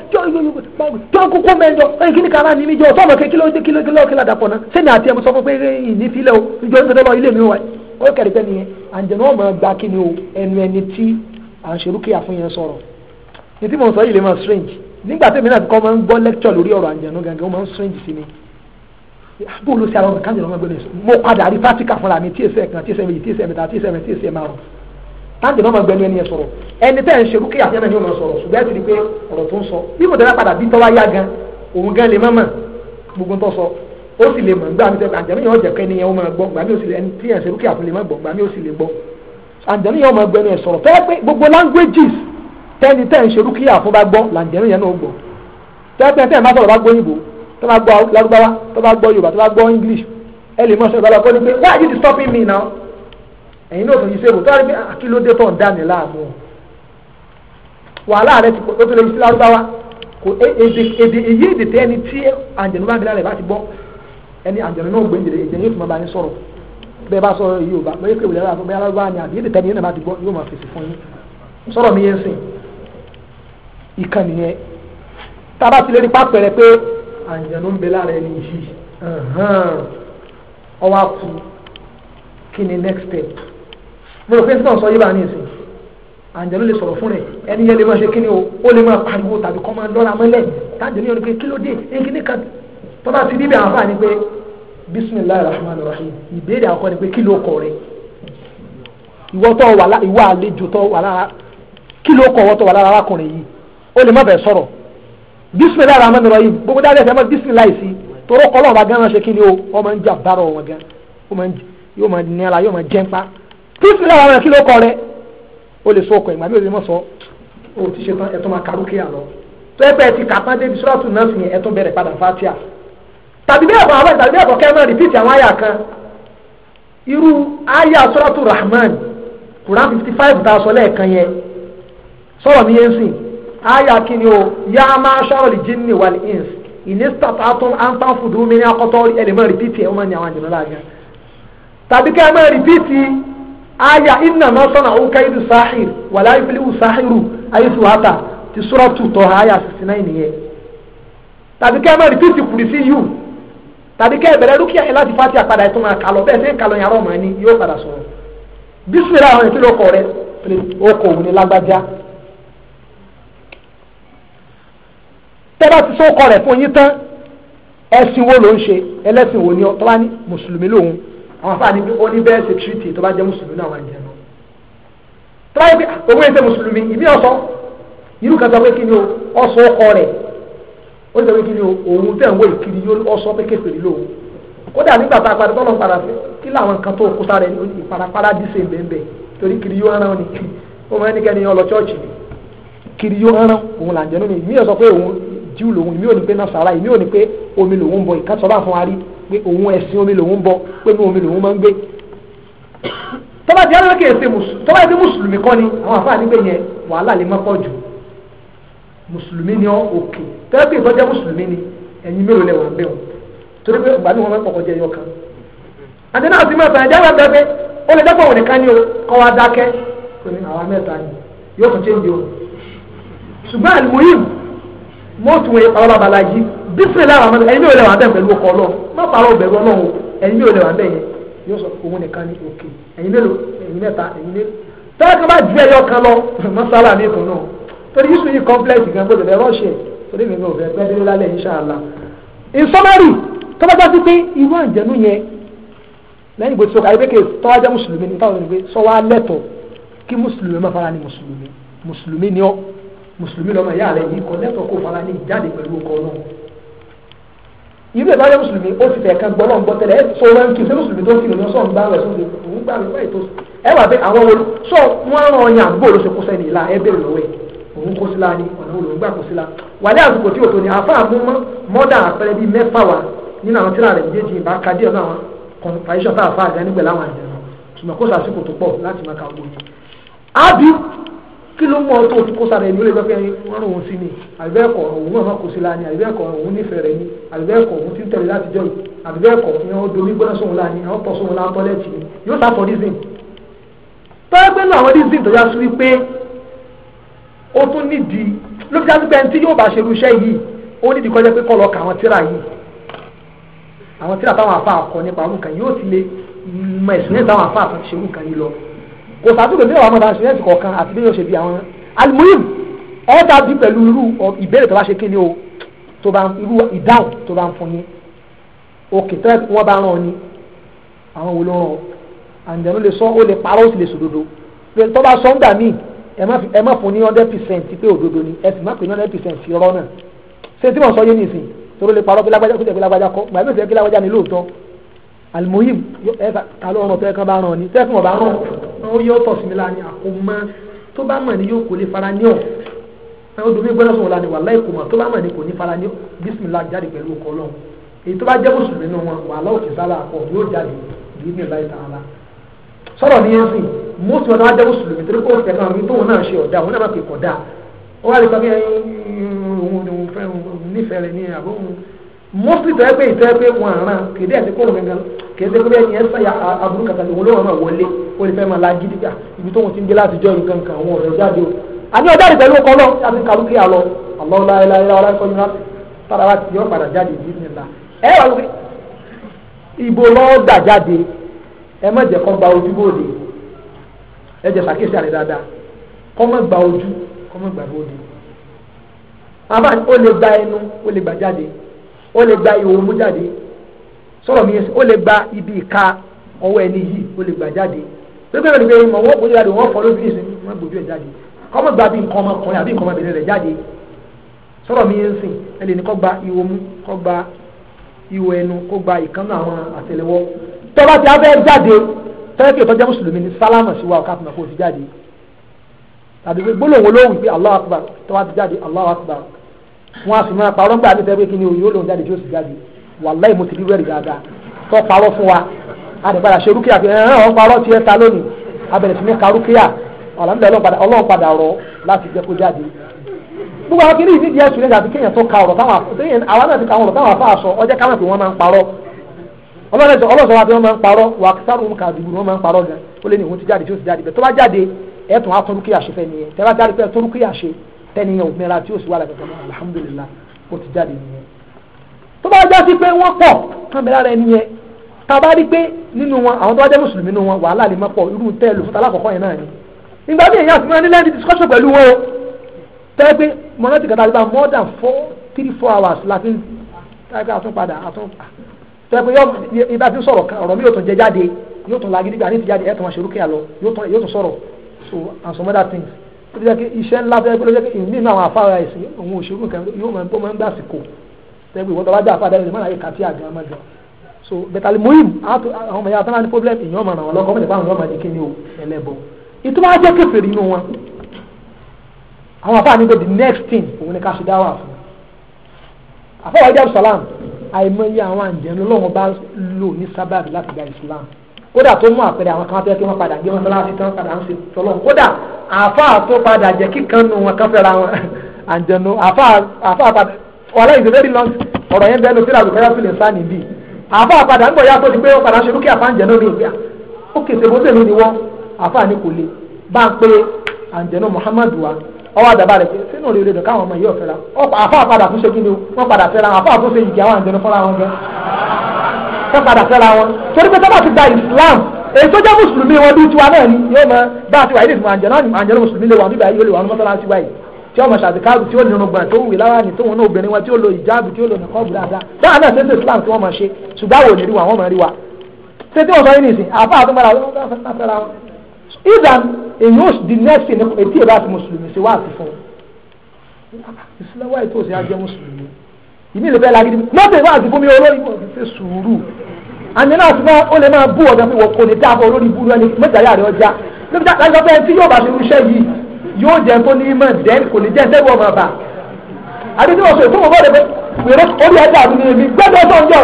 tó kókó mẹ́jọ ẹ̀yìn kí ni kàrá ni níjọ tó ọmọ kí kíló kíló kíló kíló dàpọ̀ náà sẹ́ni àti ẹ̀mú sọ fún pé ìní filẹ̀ o ìjọ ń tẹ́lẹ̀ lọ ilé mi wáyé ó kẹ́rì pẹ́ nìyẹn àǹjẹ̀nú ọmọ gba kí ni o ẹnu ẹni tí à ń ṣe rúkìá fún yẹn sọ̀rọ̀ ní tí mo sọ yìí lè máa strange nígbà tí èmi náà ti kọ́ máa ń gbọ́ lecture lórí ọ̀rọ̀ àǹjẹ̀nú gangan ó máa ń strange sí mi bó ló ṣe àwọn ọmọ kájọ̀nù ọmọ gbẹ̀rẹ̀ mo padà rí pátíkà fúnra mi tí èsè kan tí èsè méjì tí èsè mẹ́ta tí èsè mẹ́ta tí èsè márùn kájọ̀nù ọmọ gbẹ̀rẹ̀ ẹni yẹn sọ̀rọ̀ ẹni tẹ́ ẹ̀ ń ṣe rúkìá fún ẹni yóò máa sọ̀rọ̀ ṣùgbọ́n ẹ ti rí pé ọ̀rọ̀ tó ń sọ bí mo tẹ́lá padà bí tọ́wá yá gan òun gan lè má mọ̀ gbogbo tó sọ ó sì lè mọ̀ gbà mí tẹ́lẹ̀ àjẹmí yẹn ó jẹ́ kẹ́ni yẹn ó máa gbọ́ gbà mí ó sì lè ẹni tí yẹn ṣe rúkìá fún lè má gbọ́ gbà mí ó sì lè gbọ́ àjẹmí yẹn ó máa gbẹnu ẹ̀ sọ̀rọ̀ tẹ́lẹ̀ pé gbogbo languages tẹ́ni tẹ́ ń ṣe rúkìá fún bá gbọ́ làjẹmí yẹn náà gbọ́ tẹ́lẹ̀ tẹ́ni bá sọ̀rọ̀ bá gbọ́ òyìnbó tó bá gbọ́ lárúbáwá tó bá gbọ́ yorùbá tó bá gbọ́ english ẹ lè mọ̀ sọ̀rọ̀ bá lọ kó pé why are you stopping me now ẹ̀yin náà tòun yìí ṣe kò tó wá rí pé akílódé tó ń dá mi láàmú wàhálà rẹ ti pọ̀ tó lè ṣe lárúbáwá kò èdè èyí èdè tẹ́ni tí àjẹnú bá gbé lálẹ́ bá ti gbọ́ ẹni àjọyọ̀ náà gbẹ̀ǹdẹ̀ ìjẹ́ yóò tún máa bá yín sọ̀rọ̀ bẹ́ẹ̀ bá sọ̀rọ̀ yìí ò bá bẹ́ẹ̀ kéwìlẹ̀ lára bẹ́ẹ̀ alágbá ni àbí èdè tẹ́ni yóò máa ti gbọ́ yóò máa fèsì fún yín sọ̀rọ̀ mi yẹn sìn ìkan nìyẹn tá a bá ti lè rí pápẹ̀rẹ̀ pé àjọyọ̀ ló ń bẹ lára ẹni yìí ọwọ́ àkú kí ni next step mo rò pé sísan sọ yìí bá ní ìsìn àjọyọ̀ lè sọ̀rọ̀ fún rẹ̀ ẹni yẹn lè máa ṣe kí ni o ó lè máa pariwo tàbí kọ́ máa lọ́ra mọ́lẹ̀ táàjọ̀ ní ọdún pé kí ló dé èyí kí ni kan tó bá ti rí bẹ́ẹ̀ àǹfààní pé bisimilahi rahman rahim ìbéèrè àkọ́ni pé kí ló kọ rẹ ìwọ tó wà ìwọ àlejò tó wà lára kí ló kọ ìwọ tó wà lára arákùnrin yìí ó lè má bẹ̀ sọ̀rọ̀ bisimilahi rahman rahim gbogbo dáadáa ẹ̀fẹ̀ mọ́ bisimilahi sí toró kọ́ lọ́wọ́ bá gán ṣe kí ni o ọmọ ń jà bárọ̀ wọn gan yóò máa ní ara yóò máa jẹ́ ń pa rahman kí ló kọ rẹ ó lè sọ ọkọ ìgbà mi ò lè mọ̀ sọ ó ti ṣe tán ẹ̀tọ́ máa karókè àlọ́ tó ẹgbẹ́ ti kàpá tàbí bẹ́ẹ̀ bọ̀ àwọn tàbí bẹ́ẹ̀ bọ̀ kẹ́mọ́ rìpíìtì àwọn àyà kan irú àyà sọ́ràtù rahman quran fifty five tá a sọ lẹ́ẹ̀kan yẹn sọ̀rọ̀ mi yẹn sìn àyà kìíní o yá máa ṣọ́rọ̀ lè jí ní wàlí ins ìnísítàtà tó ń tán fún dùn ní akọ́tọ́ ẹlẹ́mọ́ rìpíìtì ẹ̀ ní àwọn àjẹmọ́ láàgá tàbí kẹ́mọ́ rìpíìtì àyà iná máa sọ̀nà òkè ìlú sáhìr wàlá ìfìlíwù sáhìrù àyíṣù wàtà ti sọ́ràtù tọ́ àyà sixty nine yẹn tàbí kẹ́mọ́ rìpíìtì kùrìsí yù tàbí kẹ́ ẹ bẹ̀rẹ̀ rúkìá yẹn láti fàtí àpadà ẹ̀ tó máa kà lọ bẹ́ẹ̀ sẹ́yìn kàlọ́ yàrá ọ̀mọ́ ni yóò padà sọ̀rọ̀ bísímìlá àwọn ètò ìlọ́kọ̀ rẹ okò òun ni lágbájá tẹ́bà ti sókọ rẹ̀ fún yín tán ẹ̀sìn wo ló ń ṣe ẹlẹ́sìn wo ni ọ tó bá ní mùsùlùmí lòun àwọn afáà ní ó ní bẹ́ẹ̀ ṣe tírìtì tó bá jẹ́ mùsùlùmí náà wọ́n jẹ́ lọ tó bá yẹ pé ó jẹ́ kí ni òun tẹ̀ ń wò ìkiri yóò sọ pé kékeré lòun kódà nígbà tá a padà tọ́lọ̀ padà sí kí làwọn kan tó kó sára ẹni ìparapara dísè bẹ́ẹ̀ torí kiri yóò rán ni kiri ó mọ ẹnikẹ́ni ọlọ chọ́ọ̀chì kiri yóò rán òun là ń jẹun ní mi ò sọ pé òun jíù lòun mi ò ní pé nasara mi ò ní pé omi lòun bọ ìka sọ́ba fún wa rí pé òun ẹ̀sìn omi lòun bọ pé ní omi lòun máa ń gbé tọ́ba ti yára lókè ẹ̀sìn mùsùlùmí kọ́ ni àwọn àfáà nígbè yẹn wàhálà lè má pọ̀ jù mùsùlùmí ni ọ́ òkè tẹ́lẹ̀ pé ìtọ́jà mùsùlùmí ni ẹ̀yin mélòó lẹ̀ wà ń bẹ̀ wọn torí pé ìgbà ni wọn máa pọ̀kọ̀ jẹ yọ kan àti náà sì máa fàyàjà wà bẹ́ẹ̀ pé ó lè dẹ́pọ̀ òní kan ní o kọ́ wa dákẹ́ kò ní àwa mẹ́ta ni yóò tún chéńjì o ṣùgbọ́n àlùmọ́yìn mọ́tò wọn àwọn babaláji bísí lẹ́wà mọ́tò ẹ̀yin mélòó lẹ̀ wà ń bẹ̀ pẹ̀lú ọkọ̀ ọlọ́ má parọ́ bẹ̀rù ọlọ́run ẹ̀yin mélòó lẹ̀ wà ń bẹ̀ yẹn yóò sọ òun nìkan ní òkè ẹ̀yin mélòó ẹ̀yin mẹ́ta ẹ̀yin mélòó tẹ́lẹ̀ kan torí yíṣu yìí complex gan gbọdọ̀ lẹ́ rọ́ọ̀ṣẹ̀ torí mi ò fẹ́ pẹ́ délé lálẹ́ inṣàlá in summary tọ́bátá sí pé irú àǹjẹ̀nú yẹn lẹ́yìn ìbò tí sọ káyọ̀ pé kí tọ́wá jẹ́ mùsùlùmí ní táwọn ènìyàn pé sọ wá lẹ́tọ̀ kí mùsùlùmí má fara ní mùsùlùmí mùsùlùmí ni ọ́ mùsùlùmí lọ́mọ ìyá rẹ̀ yìí kọ́ lẹ́tọ̀ kó fara ní ìjáde pẹ̀lú ọkọ̀ náà irú ìbájá mùsùlùmí ó ti fẹ̀ẹ̀kan gbọ́ náà ń gbọ́ tẹ́lẹ̀ ẹ sọ wọn kí mùsùlùmí tó ń kiri ń bá rẹ̀ sóde òun gbà wípé ètò ẹ wà pé àwọn wọn wọn rán ọyàn àbúrò ṣe kó sẹ́ni ìlà ẹ bèrè lọ́wọ́ ẹ̀ òun kó síla ni ọ̀nà òun gbà kó síla wàlẹ́ àsìkò tí o tó ni àfa àmúmọ́ mọ́dà àpẹẹrẹ bíi mẹ́fà wa nínú àwọn tíra rẹ̀ méjèèjì ìbá kadì ọ̀nà àwọn kọ̀ǹfàìṣọ̀ tá a fa àgbẹ̀ nígbẹ̀ láwọn àjẹ́ wọn ṣùgbọ́n kó sàṣìkò tó pọ̀ láti máa ka owó yìí. àbí kí ló mọ tó kó sára ẹni ó lè gbẹ́pẹ́ wọ́n rún òun sí ni àbíbẹ́ẹ̀kọ́ òun náà kó síla ni àbíbẹ́ẹ̀kọ́ òun nífẹ̀ẹ́ rẹ̀ ni àbíbẹ́ẹ̀kọ́ òun ti ń tẹ̀lé láti jọ́ àbíbẹ́ẹ̀kọ́ ìyẹn ó domi gbọ́dọ̀ sóhun lá ni àwọn pọ̀ sóhun lá ń tọ́lẹ̀ tì yóò sá fọ́ dísìn tọ́ẹ́gbẹ́ náà àwọn dísìn tó yá sí wípé ó tún nídìí ló fi dá pípẹ́ tí yóò bá ṣerú iṣẹ́ yìí ó nídìí kọjá pé kọ́ lọ ka àwọn tíra yìí àwọn tíra táwọn afa àkọ nípa àwọn nǹkan yóò ti lè mọ ìsúnlẹ̀ táwọn afa àkọ ṣerú nǹkan yìí lọ kò sàtúntò bí àwọn ọmọdé ìsúnlẹ̀ kọ̀ọ̀kan àti bí yóò ṣe bí àwọn alimuhim ọ̀tá bí pẹ̀lú irú ìbéèrè tó bá ṣe kéde o tó bá irú ìdáhùn tó bá ń fún yín òkè tẹ́lẹ̀ tí wọ́n bá rán ọ ní àwọn wo ló rán ọ àǹdẹ̀nu lè sọ ó lè parọ́ ó sì lè sòdodo tó bá sọ ń gbà míì ẹ má fún ní hundred percent pé òdodo ni ẹ sì má pè ní hundred percent irọ́ náà ṣé tí wọ́n sọ yé nìsín torí lè parọ́ pé lágbájá kó jẹ́ pé lágbájá kọ́ gbàgbé ìṣẹ́ pé lágbájá ni lóòótọ́ almuhim ẹ ta ló rán tẹ́ kan bá rán ni tẹ́ fún ọba rán ó yóò tọ̀ sí mi láàrin àkómọ́ tó bá mọ̀ ni yóò kó lè fara ní ọ̀ odò mi gbọ́dọ̀ sọ̀rọ̀ lánìí wàláì kò mọ̀ tó bá mọ̀ ni kò ní fara ní bísímìlá jáde pẹ̀lú ọkọ̀ ọlọ́run èyí tó bá jẹ́ mùsùlùmí nínú wọn wàhálà òkè sára àpọ̀ yóò jáde ìdí mi láì tàn án lá sọ̀rọ̀ ní yẹn sìn mọ́tò ọ̀dọ́ adé mùsùlùmí torí kó tẹ̀ náà tóun náà ṣe ọ̀dà òun náà má fi kọ̀ dà ó wá lè sọ pé òun fẹ́ nífẹ̀ẹ́ rẹ̀ ní àbó òun mọ́tò tẹ́ pé ìtẹ́ pé wọn àrán kéde àti kóòrùn gangan kéde pé ẹni ẹ sáyà aburú kàtà lòun ló wọn náà wọlé ó lè fẹ́ máa la gidi gbà ibi tóun ti ń gbé láti jọ nǹkan kan àwọn ọ̀rẹ́ jáde o àní ọjà rẹ̀ pẹ̀lú ọkọ náà àti kàlùkì àlọ́ àlọ́ láéláé ọlọ́kọ́ yìí láti tára wá ti yọ padà jáde yìí nìlá ẹ wà lórí ibo lọ́ọ́ gbà jáde ẹ má jẹ́ kó gba ojúbọ ẹ jẹ́ sàkíyèsí àrẹ dáadáa kọ́mọ́ gba ojú kọ́mọ́ gba bóde àbá ó lè gba ẹnu ó lè gba jáde o lè gba ìhòòhò mú jáde sọ̀rọ̀ mi yẹn ó lè gba ibi ìka ọwọ́ ẹni yìí o lè gba jáde pépé rẹ̀ gbẹ̀yìn mọ̀ wọ́n gbójú jáde wọ́n fọ́ lójú ìsìn wọ́n gbójú ẹ̀ jáde kọ́mọ́ gba bí nǹkan ọmọkùnrin àbí nǹkan ọmọbìnrin rẹ̀ jáde sọ̀rọ̀ mi yẹn sìn ẹ lè ní kọ́ gba ìhòòhò mú kọ́ gba ìhòòhò ẹnu kó gba ìkànnà àwọn àtẹ́lẹwọ́ tọ́ba ti abẹ́ jáde tẹ́lẹ̀kì tó mùsùlùmí ni sálámà sí wa ọ̀ká fún tàbí gbólóhùn olóhùn pé tó wá ti jáde wọn a sì máa parọ́ gbà nípa pé kí ni olóhùn jáde tí ó sì jáde wàláì mo ti wa àdìgbàdà ṣe rúkìá fi hàn án parọ́ ta lónìí abẹ̀rẹ̀ sí ní ka rúkìá ọlọ́run padà ọlọ́sọ̀ ọlọ́sọ̀ wa pé wọ́n máa ń parọ́ wà sáré òun kàdùgbù wọ́n máa ń parọ́ gan ó lé ní òun ti jáde tí ó ti jáde bẹ́ẹ̀ tó bá jáde ẹ̀ tún á tọ́rúkì àṣẹ fẹ́ nìyẹn tẹ́ bá jáde pé tọ́rúkì àṣẹ tẹ́ni yẹn òmìnira tí ó sì wà lára náà alhamdulillah ó ti jáde nìyẹn. tó bá jáde pé wọ́n pọ̀ kán bẹ̀rẹ̀ ara ẹni yẹn tá a bá rí pé nínú wọn àwọn tó bá jẹ́ mùsùlùmí nínú wọn wàhálà lè má pọ̀ irú tẹ́ lò fún talákọ̀ọ́kọ́ o tẹ́ pé mọ̀nà ti kàtà àdìbà more than four three four hours la fi ń tẹ́ tẹ́gbẹ́ yọ ibà tí sọ̀rọ̀ kan ọ̀rọ̀ mi yóò tún jẹ jáde yóò tún lagidi gbà ní ti jáde ẹ̀ tún wọn ṣerúkẹ́ àlọ yóò tún sọ̀rọ̀ so and some other things ó ti jẹ́ kí iṣẹ́ ńlá fẹ́ gbọ́dọ̀ jẹ́ kí ìmí náà àwọn afárá ẹ̀sìn òun òṣèlú kan yóò máa ń gbà àsìkò tẹ́gbẹ́ ìwọ́n tọ́lá jẹ́ afárá ẹ̀sìn máa ń kà sí àgbà máa jọ so bẹ́tàlí muhim àwọn ọmọ yàrá tánà ní problem ìyọ́n máa ràn wọ́n lọ́kọ́ mẹ́tẹ̀ẹ̀fà àwọn ọmọ yàrá kékeré o ẹlẹ́bọ salam àìmọye àwọn àǹjẹ̀nu lọ́wọ́ bá lò ní sábàbí láti gba Islam kódà tó mú àpẹẹrẹ àwọn kan fẹ́ kí wọ́n padà gbé wọn sọ́láṣí tí wọ́n padà ń ṣe tọ́lọ́ kódà àáfàá tó padà jẹ́ kíkan nu wọn kan fẹ́ra wọn àǹjẹ̀nu àáfàá padà ọ̀rẹ́ ìdè very long ọ̀rọ̀ yẹn bẹ́ẹ̀ ló fi làlùkọ́ yá sílẹ̀ sáà nìbí àáfàá padà ń bọ̀ yá tó ti pé wọ́n padà ṣe dúkìá fáǹjẹ̀nu ní ìgbà ó kèsè bó tèmi ni wọ́n àáfàá ni kò le bá ń pé àǹjẹ̀nu Muhammadu wa ọwọ́ àdàbà rẹ̀ pé sínú rẹ̀ lẹ́dọ̀ káwọn ọmọ yìí ọ̀fẹ́ra àfa padà tún ṣe kíni wọ́n padà fẹ́ra àfa tún ṣe ìjì àwọn àjẹnu fúnra wọn gan fẹ́ padà fẹ́ra wọn torí pé tọ́ba ti gba Islam èyí tó jẹ́ mùsùlùmí wọn bíi tiwa náà ni yóò mọ bá a ti wà yìí nìkan àjẹnu àjẹnu mùsùlùmí lè wà níbi àyè olè wà ní mọ́tọ́lá tiwa yìí tí ọmọ ṣàdìkáàbù tí ó nínú gbà tó wù lára ní tóun náà obìnrin wọn tí ó lo ìjáàbù tí ó lo nìkọ́ọ̀bù dáadáa báwa náà ṣe ń ṣe Islam tí wọ́n máa ṣe ṣùgbọ́n àwọn ò ní rí wa wọ́n máa rí wa ṣé tí wọ́n sọ yín nìsín àfa àtúmọ̀ra wọn ìdàn èyí ó di nẹ́ẹ̀sì ní etí ìbá ti mùsùlùmí ṣe wá àti fún ìsìláwá ètò òsì ajẹ́ mùsùlùmí ìmí ìlú bẹ́ẹ̀ lágídí lọ́sẹ̀ ìwà àti fún mi olórí kò ṣe sùúrù àmì náà ti máa ó lè máa bú ọ̀dọ̀ pé wọ́n kò ní dáàbò olórí ibú rẹ ní mẹ́ta yára ọjà lóbi dá láti sọ pé tí yóò bá ṣe irúṣẹ́ yìí yóò jẹ́ tó ní mọ̀ dẹ́n kò ní jẹ́ sẹ́gbọ̀n ọmọ bá àdéhùn ọ̀sẹ̀ tó wọ́n bọ́ọ̀dẹ̀ pé wèrè orí ẹja àbí mi gbẹ́dọ̀ tó ń jọ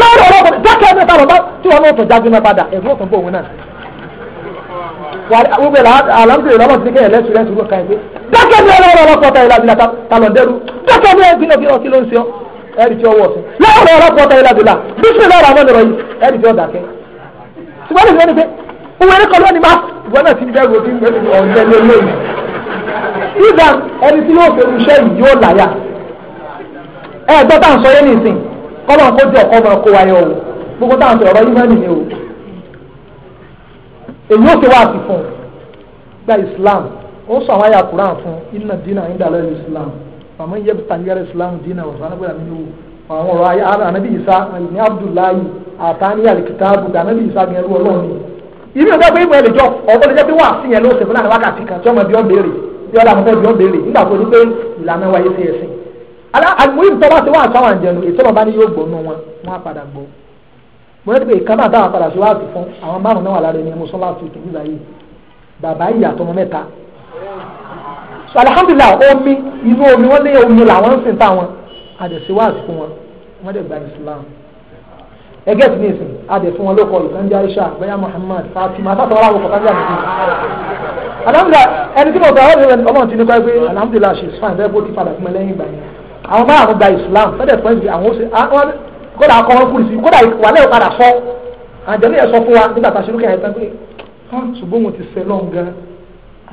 lọ́rọ̀ ọlọ́pàá dákẹ́ mẹ́ta bàbá tí wọ́n náà tó jáde náà padà ẹ̀fọ́ tó ń bọ̀ òun náà gbogbo alhamdulilayi ọlọ́run ti kẹ́yẹ̀ lẹ́sùn lẹ́sùn ló ka ẹ̀ pé dákẹ́ ní ọlọ́run ọlọ́pọ̀ta ìlàbìlà talọ̀ndẹ́rù dákẹ́ ní ẹgbẹ́ náà kí ló ń ṣe ọ́ ẹ̀rì tí ó wọ̀ sí lọ́wọ́ ọlọ́pọ̀ta ìlàbìlà bísí lọ́rọ̀ àwọn ọ̀rọ̀ yìí ẹ̀rì tí ó dákẹ́. ṣùgbọ́n ìgbẹ́ ni pé òwe ní kọ́lọ́ èyí ó ti wá sí fún gba islam ó sọ àwọn àyà quran fún iná dínà ń islam màmá ń yẹbi islam dínà wà sànà gbọdọ̀ nínú àwọn ọ̀rọ̀ ayé anabi isa ní abdullahi àtàní alikitaabu anabi isa gẹ̀ ọlọ́run ni ibi ìgbà pé ìmọ̀ ẹ̀lẹ́jọ́ ọ̀gbọ́n lẹ́jọ́ pé wà sí yẹn ló ṣe fúnra wákàtí kan tí ọmọ bí àmọ́ mo rẹ́ pé ìkànnà àtàwọn padà sí wáàtì fún àwọn márùn náà wà lára ẹni mọ́sán láti tún gbígbà yìí bàbá yìí àtọmọ mẹ́ta so alihamdulilayi omi inú omi wọn lé omi làwọn ń sìn táwọn àdẹ̀sí wáàtì fún wọn wọn dẹ̀ gba Islam ẹgẹ́ ti ní ìsìn adẹ̀ fún wọn ló kọ olùkànjẹ́ Aisha bẹ́yà Muhammad Fatima sátọ̀ wà lóko kájà nìyí alhamdulilayi ẹni tí mo gba ọ̀rẹ́ ọmọ tí ní kọ́ pé alhamdulilayi she is fine bẹ́ẹ̀ bó ti padà fún mi lẹ́yìn ìgbà yẹn àwọn márùn gba Islam fẹ́ẹ̀ kódà akọ wọn kúrò sí kódà wà lẹ́yìn padà fọ́ àjẹlẹ yẹn sọ fún wa nígbà tá a ṣe lókè àyẹ̀tàn pé ah ṣùgbọ́n mo ti sẹ́ lọ́n gan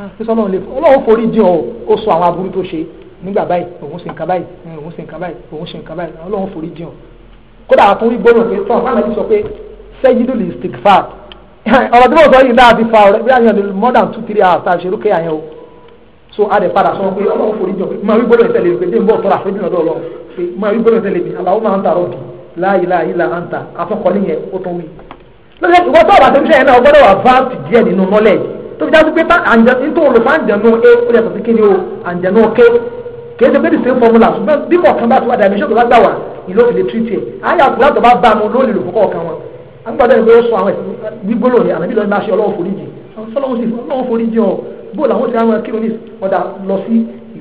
ah sísọ lọ́n lè ọlọ́run forí dín ọ ó sọ àwọn aburú tó ṣe nígbà báyìí òun ṣe nǹkan báyìí eh, òun ṣe nǹkan báyìí òun ṣe nǹkan báyìí ọlọ́run forí dín ọ kódà àtúnrí gbọ́dọ̀ pé tọ́ àmàlẹ́ ti sọ pé sẹ́yìndùn lè istighfar ọ̀rọ̀ tí mo sọ yìí láti fa ọ̀rẹ́ bí àyàn lè more than two three hours tá a ṣe lókè àyàn o so a lè padà sọ pé ọlọ́run forí jọ pé máa wí gbọ́dọ̀ ìtẹ̀lé pé dé ń bọ̀ tọ́ra fún ìdùnnà lọ́wọ́ pé máa wí gbọ́dọ̀ ìtẹ̀lé mi àlàó máa ń tààrọ̀ láàyèlá àyèlá àǹtà àtọkọlé yẹn ó tún wí. lọ́sẹ̀ ìwọ tó ọ̀bà tó ń ṣe yẹn náà ọgbọ́dọ̀ wà vast díẹ̀ nínú knowledge tó fi dájú pé tá àǹjẹ́ nítorí olùfà àǹjẹ̀nú a ó yàtọ̀ sí kíni o àǹjẹ̀nú k kì í ṣe pé the same formula ṣùgbọ́n bí kọ̀ọ̀kan bá tó wà dimension tó bá gbà wá ìlú òfin lè treat ẹ̀ àyà àkùrá tó bá bá mu ló lè lò fún kọ̀ọ̀kan wọn. agbádọ́ ìgbé sọ àwọn ẹ̀sìn gbígbólò ní ànábì lọ́nà bá ṣe ọlọ́wọ́ foríjì ọlọ́wọ́ foríjì ọ̀ bóòlù àwọn ti rán wọn kí ló ní ọ̀dà lọ sí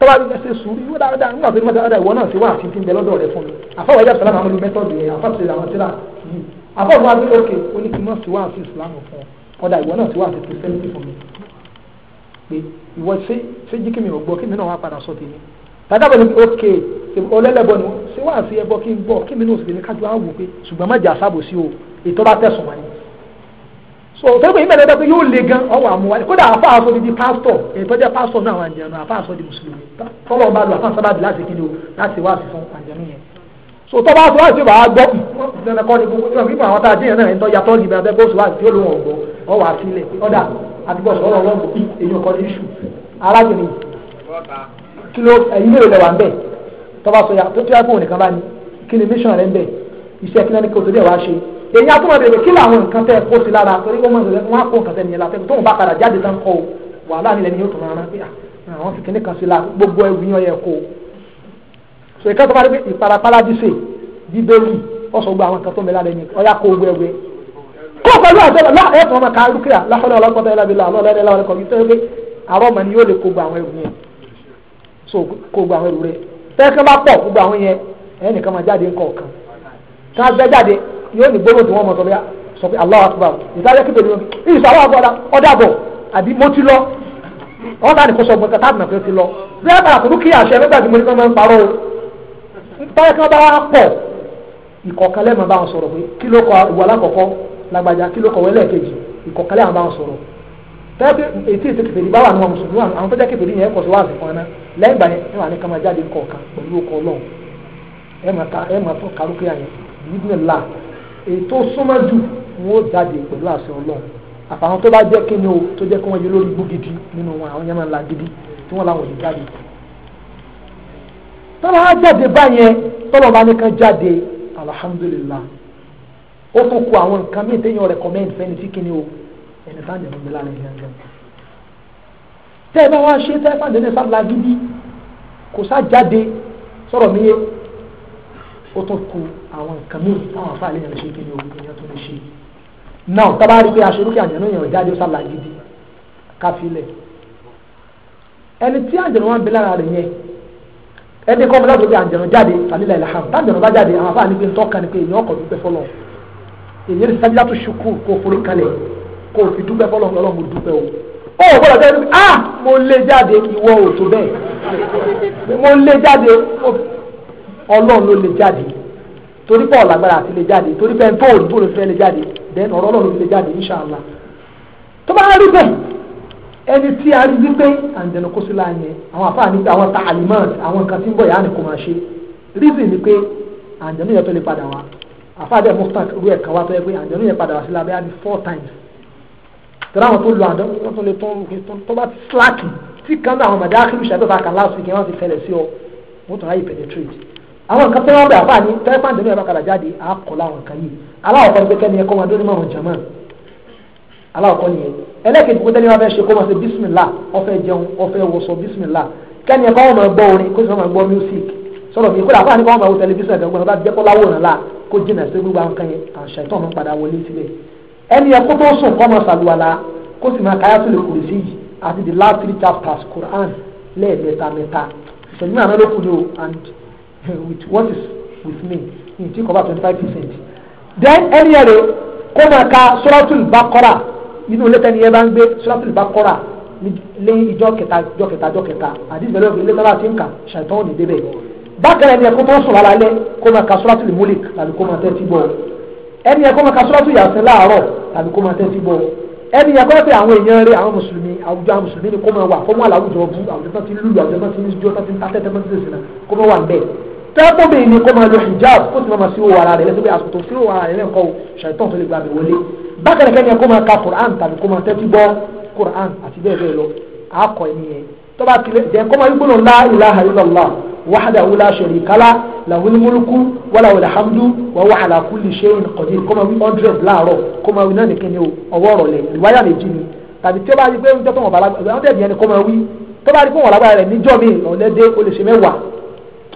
tọ́wá bí wọ́n ṣe sùúrù yóò dáadáa nígbà tó ní mọ́tò dáadáa ìwọ náà ṣe wá àfi fún bẹ́lọ́dọ̀ rẹ fún mi àfọwọ́ ẹ̀yà sàlámù àwọn olùmẹ́tọ́dù yẹn àfọ̀ṣe àwọn tíra yìí àfọwọ́ wa bí lókè ó ní kí n má ṣe wá àfi ìsìlámù fún ọ ọ̀dà ìwọ náà ṣe wá àfi kìrìsìtẹ́nìtì fún mi pé ìwọ ṣe ṣe jí kí mi ò gbọ́ kí mi náà wá padà sọ tèmi tàdàbọ̀ ni ok ọlẹ́lẹ́bọ̀ ni ṣé wá àfi ẹbọ kí n gbọ́ kí mi náà sì lè kájú àwò pé ṣùgbọ́n má jà sábò sí o ìtọ́ bá tẹ̀sùn wáyé so òtọ́gbẹ̀ yìí mẹ́tẹ́tẹ́ pé yóò le gan ọwọ́ àmúwa kódà àfa àsọ di pásítọ̀ ètòjẹ́ pásítọ̀ náà àwọn àjẹnu àfa àsọ di mùsùlùmí tọ́lọ̀ ọba lu àfáàn sábàbí láti kí ni o láti wá sí fún àjẹnu yẹn so tọ́ba àti wáṣí bàá gbọ́ ìdánilẹ́kọ́ ni gbogbo àwọn tá a jẹ́yàn náà ń tọ́jà tọ́lì bẹ́ẹ̀ bẹ́ẹ̀ bóṣù wáṣí yóò ló wọn gbọ́ ọwọ́ àfilẹ̀ ọ̀dà àtibọ̀ sọ̀rọ̀ ọlọ́gbọ̀ èèyàn kan ní iṣu arábìnrin kí ló ẹ̀yin lè lẹ̀ wà ń bẹ̀ tọ́ba sọ̀yà tó tí wá fún òun nìkan bá ní kí ni mission rẹ̀ ń bẹ̀ iṣẹ́ kí náà ní kí o tó dẹ̀ wá ṣe èyí atúmọ̀ bèrè kí làwọn nǹkan tẹ́ kó sí lára torí wọ́n mọ̀ wọ́n á kó nǹkan tẹ́ nìyẹn látẹ́kùn tóun bá padà jáde tán kọ́ o wàhálà nílẹ̀ ni yóò tún rán pé ah, àwọn fi kíní kan sí la gbogbo ẹ̀wù yẹn yẹ kó o. sọ ìka tó bá rí pé ìparapara dísè bíbélì ọ̀sọ̀ gbogbo àwọn nǹkan tó ń bẹ lára ẹni ọ̀yà kó gbogbo ẹ̀wù kó pẹ̀lú àtẹ̀lẹ̀ lá ẹ̀ fọmọ ká rúkìá láfọlẹ́ ọlọ́kọ̀tà ẹ̀lá la ọlọ́dẹ láwọn ẹ̀kọ́ yìí tó yẹ pé àrọ́ ọmọ ni yóò lè kó gba àwọn ẹrù yẹn so kó gba àwọn ẹrù rẹ tẹ́kẹ́ bá pọ̀ gbogbo àwọn yẹn ẹnìkan máa jáde ńkọ̀ọ̀kan ká bẹ́ jáde yóò ní gbólóhùn tí wọ́n mọ̀ sọ bí sọ pé Allahu Akbar ìdájọ́ kí bèrè ìṣọ àgbọ̀dá ọ̀dàbọ̀ àbí mo ti lọ wọ́n bá ní kó sọ lọ bí wọ́n bá kúrú kí àṣẹ nígbà tí mo ní máa ń parọ́ o báyọ̀ kí wọ́n bá wá pọ̀ ìkọ̀kẹ́lẹ́ máa bá wọn sọ̀rọ̀ pé kí ló kọ ìwà lágbájá kí ló kọ wẹ́lẹ̀ kejì ìkọ̀kẹ́lẹ́ bá wọn sọ̀rọ̀ ètò èyí tó súnmọ́ jù wọn jáde pẹ̀lú àṣẹ ọlọ́run àfàwọn tó bá jẹ́ kí o tó jẹ́ kí wọ́n yẹ lórí gbó gidi nínú wọn àwọn yẹn máa ń la gidi tí wọ́n làwọn yìí jáde. tọ́lá jáde báyẹn tọ́lá bá ní kan jáde alhamdulillah ó tún kó àwọn nǹkan míì téèyàn recommend fẹ́ni tí kí o ẹni sáà jẹun gbé lára ìyá jẹun. tẹ́ ẹ bá wá ṣe tẹ́ ẹ fàdé ní sábà gidi kò sá jáde sọ̀rọ̀ mi yé ó tún kú àwọn nǹkan míì táwọn afáàlì yẹn lè ṣe kí ni òun èèyàn tó lè ṣe náà tá a bá rí pé aṣọ lókè àjẹnú yẹn ìjáde ọ̀sà làgídí káfílẹ̀ ẹni tí àjẹnú wọn bẹ lára rẹ̀ yẹn ẹni kọ́ mi láti pé àjẹnú jáde tàlílà ìlàhàm tájẹnú bá jáde àwọn afáàlì pé ń tọ́ka ni pé èèyàn ọkọ̀ dúpẹ́ fọlọ́ èyí ni sábìlá tó ṣukú kó forí kalẹ̀ kó fi dúpẹ́ fọlọ́ ọlọ́run mo dúpẹ́ o ó gbọ́dọ̀ tẹ́lẹ̀ pé ah mo lé jáde ìwọ òtò bẹ́ẹ̀ mo lé jáde ọlọ́run ló lé jáde torí pọ̀ lágbára àti lè jáde torí pé tó òdìbò ló fẹ́ lè jáde then ọ̀rọ̀ ọlọ́run lè jáde inṣàlá tó bá rí bẹ́ẹ̀ ẹni tí a rí wípé àǹdẹ̀nà kó sí láàyè àwọn àfáàní àwọn tààlímọ́ọ̀tì àwọn nǹkan tí ń bọ̀ yà á nìkan máa ṣe reason ni pé àǹdẹ̀nà yẹn tó lè padà wá àfáàdé muftak rú ẹ̀ka wá tó yẹ pé àǹdẹ̀nà yẹn padà wá sí lábẹ́ àbí four times tẹ̀lé àwọn tó lo àǹdẹ̀nà wọn tó lè tó tó bá ti slack tí kan náà àwọn màdá kí ló ṣàbẹ̀fà kan láti fi kí wọ́n ti fẹ̀lẹ̀ sí ọ wọ́n tó ráyè penetrate àwọn nǹkan tó wá bẹ àbá ní tẹlifáǹdì ní ìbákadà jáde àkọ láwọn nǹkan yìí aláwọ̀kọ́ ni pé kẹ́ni ẹ̀kọ́ wọn dóní márùn jàmá aláwọ̀kọ́ ni yẹn ẹlẹ́kẹ̀ẹ́dì kó tẹ́lẹ̀ wọn fẹ́ ṣe kó máa ṣe bísímìlá ó fẹ́ jẹun ó fẹ́ wọṣọ bísímìlá kẹ́ni ẹ̀kọ́ wọn máa gbọ́ orin kó sì máa gbọ́ music sọ̀rọ̀ mi kó làbá ní kó wọn máa wo tẹlifíṣàn ẹ̀dẹ̀ ọgbọ́n bá jẹ́ kó láwò rán la kó jìnà sí gbogbo with what is with me you take over twenty five percent then ẹni ẹ̀rọ kó máa ka suratul baqara inú ilé tẹ́ni yẹn bá ń gbé suratul baqara lé ìjọ kẹta ìjọ kẹta ìjọ kẹta àdìsí bẹ̀rẹ̀ òfin ilé tẹ́lá ti ń kà ṣàìtọ́ òní débẹ̀ bákan ẹni ẹ̀kọ́ tó ń sùn lálẹ́ kó máa ka suratul mulk tàbí kó máa tẹ́tí bọ̀ ẹni ẹ̀kọ́ máa ka suratul yasin láàárọ̀ tàbí kó máa tẹ́tí bọ̀ ẹni yẹn kọ́lá pé àwọn èèyàn rẹ àwọn mùsùlùmí àwùjọ àwọn mùsùlùmí ni kó máa wà fọ́nmù àlàwùjọ bú àwùjọ tó ti lùlù àwùjọ tó ti ń tẹ́kùnbí ni kó máa lo hijab kó sì máa sí owó ara rẹ̀ lẹ́sọ̀ pé àsùtò sí owó ara rẹ̀ lẹ́kọ̀ọ́ ṣàìtàn tó lè gba mi wọlé bákan náà kẹ́ni ẹ̀ kó máa ka Qur'an tàbí kó máa tẹ́tí gbọ́ Qur'an àti bẹ́ẹ̀ bẹ́ẹ̀ lọ àkọ́ ẹni yẹn tó bá tilẹ̀ jẹ́ kó máa gbóná la ilaha illallah wahdahu la sharika lah lahul mulku wa lahul hamdu wa huwa ala kulli shay'in qadir kó máa wí hundred láàárọ̀ kó máa wí náà nìkan ni ọwọ́ rọ̀ lẹ̀ ìwáyà lè jí ni tàbí tí ó bá rí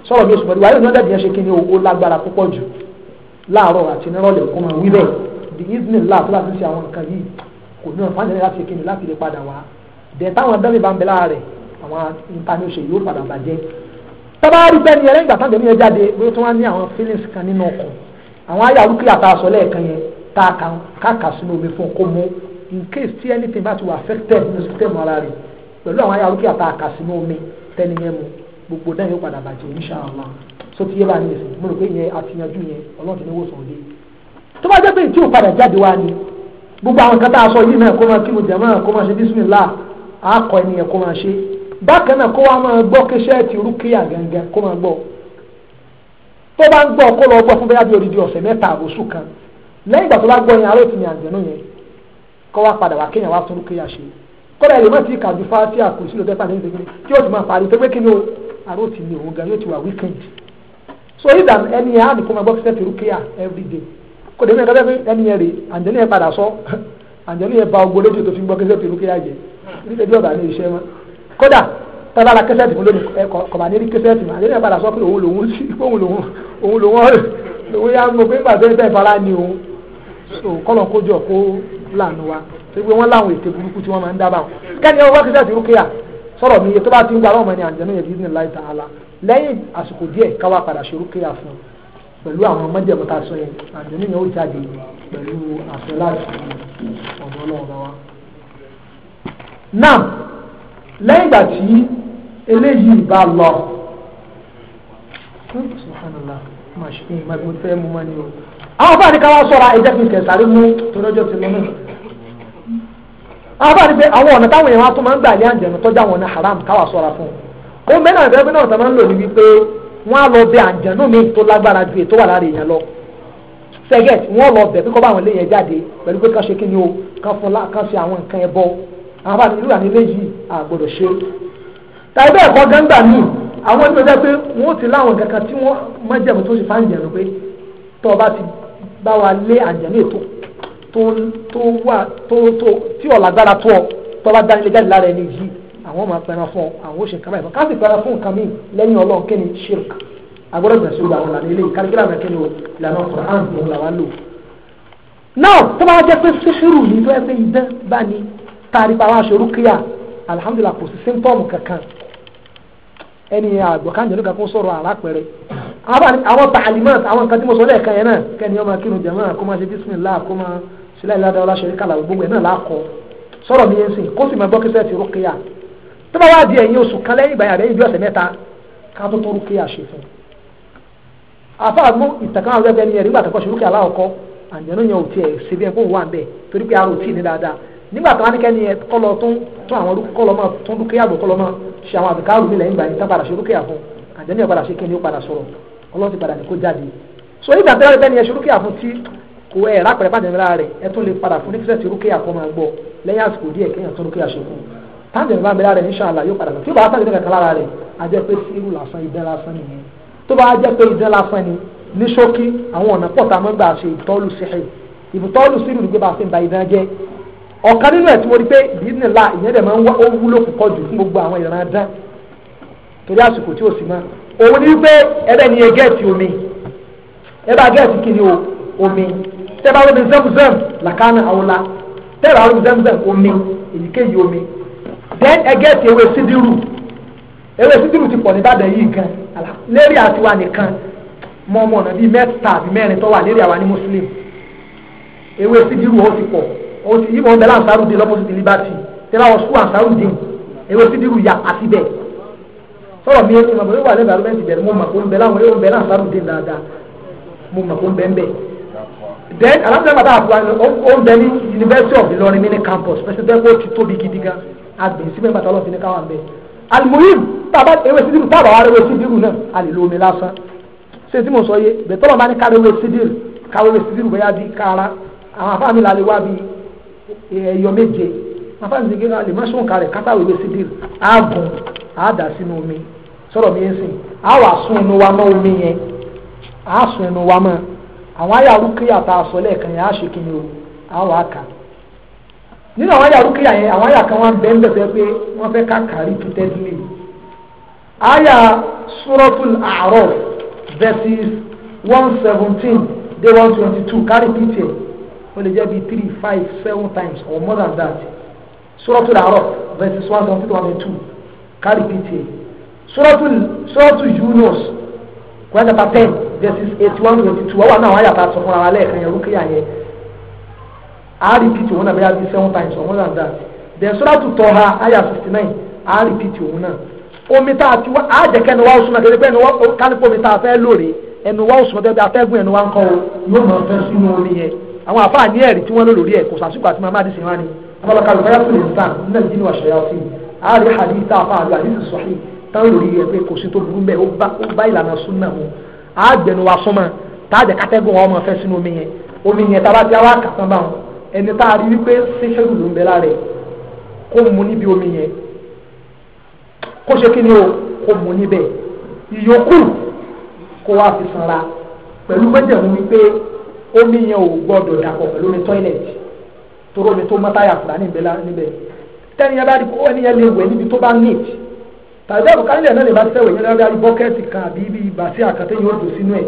sọ̀rọ̀ bí oṣù pẹ̀lú wáyé ìdúnádàbí yẹn ṣe kí ni owó lágbára púpọ̀ jù láàárọ̀ àti nírọ̀lẹ́ ọkọ̀ máa wí bẹ́ẹ̀ the evening lab láti ṣe àwọn nǹkan yìí kò ní ọ̀fà nílẹ̀ láti ṣe kí ni láti lè padà wá dẹ̀ táwọn abẹ́rẹ́ bá ń bẹ lára àwọn nǹkan ní oṣù yóò padà bàjẹ́ tábàárí bẹ́ẹ̀ ni ẹlẹ́yìn gbàtàn tẹ̀mí yẹn jáde bí tí wọ́n ní àwọn feelings kan nínú ọkàn àwọn ayé àrùkí àtàsọ lẹ́ẹ̀kan yẹn tá a kà káàkà sínú omi fún kó mú in case tí anything bá ti wà affected nínú system ara rẹ̀ pẹ̀lú àwọn ayé àrùkí àtàkà sínú omi tẹ́ni yẹn mu gbogbo dáhùn yóò padà bàjẹ́ inṣàlá so ti yé bá ní ẹsẹ̀ mo rò pé yẹn àtìyànjú yẹn ọlọ́run ti ní wòsàn òde tó bá jẹ́ pé tí ò padà jáde wá ni gbogbo àwọn kan tá a sọ yìí náà kó máa kí mo jẹ máa kó máa ṣe bísímìlá àákọ ènìyàn kó máa ṣe bákan náà kó wá máa gbọ́ kéṣẹ́ ti rúkìá gangan kó máa gbọ́ tó bá ń gbọ́ kó lọ gbọ́ fún bẹ́ẹ̀ bí odidi ọ̀sẹ̀ mẹ́ta àbòsù kan lẹ́yìn ìgbà tó bá gbọ́ yẹn aró ti ní àjẹnú yẹn kó wá padà wá kéèyàn wá tún rúkìá ṣe kó lẹ́yìn lè má ti kàdúfà tí àkùrù sí àrò tì mí òun gan yóò ti wà weekend so if that ẹni yẹn á nìkan máa gbọ́ sẹ́ẹ̀tì rúkìá every day kò dé mi ẹ̀ka bẹ́ẹ̀ ẹni yẹn rè àǹjẹ́lì yẹn padà sọ àǹjẹ́lì yẹn ba ogo lójú tó fi gbọ́ kẹsẹ́ẹ̀tì rúkìá jẹ nítorí ọ̀bà ní iṣẹ́ wọn kódà tábàlà kẹsẹ́ẹ̀tì fún lónìí kọ̀bà ní kẹsẹ́ẹ̀tì àǹjẹ́lì yẹn padà sọ pé òun lòun òun lòun òun lòun yá mo pé pàṣẹ bẹ́ẹ̀ fara ni òun kọ́lọ̀ kójọ kó lànà sọ̀rọ̀ mi yẹ tó bá ti ń gba ọmọ ẹni àjẹnú yẹn bíi nílá ìta ala lẹ́yìn àsìkò díẹ̀ káwá padà ṣòro kéya fún un pẹ̀lú àwọn mọ́jẹ̀mú tá a sọ yẹn àjẹnú yẹn ó jáde pẹ̀lú àfẹ́lá ọ̀dọ́ ọlọ́run wa. náà lẹ́yìn ìgbà tí eléyìí bá lọ hmm, subhanallah máa ṣe é máa fi fẹ́ mú mọ́ ni o. àwọn bá ní ká wá sọ̀rọ̀ ẹ̀jẹ̀ fi kẹsàrí mú tó lọ́jọ́ ti lọ́nà àbá ni pé àwọn ọ̀nà táwọn èèyàn wa tún máa ń gbà lé àǹjẹ̀nù tọ́jú àwọn ọ̀nà haram káwà O fún un ó mẹ́rin àti ẹgbẹ́ náà tó máa ń lò ní wípé wọ́n á lọ bẹ àǹjẹ̀nù míì tó lágbára ju ètò wà lára èèyàn lọ sẹ́gẹ̀t wọ́n lọ bẹ̀ kíkọ́ bá àwọn ilé yẹn jáde pẹ̀lú pé kán ṣe kí ni o kán fún kán ṣe àwọn nǹkan ẹbọ àwọn bá nílùú àní léyìí àgbọ́dọ̀ ṣe. tàbí ẹ̀kọ́ gángbà míì àwọn ẹni tó jẹ́ pé wọ́n ti láwọn kankan tí wọ́n máa jẹ̀bù tó ṣe fáǹjẹ̀nù pé tọ́ ọ bá ti bá wa lé àǹjẹ̀nù ètò tó tó wà tó tó tí ọ̀ lágbára tó ọ tó bá dání lé jáde lára ẹni yìí àwọn máa pẹran fún ọ àwọn ó ṣe nǹkan báyìí ká sì pẹran fún nǹkan míì lẹ́yìn ọlọ́run kí ni shirk agbọ́dọ̀ gbèsè ìgbà wọn lànà eléyìí kárí kíláàmù kí ni o ìlànà Qur'an òun làwọn lò. náà tó bá jẹ́ pé sísírù ní tó yẹ pé idán bá ní tari pa àwọn aṣọ́rú kíyà alihamudulilayi kò sí símptọ́ọ̀mù kankan ẹni àgbọ̀kánjẹ́ ló kà kó sọ̀rọ̀ àlápẹ̀rẹ̀ àwọn tàlímọ̀t àwọn nǹkan tí mo sọ lẹ́ẹ̀kan yẹn náà kẹ́ni ọmọ akínú jẹ̀mọ́ àkó máa ṣe bísímìlá àkó máa sílẹ̀ ìlànà ọlá ṣe kàlà gbogbo ẹ̀ náà lákọ sọ̀rọ̀ mi yẹn sìn kó sì máa gbọ́ kíṣẹ́ ti rúkìá tó bá wá di ẹ̀yìn oṣù kan lẹ́yìn ìgbà yàrá ìbí ọ̀sẹ̀ mẹ́ta ká tó tó rúkìá ṣe fún un. afa mú ìtàkùn àwọn ẹgbẹ́ ni ẹ̀rí gbà tọ́kọ̀ ṣe rúkìá láwọ̀kọ́ àjẹ́nú yẹn ò tiẹ̀ ṣe bí ẹ̀ fóun wà ń bẹ̀ torí pé arò tí ní dáadáa nígbà tó wá ní kẹ́ni ẹ tún tún àwọn rúkìá ni ó so nígbà tó wá ní kẹ́ni ẹ ṣe rúkìá kò ẹ̀ rápẹ̀rẹ̀ bá jẹ̀mẹ̀rẹ̀ rẹ̀ ẹ tún lè padà fún nífẹ̀ẹ́ tí rúkẹ́yà kọ́ máa gbọ́ lẹ́yìn àsìkò díẹ̀ kéèyàn tún rúkẹ́yà ṣe fún tájẹ̀ bá mẹ́rẹ̀ rẹ̀ inṣàlá yóò padà tí ó bá sáré kankan lára rẹ̀ a jẹ́ pé sírù lásán idán lásán nìyẹn tó bá jẹ́ pé idán lásán ni ní ṣókí àwọn ọ̀nà pọ̀ tá a máa gbà ṣe ìtọ́lù síhìn ìbùtọ́lù sírù ba idán jẹ́ ọ̀kan nínú ẹ̀ tí la ìyẹn dẹ̀ máa ń wá ó wúlò púpọ̀ jù fún gbogbo àwọn ìran dán torí àsìkò tí sí ẹ omi ẹ bá gẹ̀ẹ́tì kiri omi tẹ́bà lóbi zamzam làkánà àwòlá tẹ́bà lóbi zamzam omi èyíkéyìí omi then ẹgẹ́ ti ewé sídìrú ewé sídìrú ti pọ̀ ní Ìbàdàn yìí gan lérí àtiwá nìkan mọ́ ọmọ ọ̀nà bíi mẹ́ta àbí mẹ́rin tó wà àwa ní muslim ewé sidiru ó ti pọ̀ ó ti yíbọn ọ̀bẹ láǹsárùdín lọ́pọ̀sí ti liberty tẹ́bà wọ sùkúl àǹsárùdín ewé sídìrú yà àti bẹ́ẹ̀ sọ̀rọ̀ mi ẹni mọ̀ bẹ́ẹ̀ wà lẹ́bàá lọ́mẹ́ntì bẹ̀rẹ̀ mo mọ̀ kó ń bẹ láwọn ewé ń bẹ láǹsárùdín dáadáa mo mọ̀ kó ń bẹ́ẹ̀ then alábẹ́rẹ́ bàbá àbúrò àná ó ń bẹ University of Ìlọrin mini campus pẹ̀sẹ̀tẹ̀ kó ti tóbi gidi gan agbè sí mẹ́gbàtà ọlọ́ọ̀fin ní káwọn bẹ́ẹ̀ alimuhim bàbá ewé sídìrú bàbá wa ewé sídìrú náà a lè lo omi lásán ṣé tí mo sọ yé bẹ̀tọ́ bàbá ní káwé ewé sídìrú káwé ewé sídìrú bẹ́ẹ̀ bí kára àwọn afáàmì la lè wá bí ẹyọ méje afáàmì ti gé lè má sún kárẹ̀ kátàwé ewé sídìrú àgùn àdà sínú omi sọ̀rọ̀ mi yẹn sìn àwà sún inú wa mọ́ omi yẹn àá sún inú wa àwọn àyà rúkìyà tá a sọ lẹ́ẹ̀kan yẹn á ṣe kí ni o àwọn àkà nínú àwọn àyà rúkìyà yẹn àwọn àyà kan wọn bẹ ń bẹ̀fẹ̀ pé wọ́n fẹ́ ká kárí tó tẹ́sílẹ̀ àyà suratul A'raf verses one seventeen dé one twenty two kárí pìtẹ́ ó lè jẹ́ bíi three five seven times or more than that suratul A'raf verses one seventeen to one twenty two kárí pìtẹ́ suratul suratul Yunus. Quran chapter ten verses eighty one twenty two ọwọ́ àwọn àyàtà sọ fúnra wa lẹ́ẹ̀kan yẹn rúkìá yẹn a repeat òun náà bẹ́ẹ̀ bí seven times or more than that then sọ́dọ̀ tó tọ́ ha àyà sixty nine a repeat òun náà omi tá a ti wá a jẹ́ kẹ́ni wá oṣù náà kẹ́ni pé ẹni wá kálípọ̀ omi tá a fẹ́ lóore ẹni wá oṣù náà bẹ́ẹ̀ atẹ́gùn ẹni wá ń kọ́ o yóò máa fẹ́ sínú omi yẹn àwọn àfáà ní ẹ̀rí tí wọ́n lò lórí ẹ̀ kò sàṣùkò àti mamadi sinwani ọlọ́kàlùkọ́ yàtọ̀ lè sàn nílẹ̀ jíni wàṣẹ̀ yàtọ̀ àárí hadith tá a fà á lọ àdìsí sọ̀hìn táwọn rí ẹ pé kò sí tó burú bẹ́ẹ̀ ó bá ìlànà súnà mu àgbẹ̀nu wa súnmọ́ táàjẹ̀ kátẹ́gùn ọmọ fẹ́ sínú omi yẹn omi yẹn tá a bá ti wá kàtàn bá wọn ẹni tá a rí wípé ṣíṣẹ́rù ló ń bẹ lára ẹ̀ kó mu níbi omi yẹn kó ṣe kí ni o kó mu níbẹ̀ ìyókù kó wá fi sanra pẹ̀lú mẹ́jẹ̀mú wípé omi yẹn ò gbọ́dọ̀ dàpọ̀ pẹ̀lú omi tọ́ílẹ̀tì toró omi tó mọ́táyà fúra níbẹ̀ tẹ́ni yẹn bá rí ẹni yẹn lè wẹ̀ níbi tó bá níìtì tàbí àbùkálẹ̀ náà lè bá sẹ́wọ̀ yẹn lọ́dọ̀ bọ́kẹ́tì kan ibi bàṣẹ àkàtẹ́ yóò dùn sínú ẹ̀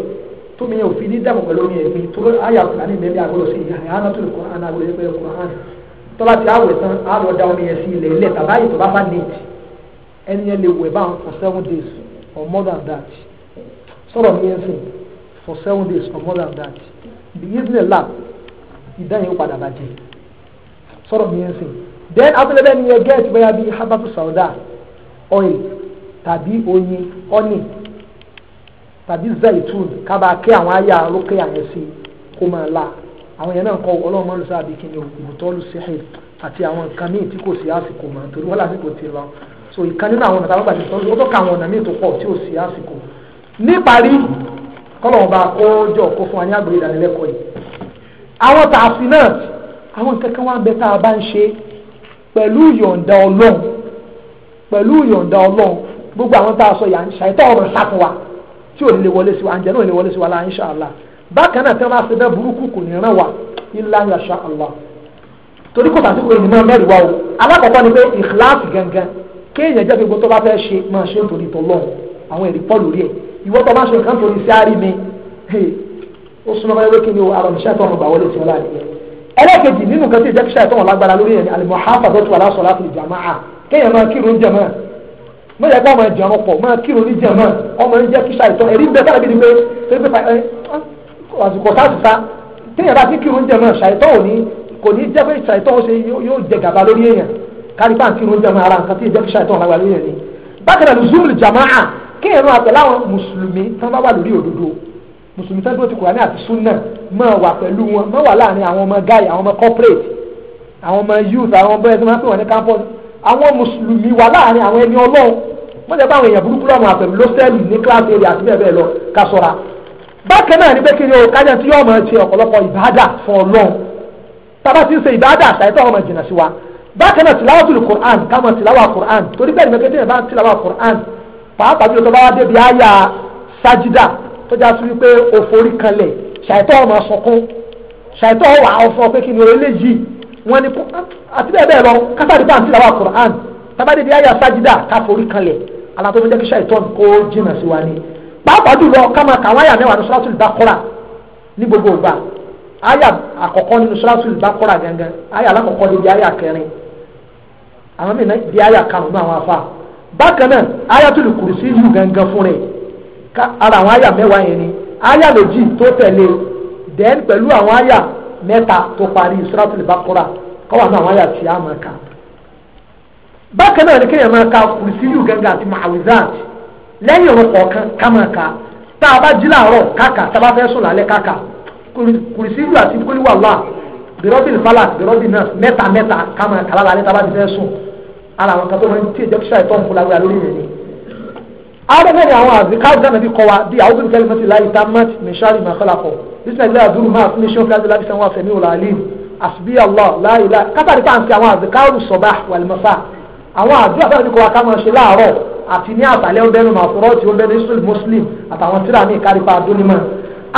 tó mi yẹn fi ní dàbọ̀ pẹ̀lú omi ẹ̀mí tó àyà kùránì mẹ́bí àgbọ̀dọ̀ sí ìyá àná tó lè kọ́ àná àgbọ̀dọ̀ ẹgbẹ́ kùránì tó ti àwẹ̀ tán àlọ́ da omi yẹn sí ilẹ̀ ilẹ̀ tó bá oil tàbí oyin honey tàbí zaitun kábàá kí àwọn ayé àlókè àyẹ̀ sí kó máa la àwọn yẹn náà kọ ọlọ́run máa ń sábà kí ni òbútọ́lù sihir àti àwọn nǹkan míì tí kò sí àsìkò mọ́ torí wọ́n lásìkò ti lọ so ìkan nínú àwọn ọ̀nà táwọn gbàgbé sọ́dún ó tọ́ka àwọn ọ̀nà míì tó pọ̀ tí ò sí àsìkò níparí kọ́lọ́wọ́n bá kó jọ kó fún wa ní àgbèrè ìdánilẹ́kọ̀ọ́ yìí àwọn tààfin náà àwọn kankan wá bẹ tá a bá ń ṣe pẹ̀lú ìyọ̀ǹda ọlọ́run pẹ̀lú ìyọ̀ǹda ọlọ́run gbogbo àwọn tá a sọ yà ń ṣàìtọ́ ọmọ sáfún wa tí ò lè wọlé sí wa àǹjẹ́ náà lè wọlé sí wa la insha Allah bákan náà tí wọ́n bá ṣe bẹ́ẹ̀ burúkú kò ní ràn wá illa yasha Allah torí kò tàbí èyí náà mẹ́rin wá o alákọ̀ọ́kọ́ ni pé ìkíláàsì gangan kéèyàn jẹ́ gbogbo tó bá fẹ́ ṣe máa ṣe nítorí tọ́lọ́ àwọn èrè pọ̀ lórí ẹ̀ ìwọ́ tó bá ṣe nǹkan torí sí àárí mi ó súnmọ́ báyọ̀ lókè ní o àrùn iṣẹ́ tó ń gbà tí wọ́n láàyè ẹlẹ́kejì nínú nǹkan tí ìjẹ́kíṣẹ́ tó wọn lágbára lórí ẹ̀ ni al-muhafazatu ala salati al-jama'a kéèyàn máa kírun jàmá mo yẹ kó ọmọ ẹ̀jẹ̀ ọ̀rọ̀ pọ̀ máa kírun ní jàmá ọmọ ẹ̀jẹ̀ kí ṣàìtọ́ ẹ̀rí ń bẹ sára bíi ni pé pépé fa àsìkò sáàtúta kéèyàn bá ti kírun jàmá ṣàìtọ́ òní kò ní jẹ́ pé ṣàìtọ́ ó ṣe yóò jẹ gàba lórí èèyàn kárí bá ń kírun jàmá ara nǹkan tí ìjẹ́ kí ṣàìtọ́ ọ̀la wà lórí èèyàn ni bákan náà zúmùlù jàmáà kéèyàn máa pẹ̀lú àwọn mùsùlùmí tán bá wà lórí òdodo mùsùlùmí tán dúró ti kùránì àti súnà máa wà pẹ̀lú wọn máa wà láàrin àwọn ọmọ gáì àwọn ọmọ corporate àwọn ọmọ youth àwọn ọmọ ẹgbẹ́ máa ń pè wọ́n ní campus àwọn mùsùlùmí wà láàrin àwọn ẹni ọlọ́run wọ́n jẹ́ báwọn èèyàn burúkú lọ́mọ àpẹ̀lú lọ́sẹ̀lì ní kíláàsì èrè àti bẹ́ẹ̀ bẹ́ẹ̀ lọ ká sọ́ra bákan náà ni pé kiri o kájà tí yóò máa ṣe ọ̀pọ̀lọpọ̀ ìbáàdà fún ọlọ́run tábà ti ń ṣe ìbáàdà àṣàyẹ́tọ̀ ọmọ jìnnà sí wa bákan náà tìláwà tìlù Qur'an káwọn tìláwà Qur'an torí bẹ́ẹ̀ ni wọn ni àti bẹ́ẹ̀ bẹ́ẹ̀ lọ kásáàdì bá ń tìlà wà Qur'an tábàdé di àyà sájídà ká forí kanlẹ̀ alatọ́mi jẹ́ kí ṣàìtọ́n kó jìnnà sí wa ni pàápàá jùlọ kama kàwọn àyà mẹ́wàá ní Suratul Baqara ní gbogbo ìgbà àyà àkọ́kọ́ nínú Suratul Baqara gangan àyà alákọ̀ọ́kọ́ di di àyà kẹrin àwọn mìíràn di àyà karùn-ún àwọn afa bákan náà Ayatul Kursi yìí gangan fún rẹ̀ ara àwọn àyà mẹ́wàá yẹn ni àyà lòjì tó tẹ̀lé then pẹ̀lú àwọn àyà mẹ́ta tó parí suratul Baqara kọ́wà náà wọ́n yà sí àmọ́ ká bákan náà ni kéèyàn máa ka kùrìsíyù gángan àti màwùzáàt lẹ́yìn òun kọ̀ọ̀kan ká máa ka tá a bá jí láàárọ̀ káka tá a bá fẹ́ sùn lálẹ́ káka kùrìsíyù àti kólíwàlá bìrọ́bìn falak bìrọ́bìn náà mẹ́ta mẹ́ta ká máa kà lálẹ́ tá a bá ti fẹ́ sùn ara àwọn kan tó máa ń tí ìjẹ́ kíṣà ìtọ́ àwọn bẹ́ẹ̀ ni àwọn àzíkáwù dáná bí kọ́ wa bí àwọn obìnrin kẹ́lí bísí ẹ̀lẹ́ àdúrú máa fún mi ṣé ó kíláàsì láti sanwó àfẹ̀mí wò láàlì àṣìbí allah láìlá kátàrí pàǹtí àwọn àzìkáàrù sọ̀bà wàlùmọ̀fà àwọn àdúrà tó ti kọ́ wa ká máa ṣe láàárọ̀ àti ní àtàlẹ́ ọ̀bẹ́nu màfúrọ́ tí ó bẹ́ẹ̀ ní sùl muslim àtàwọn tíra ní ìkárípa àdúnímọ̀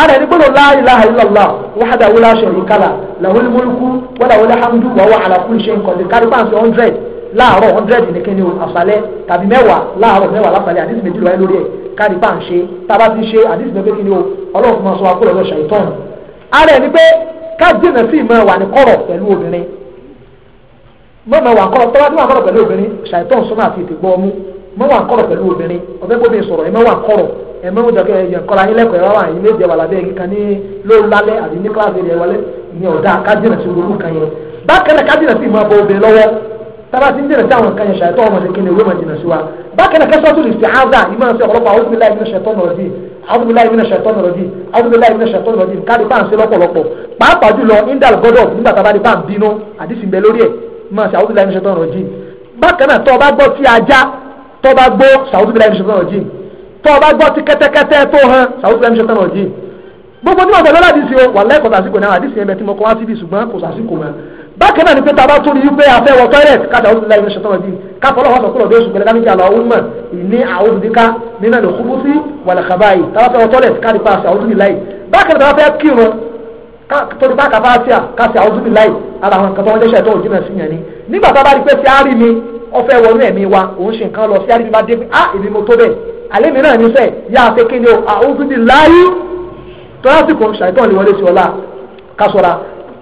ara ẹni gbọ́dọ̀ la ilaha illallah wahdahu la sharika lah lahul mulku wa lahul hamdu wa huwa ala kulli shay'in qadir kárípa àǹtí hundred láàárọ̀ hundred nìkan kárí bá ń ṣe tába ti ṣe àdìsí lọ pé kí ni o ọlọ́run máa sọ wa kúrò lọ́sọ̀ ìtọ́nù. ara ẹ̀ ni pé ká dènà sí ìmọ̀ wà ní kọ̀rọ̀ pẹ̀lú obìnrin mọ̀mọ̀ wà kọ̀rọ̀ tọ́wá tí wà kọ̀rọ̀ pẹ̀lú obìnrin ṣàìtọ́n súnmọ́ àti ìtìgbọ́ ọmú mọ̀ wà kọ̀rọ̀ pẹ̀lú obìnrin ọ̀fẹ́ bóbi sọ̀rọ̀ ẹ̀mọ́ wà kọ̀rọ̀ ẹ̀mọ́ ń jọkẹ́ ẹ̀yẹ kọ́ra ayé lẹ́kọ̀ọ́ ẹ̀rọ àwọn ilé ìjẹwà lábẹ́ ẹ̀yìn kan ní lóru lálẹ́ àbí tábà ti ń dèrè sáwọn kan yẹn ṣàìtọ́ ọmọ ṣe kéde ìwé màjìnà sí wa bákan náà kẹsàn-án tó lè ṣe áza ìmọ̀ ṣe ọ̀pọ̀lọpọ̀ àwọn ìbílẹ̀ ìbílẹ̀ ṣẹ̀tọ́ nọ̀rọ̀ dì àwọn ìbílẹ̀ ìbílẹ̀ ṣẹ̀tọ́ nọ̀rọ̀ dì àwọn ìbílẹ̀ ìbílẹ̀ ṣẹ̀tọ́ nọ̀rọ̀ dì káàdì bá ń ṣe lọ́pọ̀lọpọ̀ pàápàá jùlọ indal godot nígbà tá a bá di bá ń bínú àdìsí ń bẹ lórí ẹ̀ máa ṣe àwọn ìbílẹ̀ ìbílẹ̀ ṣẹ̀tọ́ nọ̀rọ̀ dì bákan náà tó o bá gbọ́ tí ajá tó o bá gbọ́ ṣàwùjọ ìbílẹ̀ ìbílẹ̀ ṣẹ̀tọ́ nọ̀rọ̀ dì tó o bá gbọ́ tí kẹ́tẹ́kẹ́tẹ́ tó hàn ṣàwùjọ ìbílẹ̀ ìbílẹ̀ ṣẹ̀tọ́ nọ̀rọ̀ dì gbogbo tí wọn bẹ lọ́la àdìsí o wà lẹ́kọ̀ọ́ sàṣìkò náà àdìsí ẹ̀mẹ́ tí mo kọ́ wá síbi ṣùgbọ́n kò sàṣìkò mọ́ bákan náà ni pé tàbá tó rí wípé afẹ́ wọ toilet káta ọdún láì ní ṣètò ọdún káfọ́ lọ́wọ́ sọ̀kúrò bí oṣù gbẹ̀lẹ́gá méjì àlọ́ ọ̀hún mọ̀ ìní àwọn òdìdíká nínú ẹ̀lẹ́ kúkú sí wàlàkàbáyì tàbá fẹ́ wọ toilet káàdì pa àṣà ọdún láì bákan náà tàbá fẹ́ kírun torí bá kàfá àṣà káṣà ọdún láì ara àwọn nǹkan tó jẹ́ṣẹ́ tó òjì náà sí yẹn ni nígbà tá a bá rí pé sí àárín mi ọfẹ́ wọnú ẹ̀mí wa òun ṣe nǹkan lọ sí àárín mi bá dé pé ah èmi mo tó bẹ́ẹ̀ àlẹ́ mi náà ní sẹ́ẹ̀ yá a fẹ́ kí ni o àwọn òbí láyé tọ́lá sì kò ń ṣàìtàn lè sí ọlá ká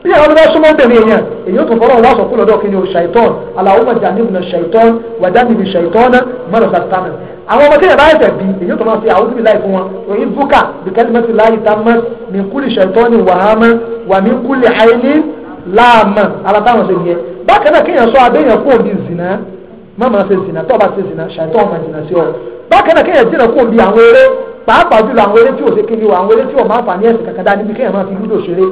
bí àwọn ọlọ́dọ́ súnmọ́ tẹ̀lé èèyàn èyí ó tún fọ́rọ̀ wá sọ̀kú lọ́dọ̀ kí ni o ṣàìtọ́n aláwọ̀mọ̀ jàǹdìbù náà ṣàìtọ́n wàjáǹdìbù ṣàìtọ́n mọ́rọ̀ sàtánà àwọn ọmọ kéèyàn bá ẹsẹ̀ bí èyí ó tún máa fi àwọn síbi láì fún wọn òyì búkà bìkẹ́lì mẹ́tì láì tá mọ́ mi kúlì ṣàìtọ́n ni wàhámọ́ wà mí kúlì àìní láàmọ́ alábáwọn ṣe nìyẹn bákan náà kéèyàn sọ abéèyàn kó òbí zìnà mọ́mọ́ ṣe zìnà tó bá ṣe zìnà ṣàìtọ́n ọmọ jìnà sí ọ bákan náà kéèyàn jìnà kó òbí àwọn eré pàápàá jùlọ àwọn eré tí ò ṣe kéde àwọn eré tí ò máa fà ní ẹ̀sìn kankan dá níbi kéèyàn máa fi lúdò ṣeré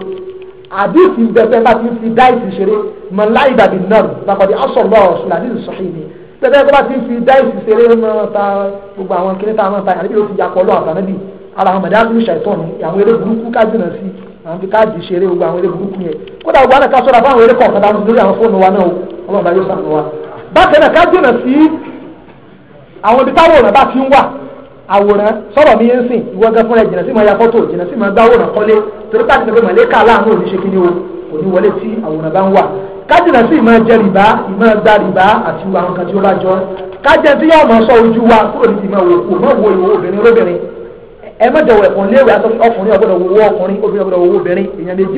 àdìsí bẹ́tẹ̀ bá ti fi dáìsì ṣeré mọ̀láì dàbí náà bàkọ̀dé asọ̀rọ̀ ọ̀sùn àdìsí sọ̀hìn ni bẹ́tẹ̀ bá ti fi dáìsì ṣeré mọ̀ ta gbogbo àwọn kiri tá a mọ̀ ta àdìbí ó ti yakọ̀ lọ àtànábì ara àwọn mọ̀dá ló ṣàìtàn ni àwọn eré burúkú kájìnà sí àwọn fi káàdì ṣeré gbogbo àwọn eré burúkú yẹn kódà gbogbo àná ká sọ̀rọ̀ fún àwọn eré kọ̀ọ̀kan dáhùn lórí àwọn fóònù wa náà ọlọ́run bá yóò sàmù wa bákan náà kájìnà sí àwọn ibi táwọn ọ̀nà bá ti ń wà àwòrán sọ̀rọ̀ mi ń sìn ìwọ gan fúnra ìjìnà sí máa ya fọ́tò ìjìnà sí máa gbá àwòrán kọ́lé torí pàtàkì pé màlẹ́kà láàánú òní ṣe kíni o òní wọlé tí àwòrán bá ń wà kájìnà sí ìmọ̀ jẹ rìbá ìmọ̀ gba rìbá àti àwọn kan tí ó bá jọ kájẹ tí yóò máa sọ ojú wa kúrò níbi ìmọ̀ òkú mọ̀ wo ìwò obìnrin lóbìnrin ẹ má dọ̀wọ̀ ẹ̀kọ́ léwu ọkùnrin ọgbọ́dọ̀ wo ọkùnrin obìnrin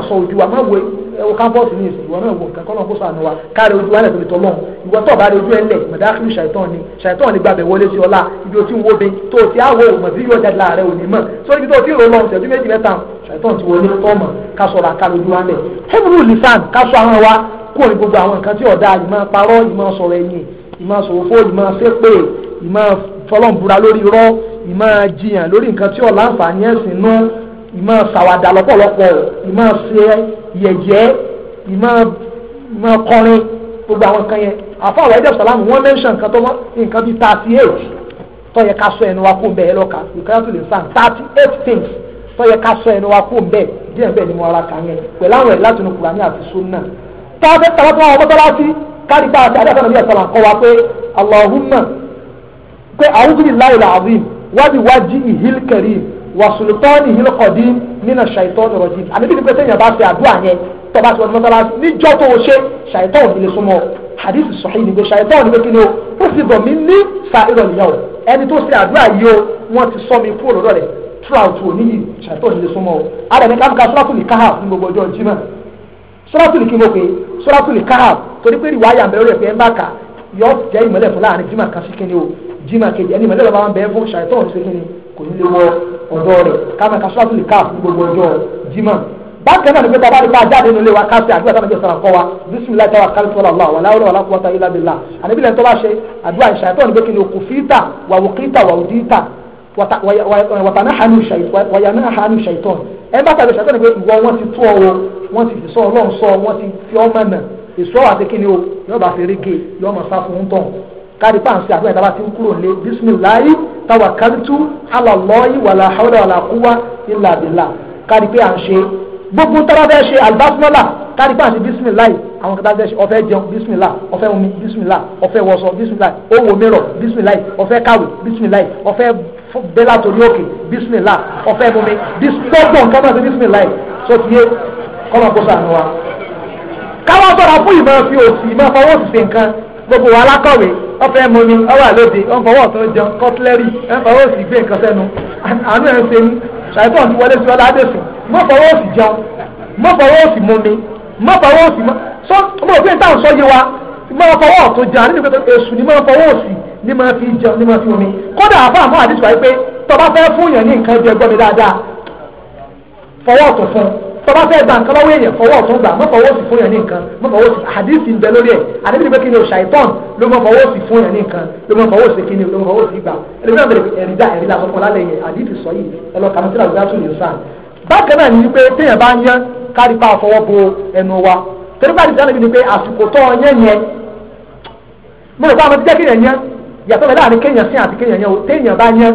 ọgbọ́dọ̀ wo ẹwọ kámpọ́ọ̀sì ní ìsìn ìwọ náà wò nǹkan kọ́lọ́n kó sànù wa káàrẹ̀ ojú alẹ́ torí tọ́lọ́hún ìwọ tó bá rẹ ojú ẹlẹ̀ mẹ̀dákìlú ṣàìtàn ni ṣàìtàn ni gbàbẹ̀ wọlé sí ọlá ibi tí ń wo bi tó o ti àwọ òmò tí yóò jáde láàrẹ òní mọ̀ sórí ibi tó o ti rò lọ́hùn ṣẹ̀dú méjì mẹ́ta ṣàìtàn ti wọlé tọ́mọ̀ kásọ̀rọ̀ àkàrẹ̀ ojú alẹ̀ hebrew lisan kásọ àwọn wa kó ní gbogbo àwọn nǹkan tí ọ̀dà ìmọ̀ parọ́ ìmọ̀ sọ̀rọ̀ ẹ̀yìn ìmọ̀ sọ̀rọ̀ fóònù ìmọ̀ ṣépè ìmọ̀ fọlọ́ǹbura lórí irọ́ ìmọ̀ jiyàn lórí nǹkan tí ọ̀la àǹfààní ẹ̀sìn nú ìmọ̀ ṣàwàdà lọ́pọ̀lọpọ̀ ìmọ̀ ṣe yẹ̀yẹ́ ìmọ̀ kọrin gbogbo àwọn kan yẹn àfọwọ́ ẹ̀dẹ̀ sàlámù wọ́n mẹ́ńṣẹ̀ nǹkan tó wọ́n nǹkan bíi thirty eight tọ́yẹ ká sọ ẹnu wa kó bẹ́ẹ̀ lọ́ka ìkọ́yà tó lè sàn thirty eight things tọ́yẹ ká sọ ẹnu wa kó bẹ́ẹ̀ díẹ̀ bẹ́ẹ̀ ni mo ara kà yẹn pẹ̀lú àwọn ẹ̀ láti nu kùránì àti sunna tọ́wọ́ tọ́wọ́ tó wọn bọ́tọ́ láti kárí bá àti àdàkọ́ nàbí ẹ̀sán àkọ́wá pé Allahumma pé a'udhu billahi al-azim wa bi wajhihil karim wa sultanihil qadim nínú ṣàìtọ́ ọ̀rọ̀ jù àníbi nípa sẹ́yìn bá ṣe àdúrà yẹn tó bá ti wọ́n ní mọ́sálásí níjọ́ tó o ṣe ṣàìtọ́ ò ní lè súnmọ́ hadith sọ̀hìn nígbè ṣàìtọ́ ò ní ni o ó sì bọ̀ mí ní sa ìrọ̀ nìyàwó ẹni tó ṣe àdúrà yìí o wọ́n ti sọ mi kúrò lọ́dọ̀ rẹ̀ trout ò níyì ṣàìtọ́ ò ní lè súnmọ́ o ara ẹni káfíńkà sọ́ràtùlì káhà ní gbogbo ọjọ́ jimá kò ní lè wọ ọ̀dọ́ rẹ̀ káfẹ́ ká sọ́ọ́tù lè káàfù gbogbo ọjọ́ jimá bákan náà ni pé bàbá àdìgbà jáde nílé wa káfí àdúrà táwọn ẹgbẹ́ sọ̀rọ̀ kọ́ wa bisimilayi tàwa kálífù ọlọ́ọ̀lá wàlá ọlọ́ọ̀ wàlá kúwọ́tà ilá bìlá àníbi lẹ́yìn tó bá ṣe àdúrà ìṣàyẹ̀ tó ní pé kí ni òkú fíìtà wàwùkítà wàwùdíìtà wàtànáhànú ṣàìtọ́n ẹ bá tàbí ṣàìtọ́n ni pé ìwọ wọn ti tó ọwọ́ wọn ti sọ ọlọ́run sọ wọn ti fi ọmọ náà èso àti kí ni o yóò bá fi rí gé yóò mọ̀ sá fún káàdì pa àǹsí àgbẹ̀yìn tábà ti ń kúrò lé bisimilayi tawakalitu alalọ́yì wàlà hawlẹ̀ wàlà kúwa ilà bìlà káàdì pé à ń ṣe gbogbo tábà fẹ́ ṣe alibasimola káàdì pa àǹsí bisimilayi àwọn kata fẹ́ ṣe ọ̀fẹ́ jẹun bisimila ọ̀fẹ́ omi bisimila ọ̀fẹ́ wọṣọ bisimila owó mìíràn bisimilayi ọ̀fẹ́ kàwé bisimilayi ọ̀fẹ́ bẹ́lá torí òkè bisimila ọ̀fẹ́ mumi gbọ́gbọ́n kama ti bisimilayi sotie kọ́mọ kó sànù wa káwọn sọ̀rọ̀ fún ìmọ̀ fi òsì ìmọ̀ fọwọ́ sì ṣe nǹkan gbogbo wa alákọ̀wé ọfẹ ọfọwọ ọtọ jẹun kọtlẹrì ẹnfọwọ òsì gbé nǹkan sẹ́nu àánú ẹ ń ṣe mú ti wọlé sí ọlá adéṣù mọ́fọwọ́ òsì jẹun mọ́fọwọ́ òsì mọmi mọ́fọwọ́ òsì mọ sọ ọmọ òfin táwọn sọ yé wa mọ́fọwọ́ ọ̀tọ̀ jẹun àní nígbà èṣù ni mọ́fọwọ́ òsì ni máa fi jẹun ni máa fi omi kódà àdéṣù wáyé pé tọba fún yẹn ní nǹkan dáadáa fún tọ́ba fẹ́ gba nǹkan lọ́wọ́ èèyàn fọwọ́ ọ̀tún gbà mọ́ fọwọ́ sí fún yàn ní nǹkan mọ́ fọwọ́ sí àdìsí ń bẹ lórí ẹ̀ àdìsí pé kí ni ṣàìtàn ló mọ́ fọwọ́ sí fún yàn ní nǹkan ló mọ́ fọwọ́ sí kí ni ló mọ́ fọwọ́ sí gbà ẹ̀rí náà bẹ̀rẹ̀ ẹ̀rí dá ẹ̀rí lásán kọ́lá lẹ́yìn àdìsí sọ yìí ẹ lọ kàmí sílẹ̀ àgbẹ̀tún ní sàn. bákan náà ni pé téèyàn bá yán kárí pa àfọwọ́ bo ẹnu wa torí bá àdìsí àlejò ni pé àsìkò tó yẹn yẹn mo rò pé àwọn ti jẹ́ kéèyàn yẹn yàtọ̀ láàrin kéèyàn sí àti kéèyàn yẹn o téèyàn bá yẹn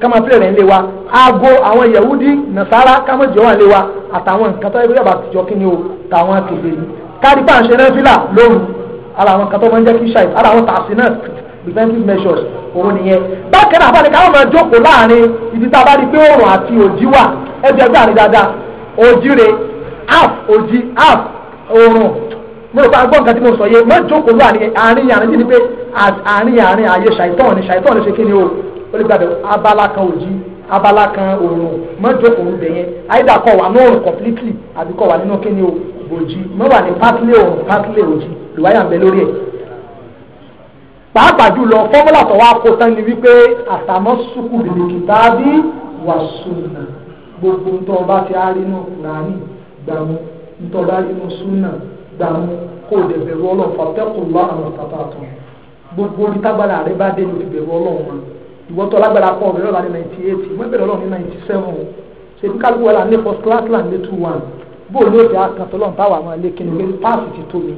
kama pílẹ̀ rẹ̀ ń lé wa aago àwọn yahudi nasara kama jọ wà lé wa àtàwọn nǹkan tó yẹ bá tìjọ kí ni o tàwọn àtìlẹ yìí kárí bá ń ṣe náà fílà lóru ara àwọn nǹkan tó máa ń jẹ́ kí ṣáì ara àwọn tààsì náà preventive measures òun nìyẹn bákan náà àbálẹ̀ káwọn máa jókòó láàrin ibi tá a bá rí pé oòrùn àti òjì wà ẹgbẹ́ ẹgbẹ́ àrí dáadáa òjì rè half òjì half oòrùn mo rò pé agbọ́n nǹkan tí mo sọ yé má jókòó láàrin àárín àárín yìí ni pé àárín àárín ààyè ṣàìtọ́ ni ṣàìtọ́ ni ṣe kí ni o olùgbàdàn abala kan òjì abala kan òòrùn mọ́jọ òòrùn bẹ̀yẹn àyídà kọ̀ wà lóòrùn completely àbí kọ̀ wà nínú kíni o bòjì mọ́ wà ní pátílẹ̀ òòrùn pátílẹ̀ òjì lùwáyà ń bẹ lórí ẹ̀. pàápàá jùlọ fọ́múlà tó wá kó tán ni wípé àtàmọ́ sùkù bìbìkì tàbí wà sùnà gbogbo ntọ́ bá ti á rí nù rání gbàmú ntọ́ bá rí nù sùnà gbàmú kó o dẹ̀ bẹ̀rù ọlọ́run fàtẹ́kùn lọ́ àwọn tàtàtàn gbogbo orí tágbára ìwọ́n tó lágbára pọ̀ ọ̀bẹ̀rẹ̀ ọ̀la ní ninety eight ìwọ́n ìbẹ̀rẹ̀ ọlọ́run ní ninety seven ṣe bí kálukú wọlé ní first class land ní two one bóò ní òkè àkàtọ́ lọ́n báwa àwọn ilé kíni pé páàsì ti tóbi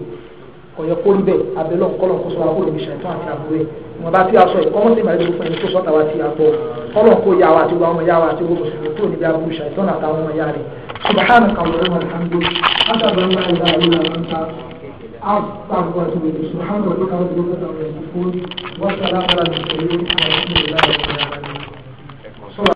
ọ̀yọ́ kórì bẹ́ẹ̀ abẹ́lọ́ kọ́lọ́n kó sọ́ra kórì ìṣẹ̀ tó àti àbúrò ẹ̀ wọn bá tí a sọ ìkọ́mọ́ sí ìmàlẹ́ gbogbo ẹni tó sọ́ta wa ti àtọ́ kọ́lọ́n kó yà wá àti gbogbo ọmọ yà wá àti gbogbo sùnmù tó níbi àbúrò ìṣẹ̀ tó nàta ọmọ yà rẹ̀ subahana kàwé ọmọ alhamdulilayi سبحان ربك الوقت من الشرحان ولك وسلام على والسلام على المسلمين ورحمة الله وبركاته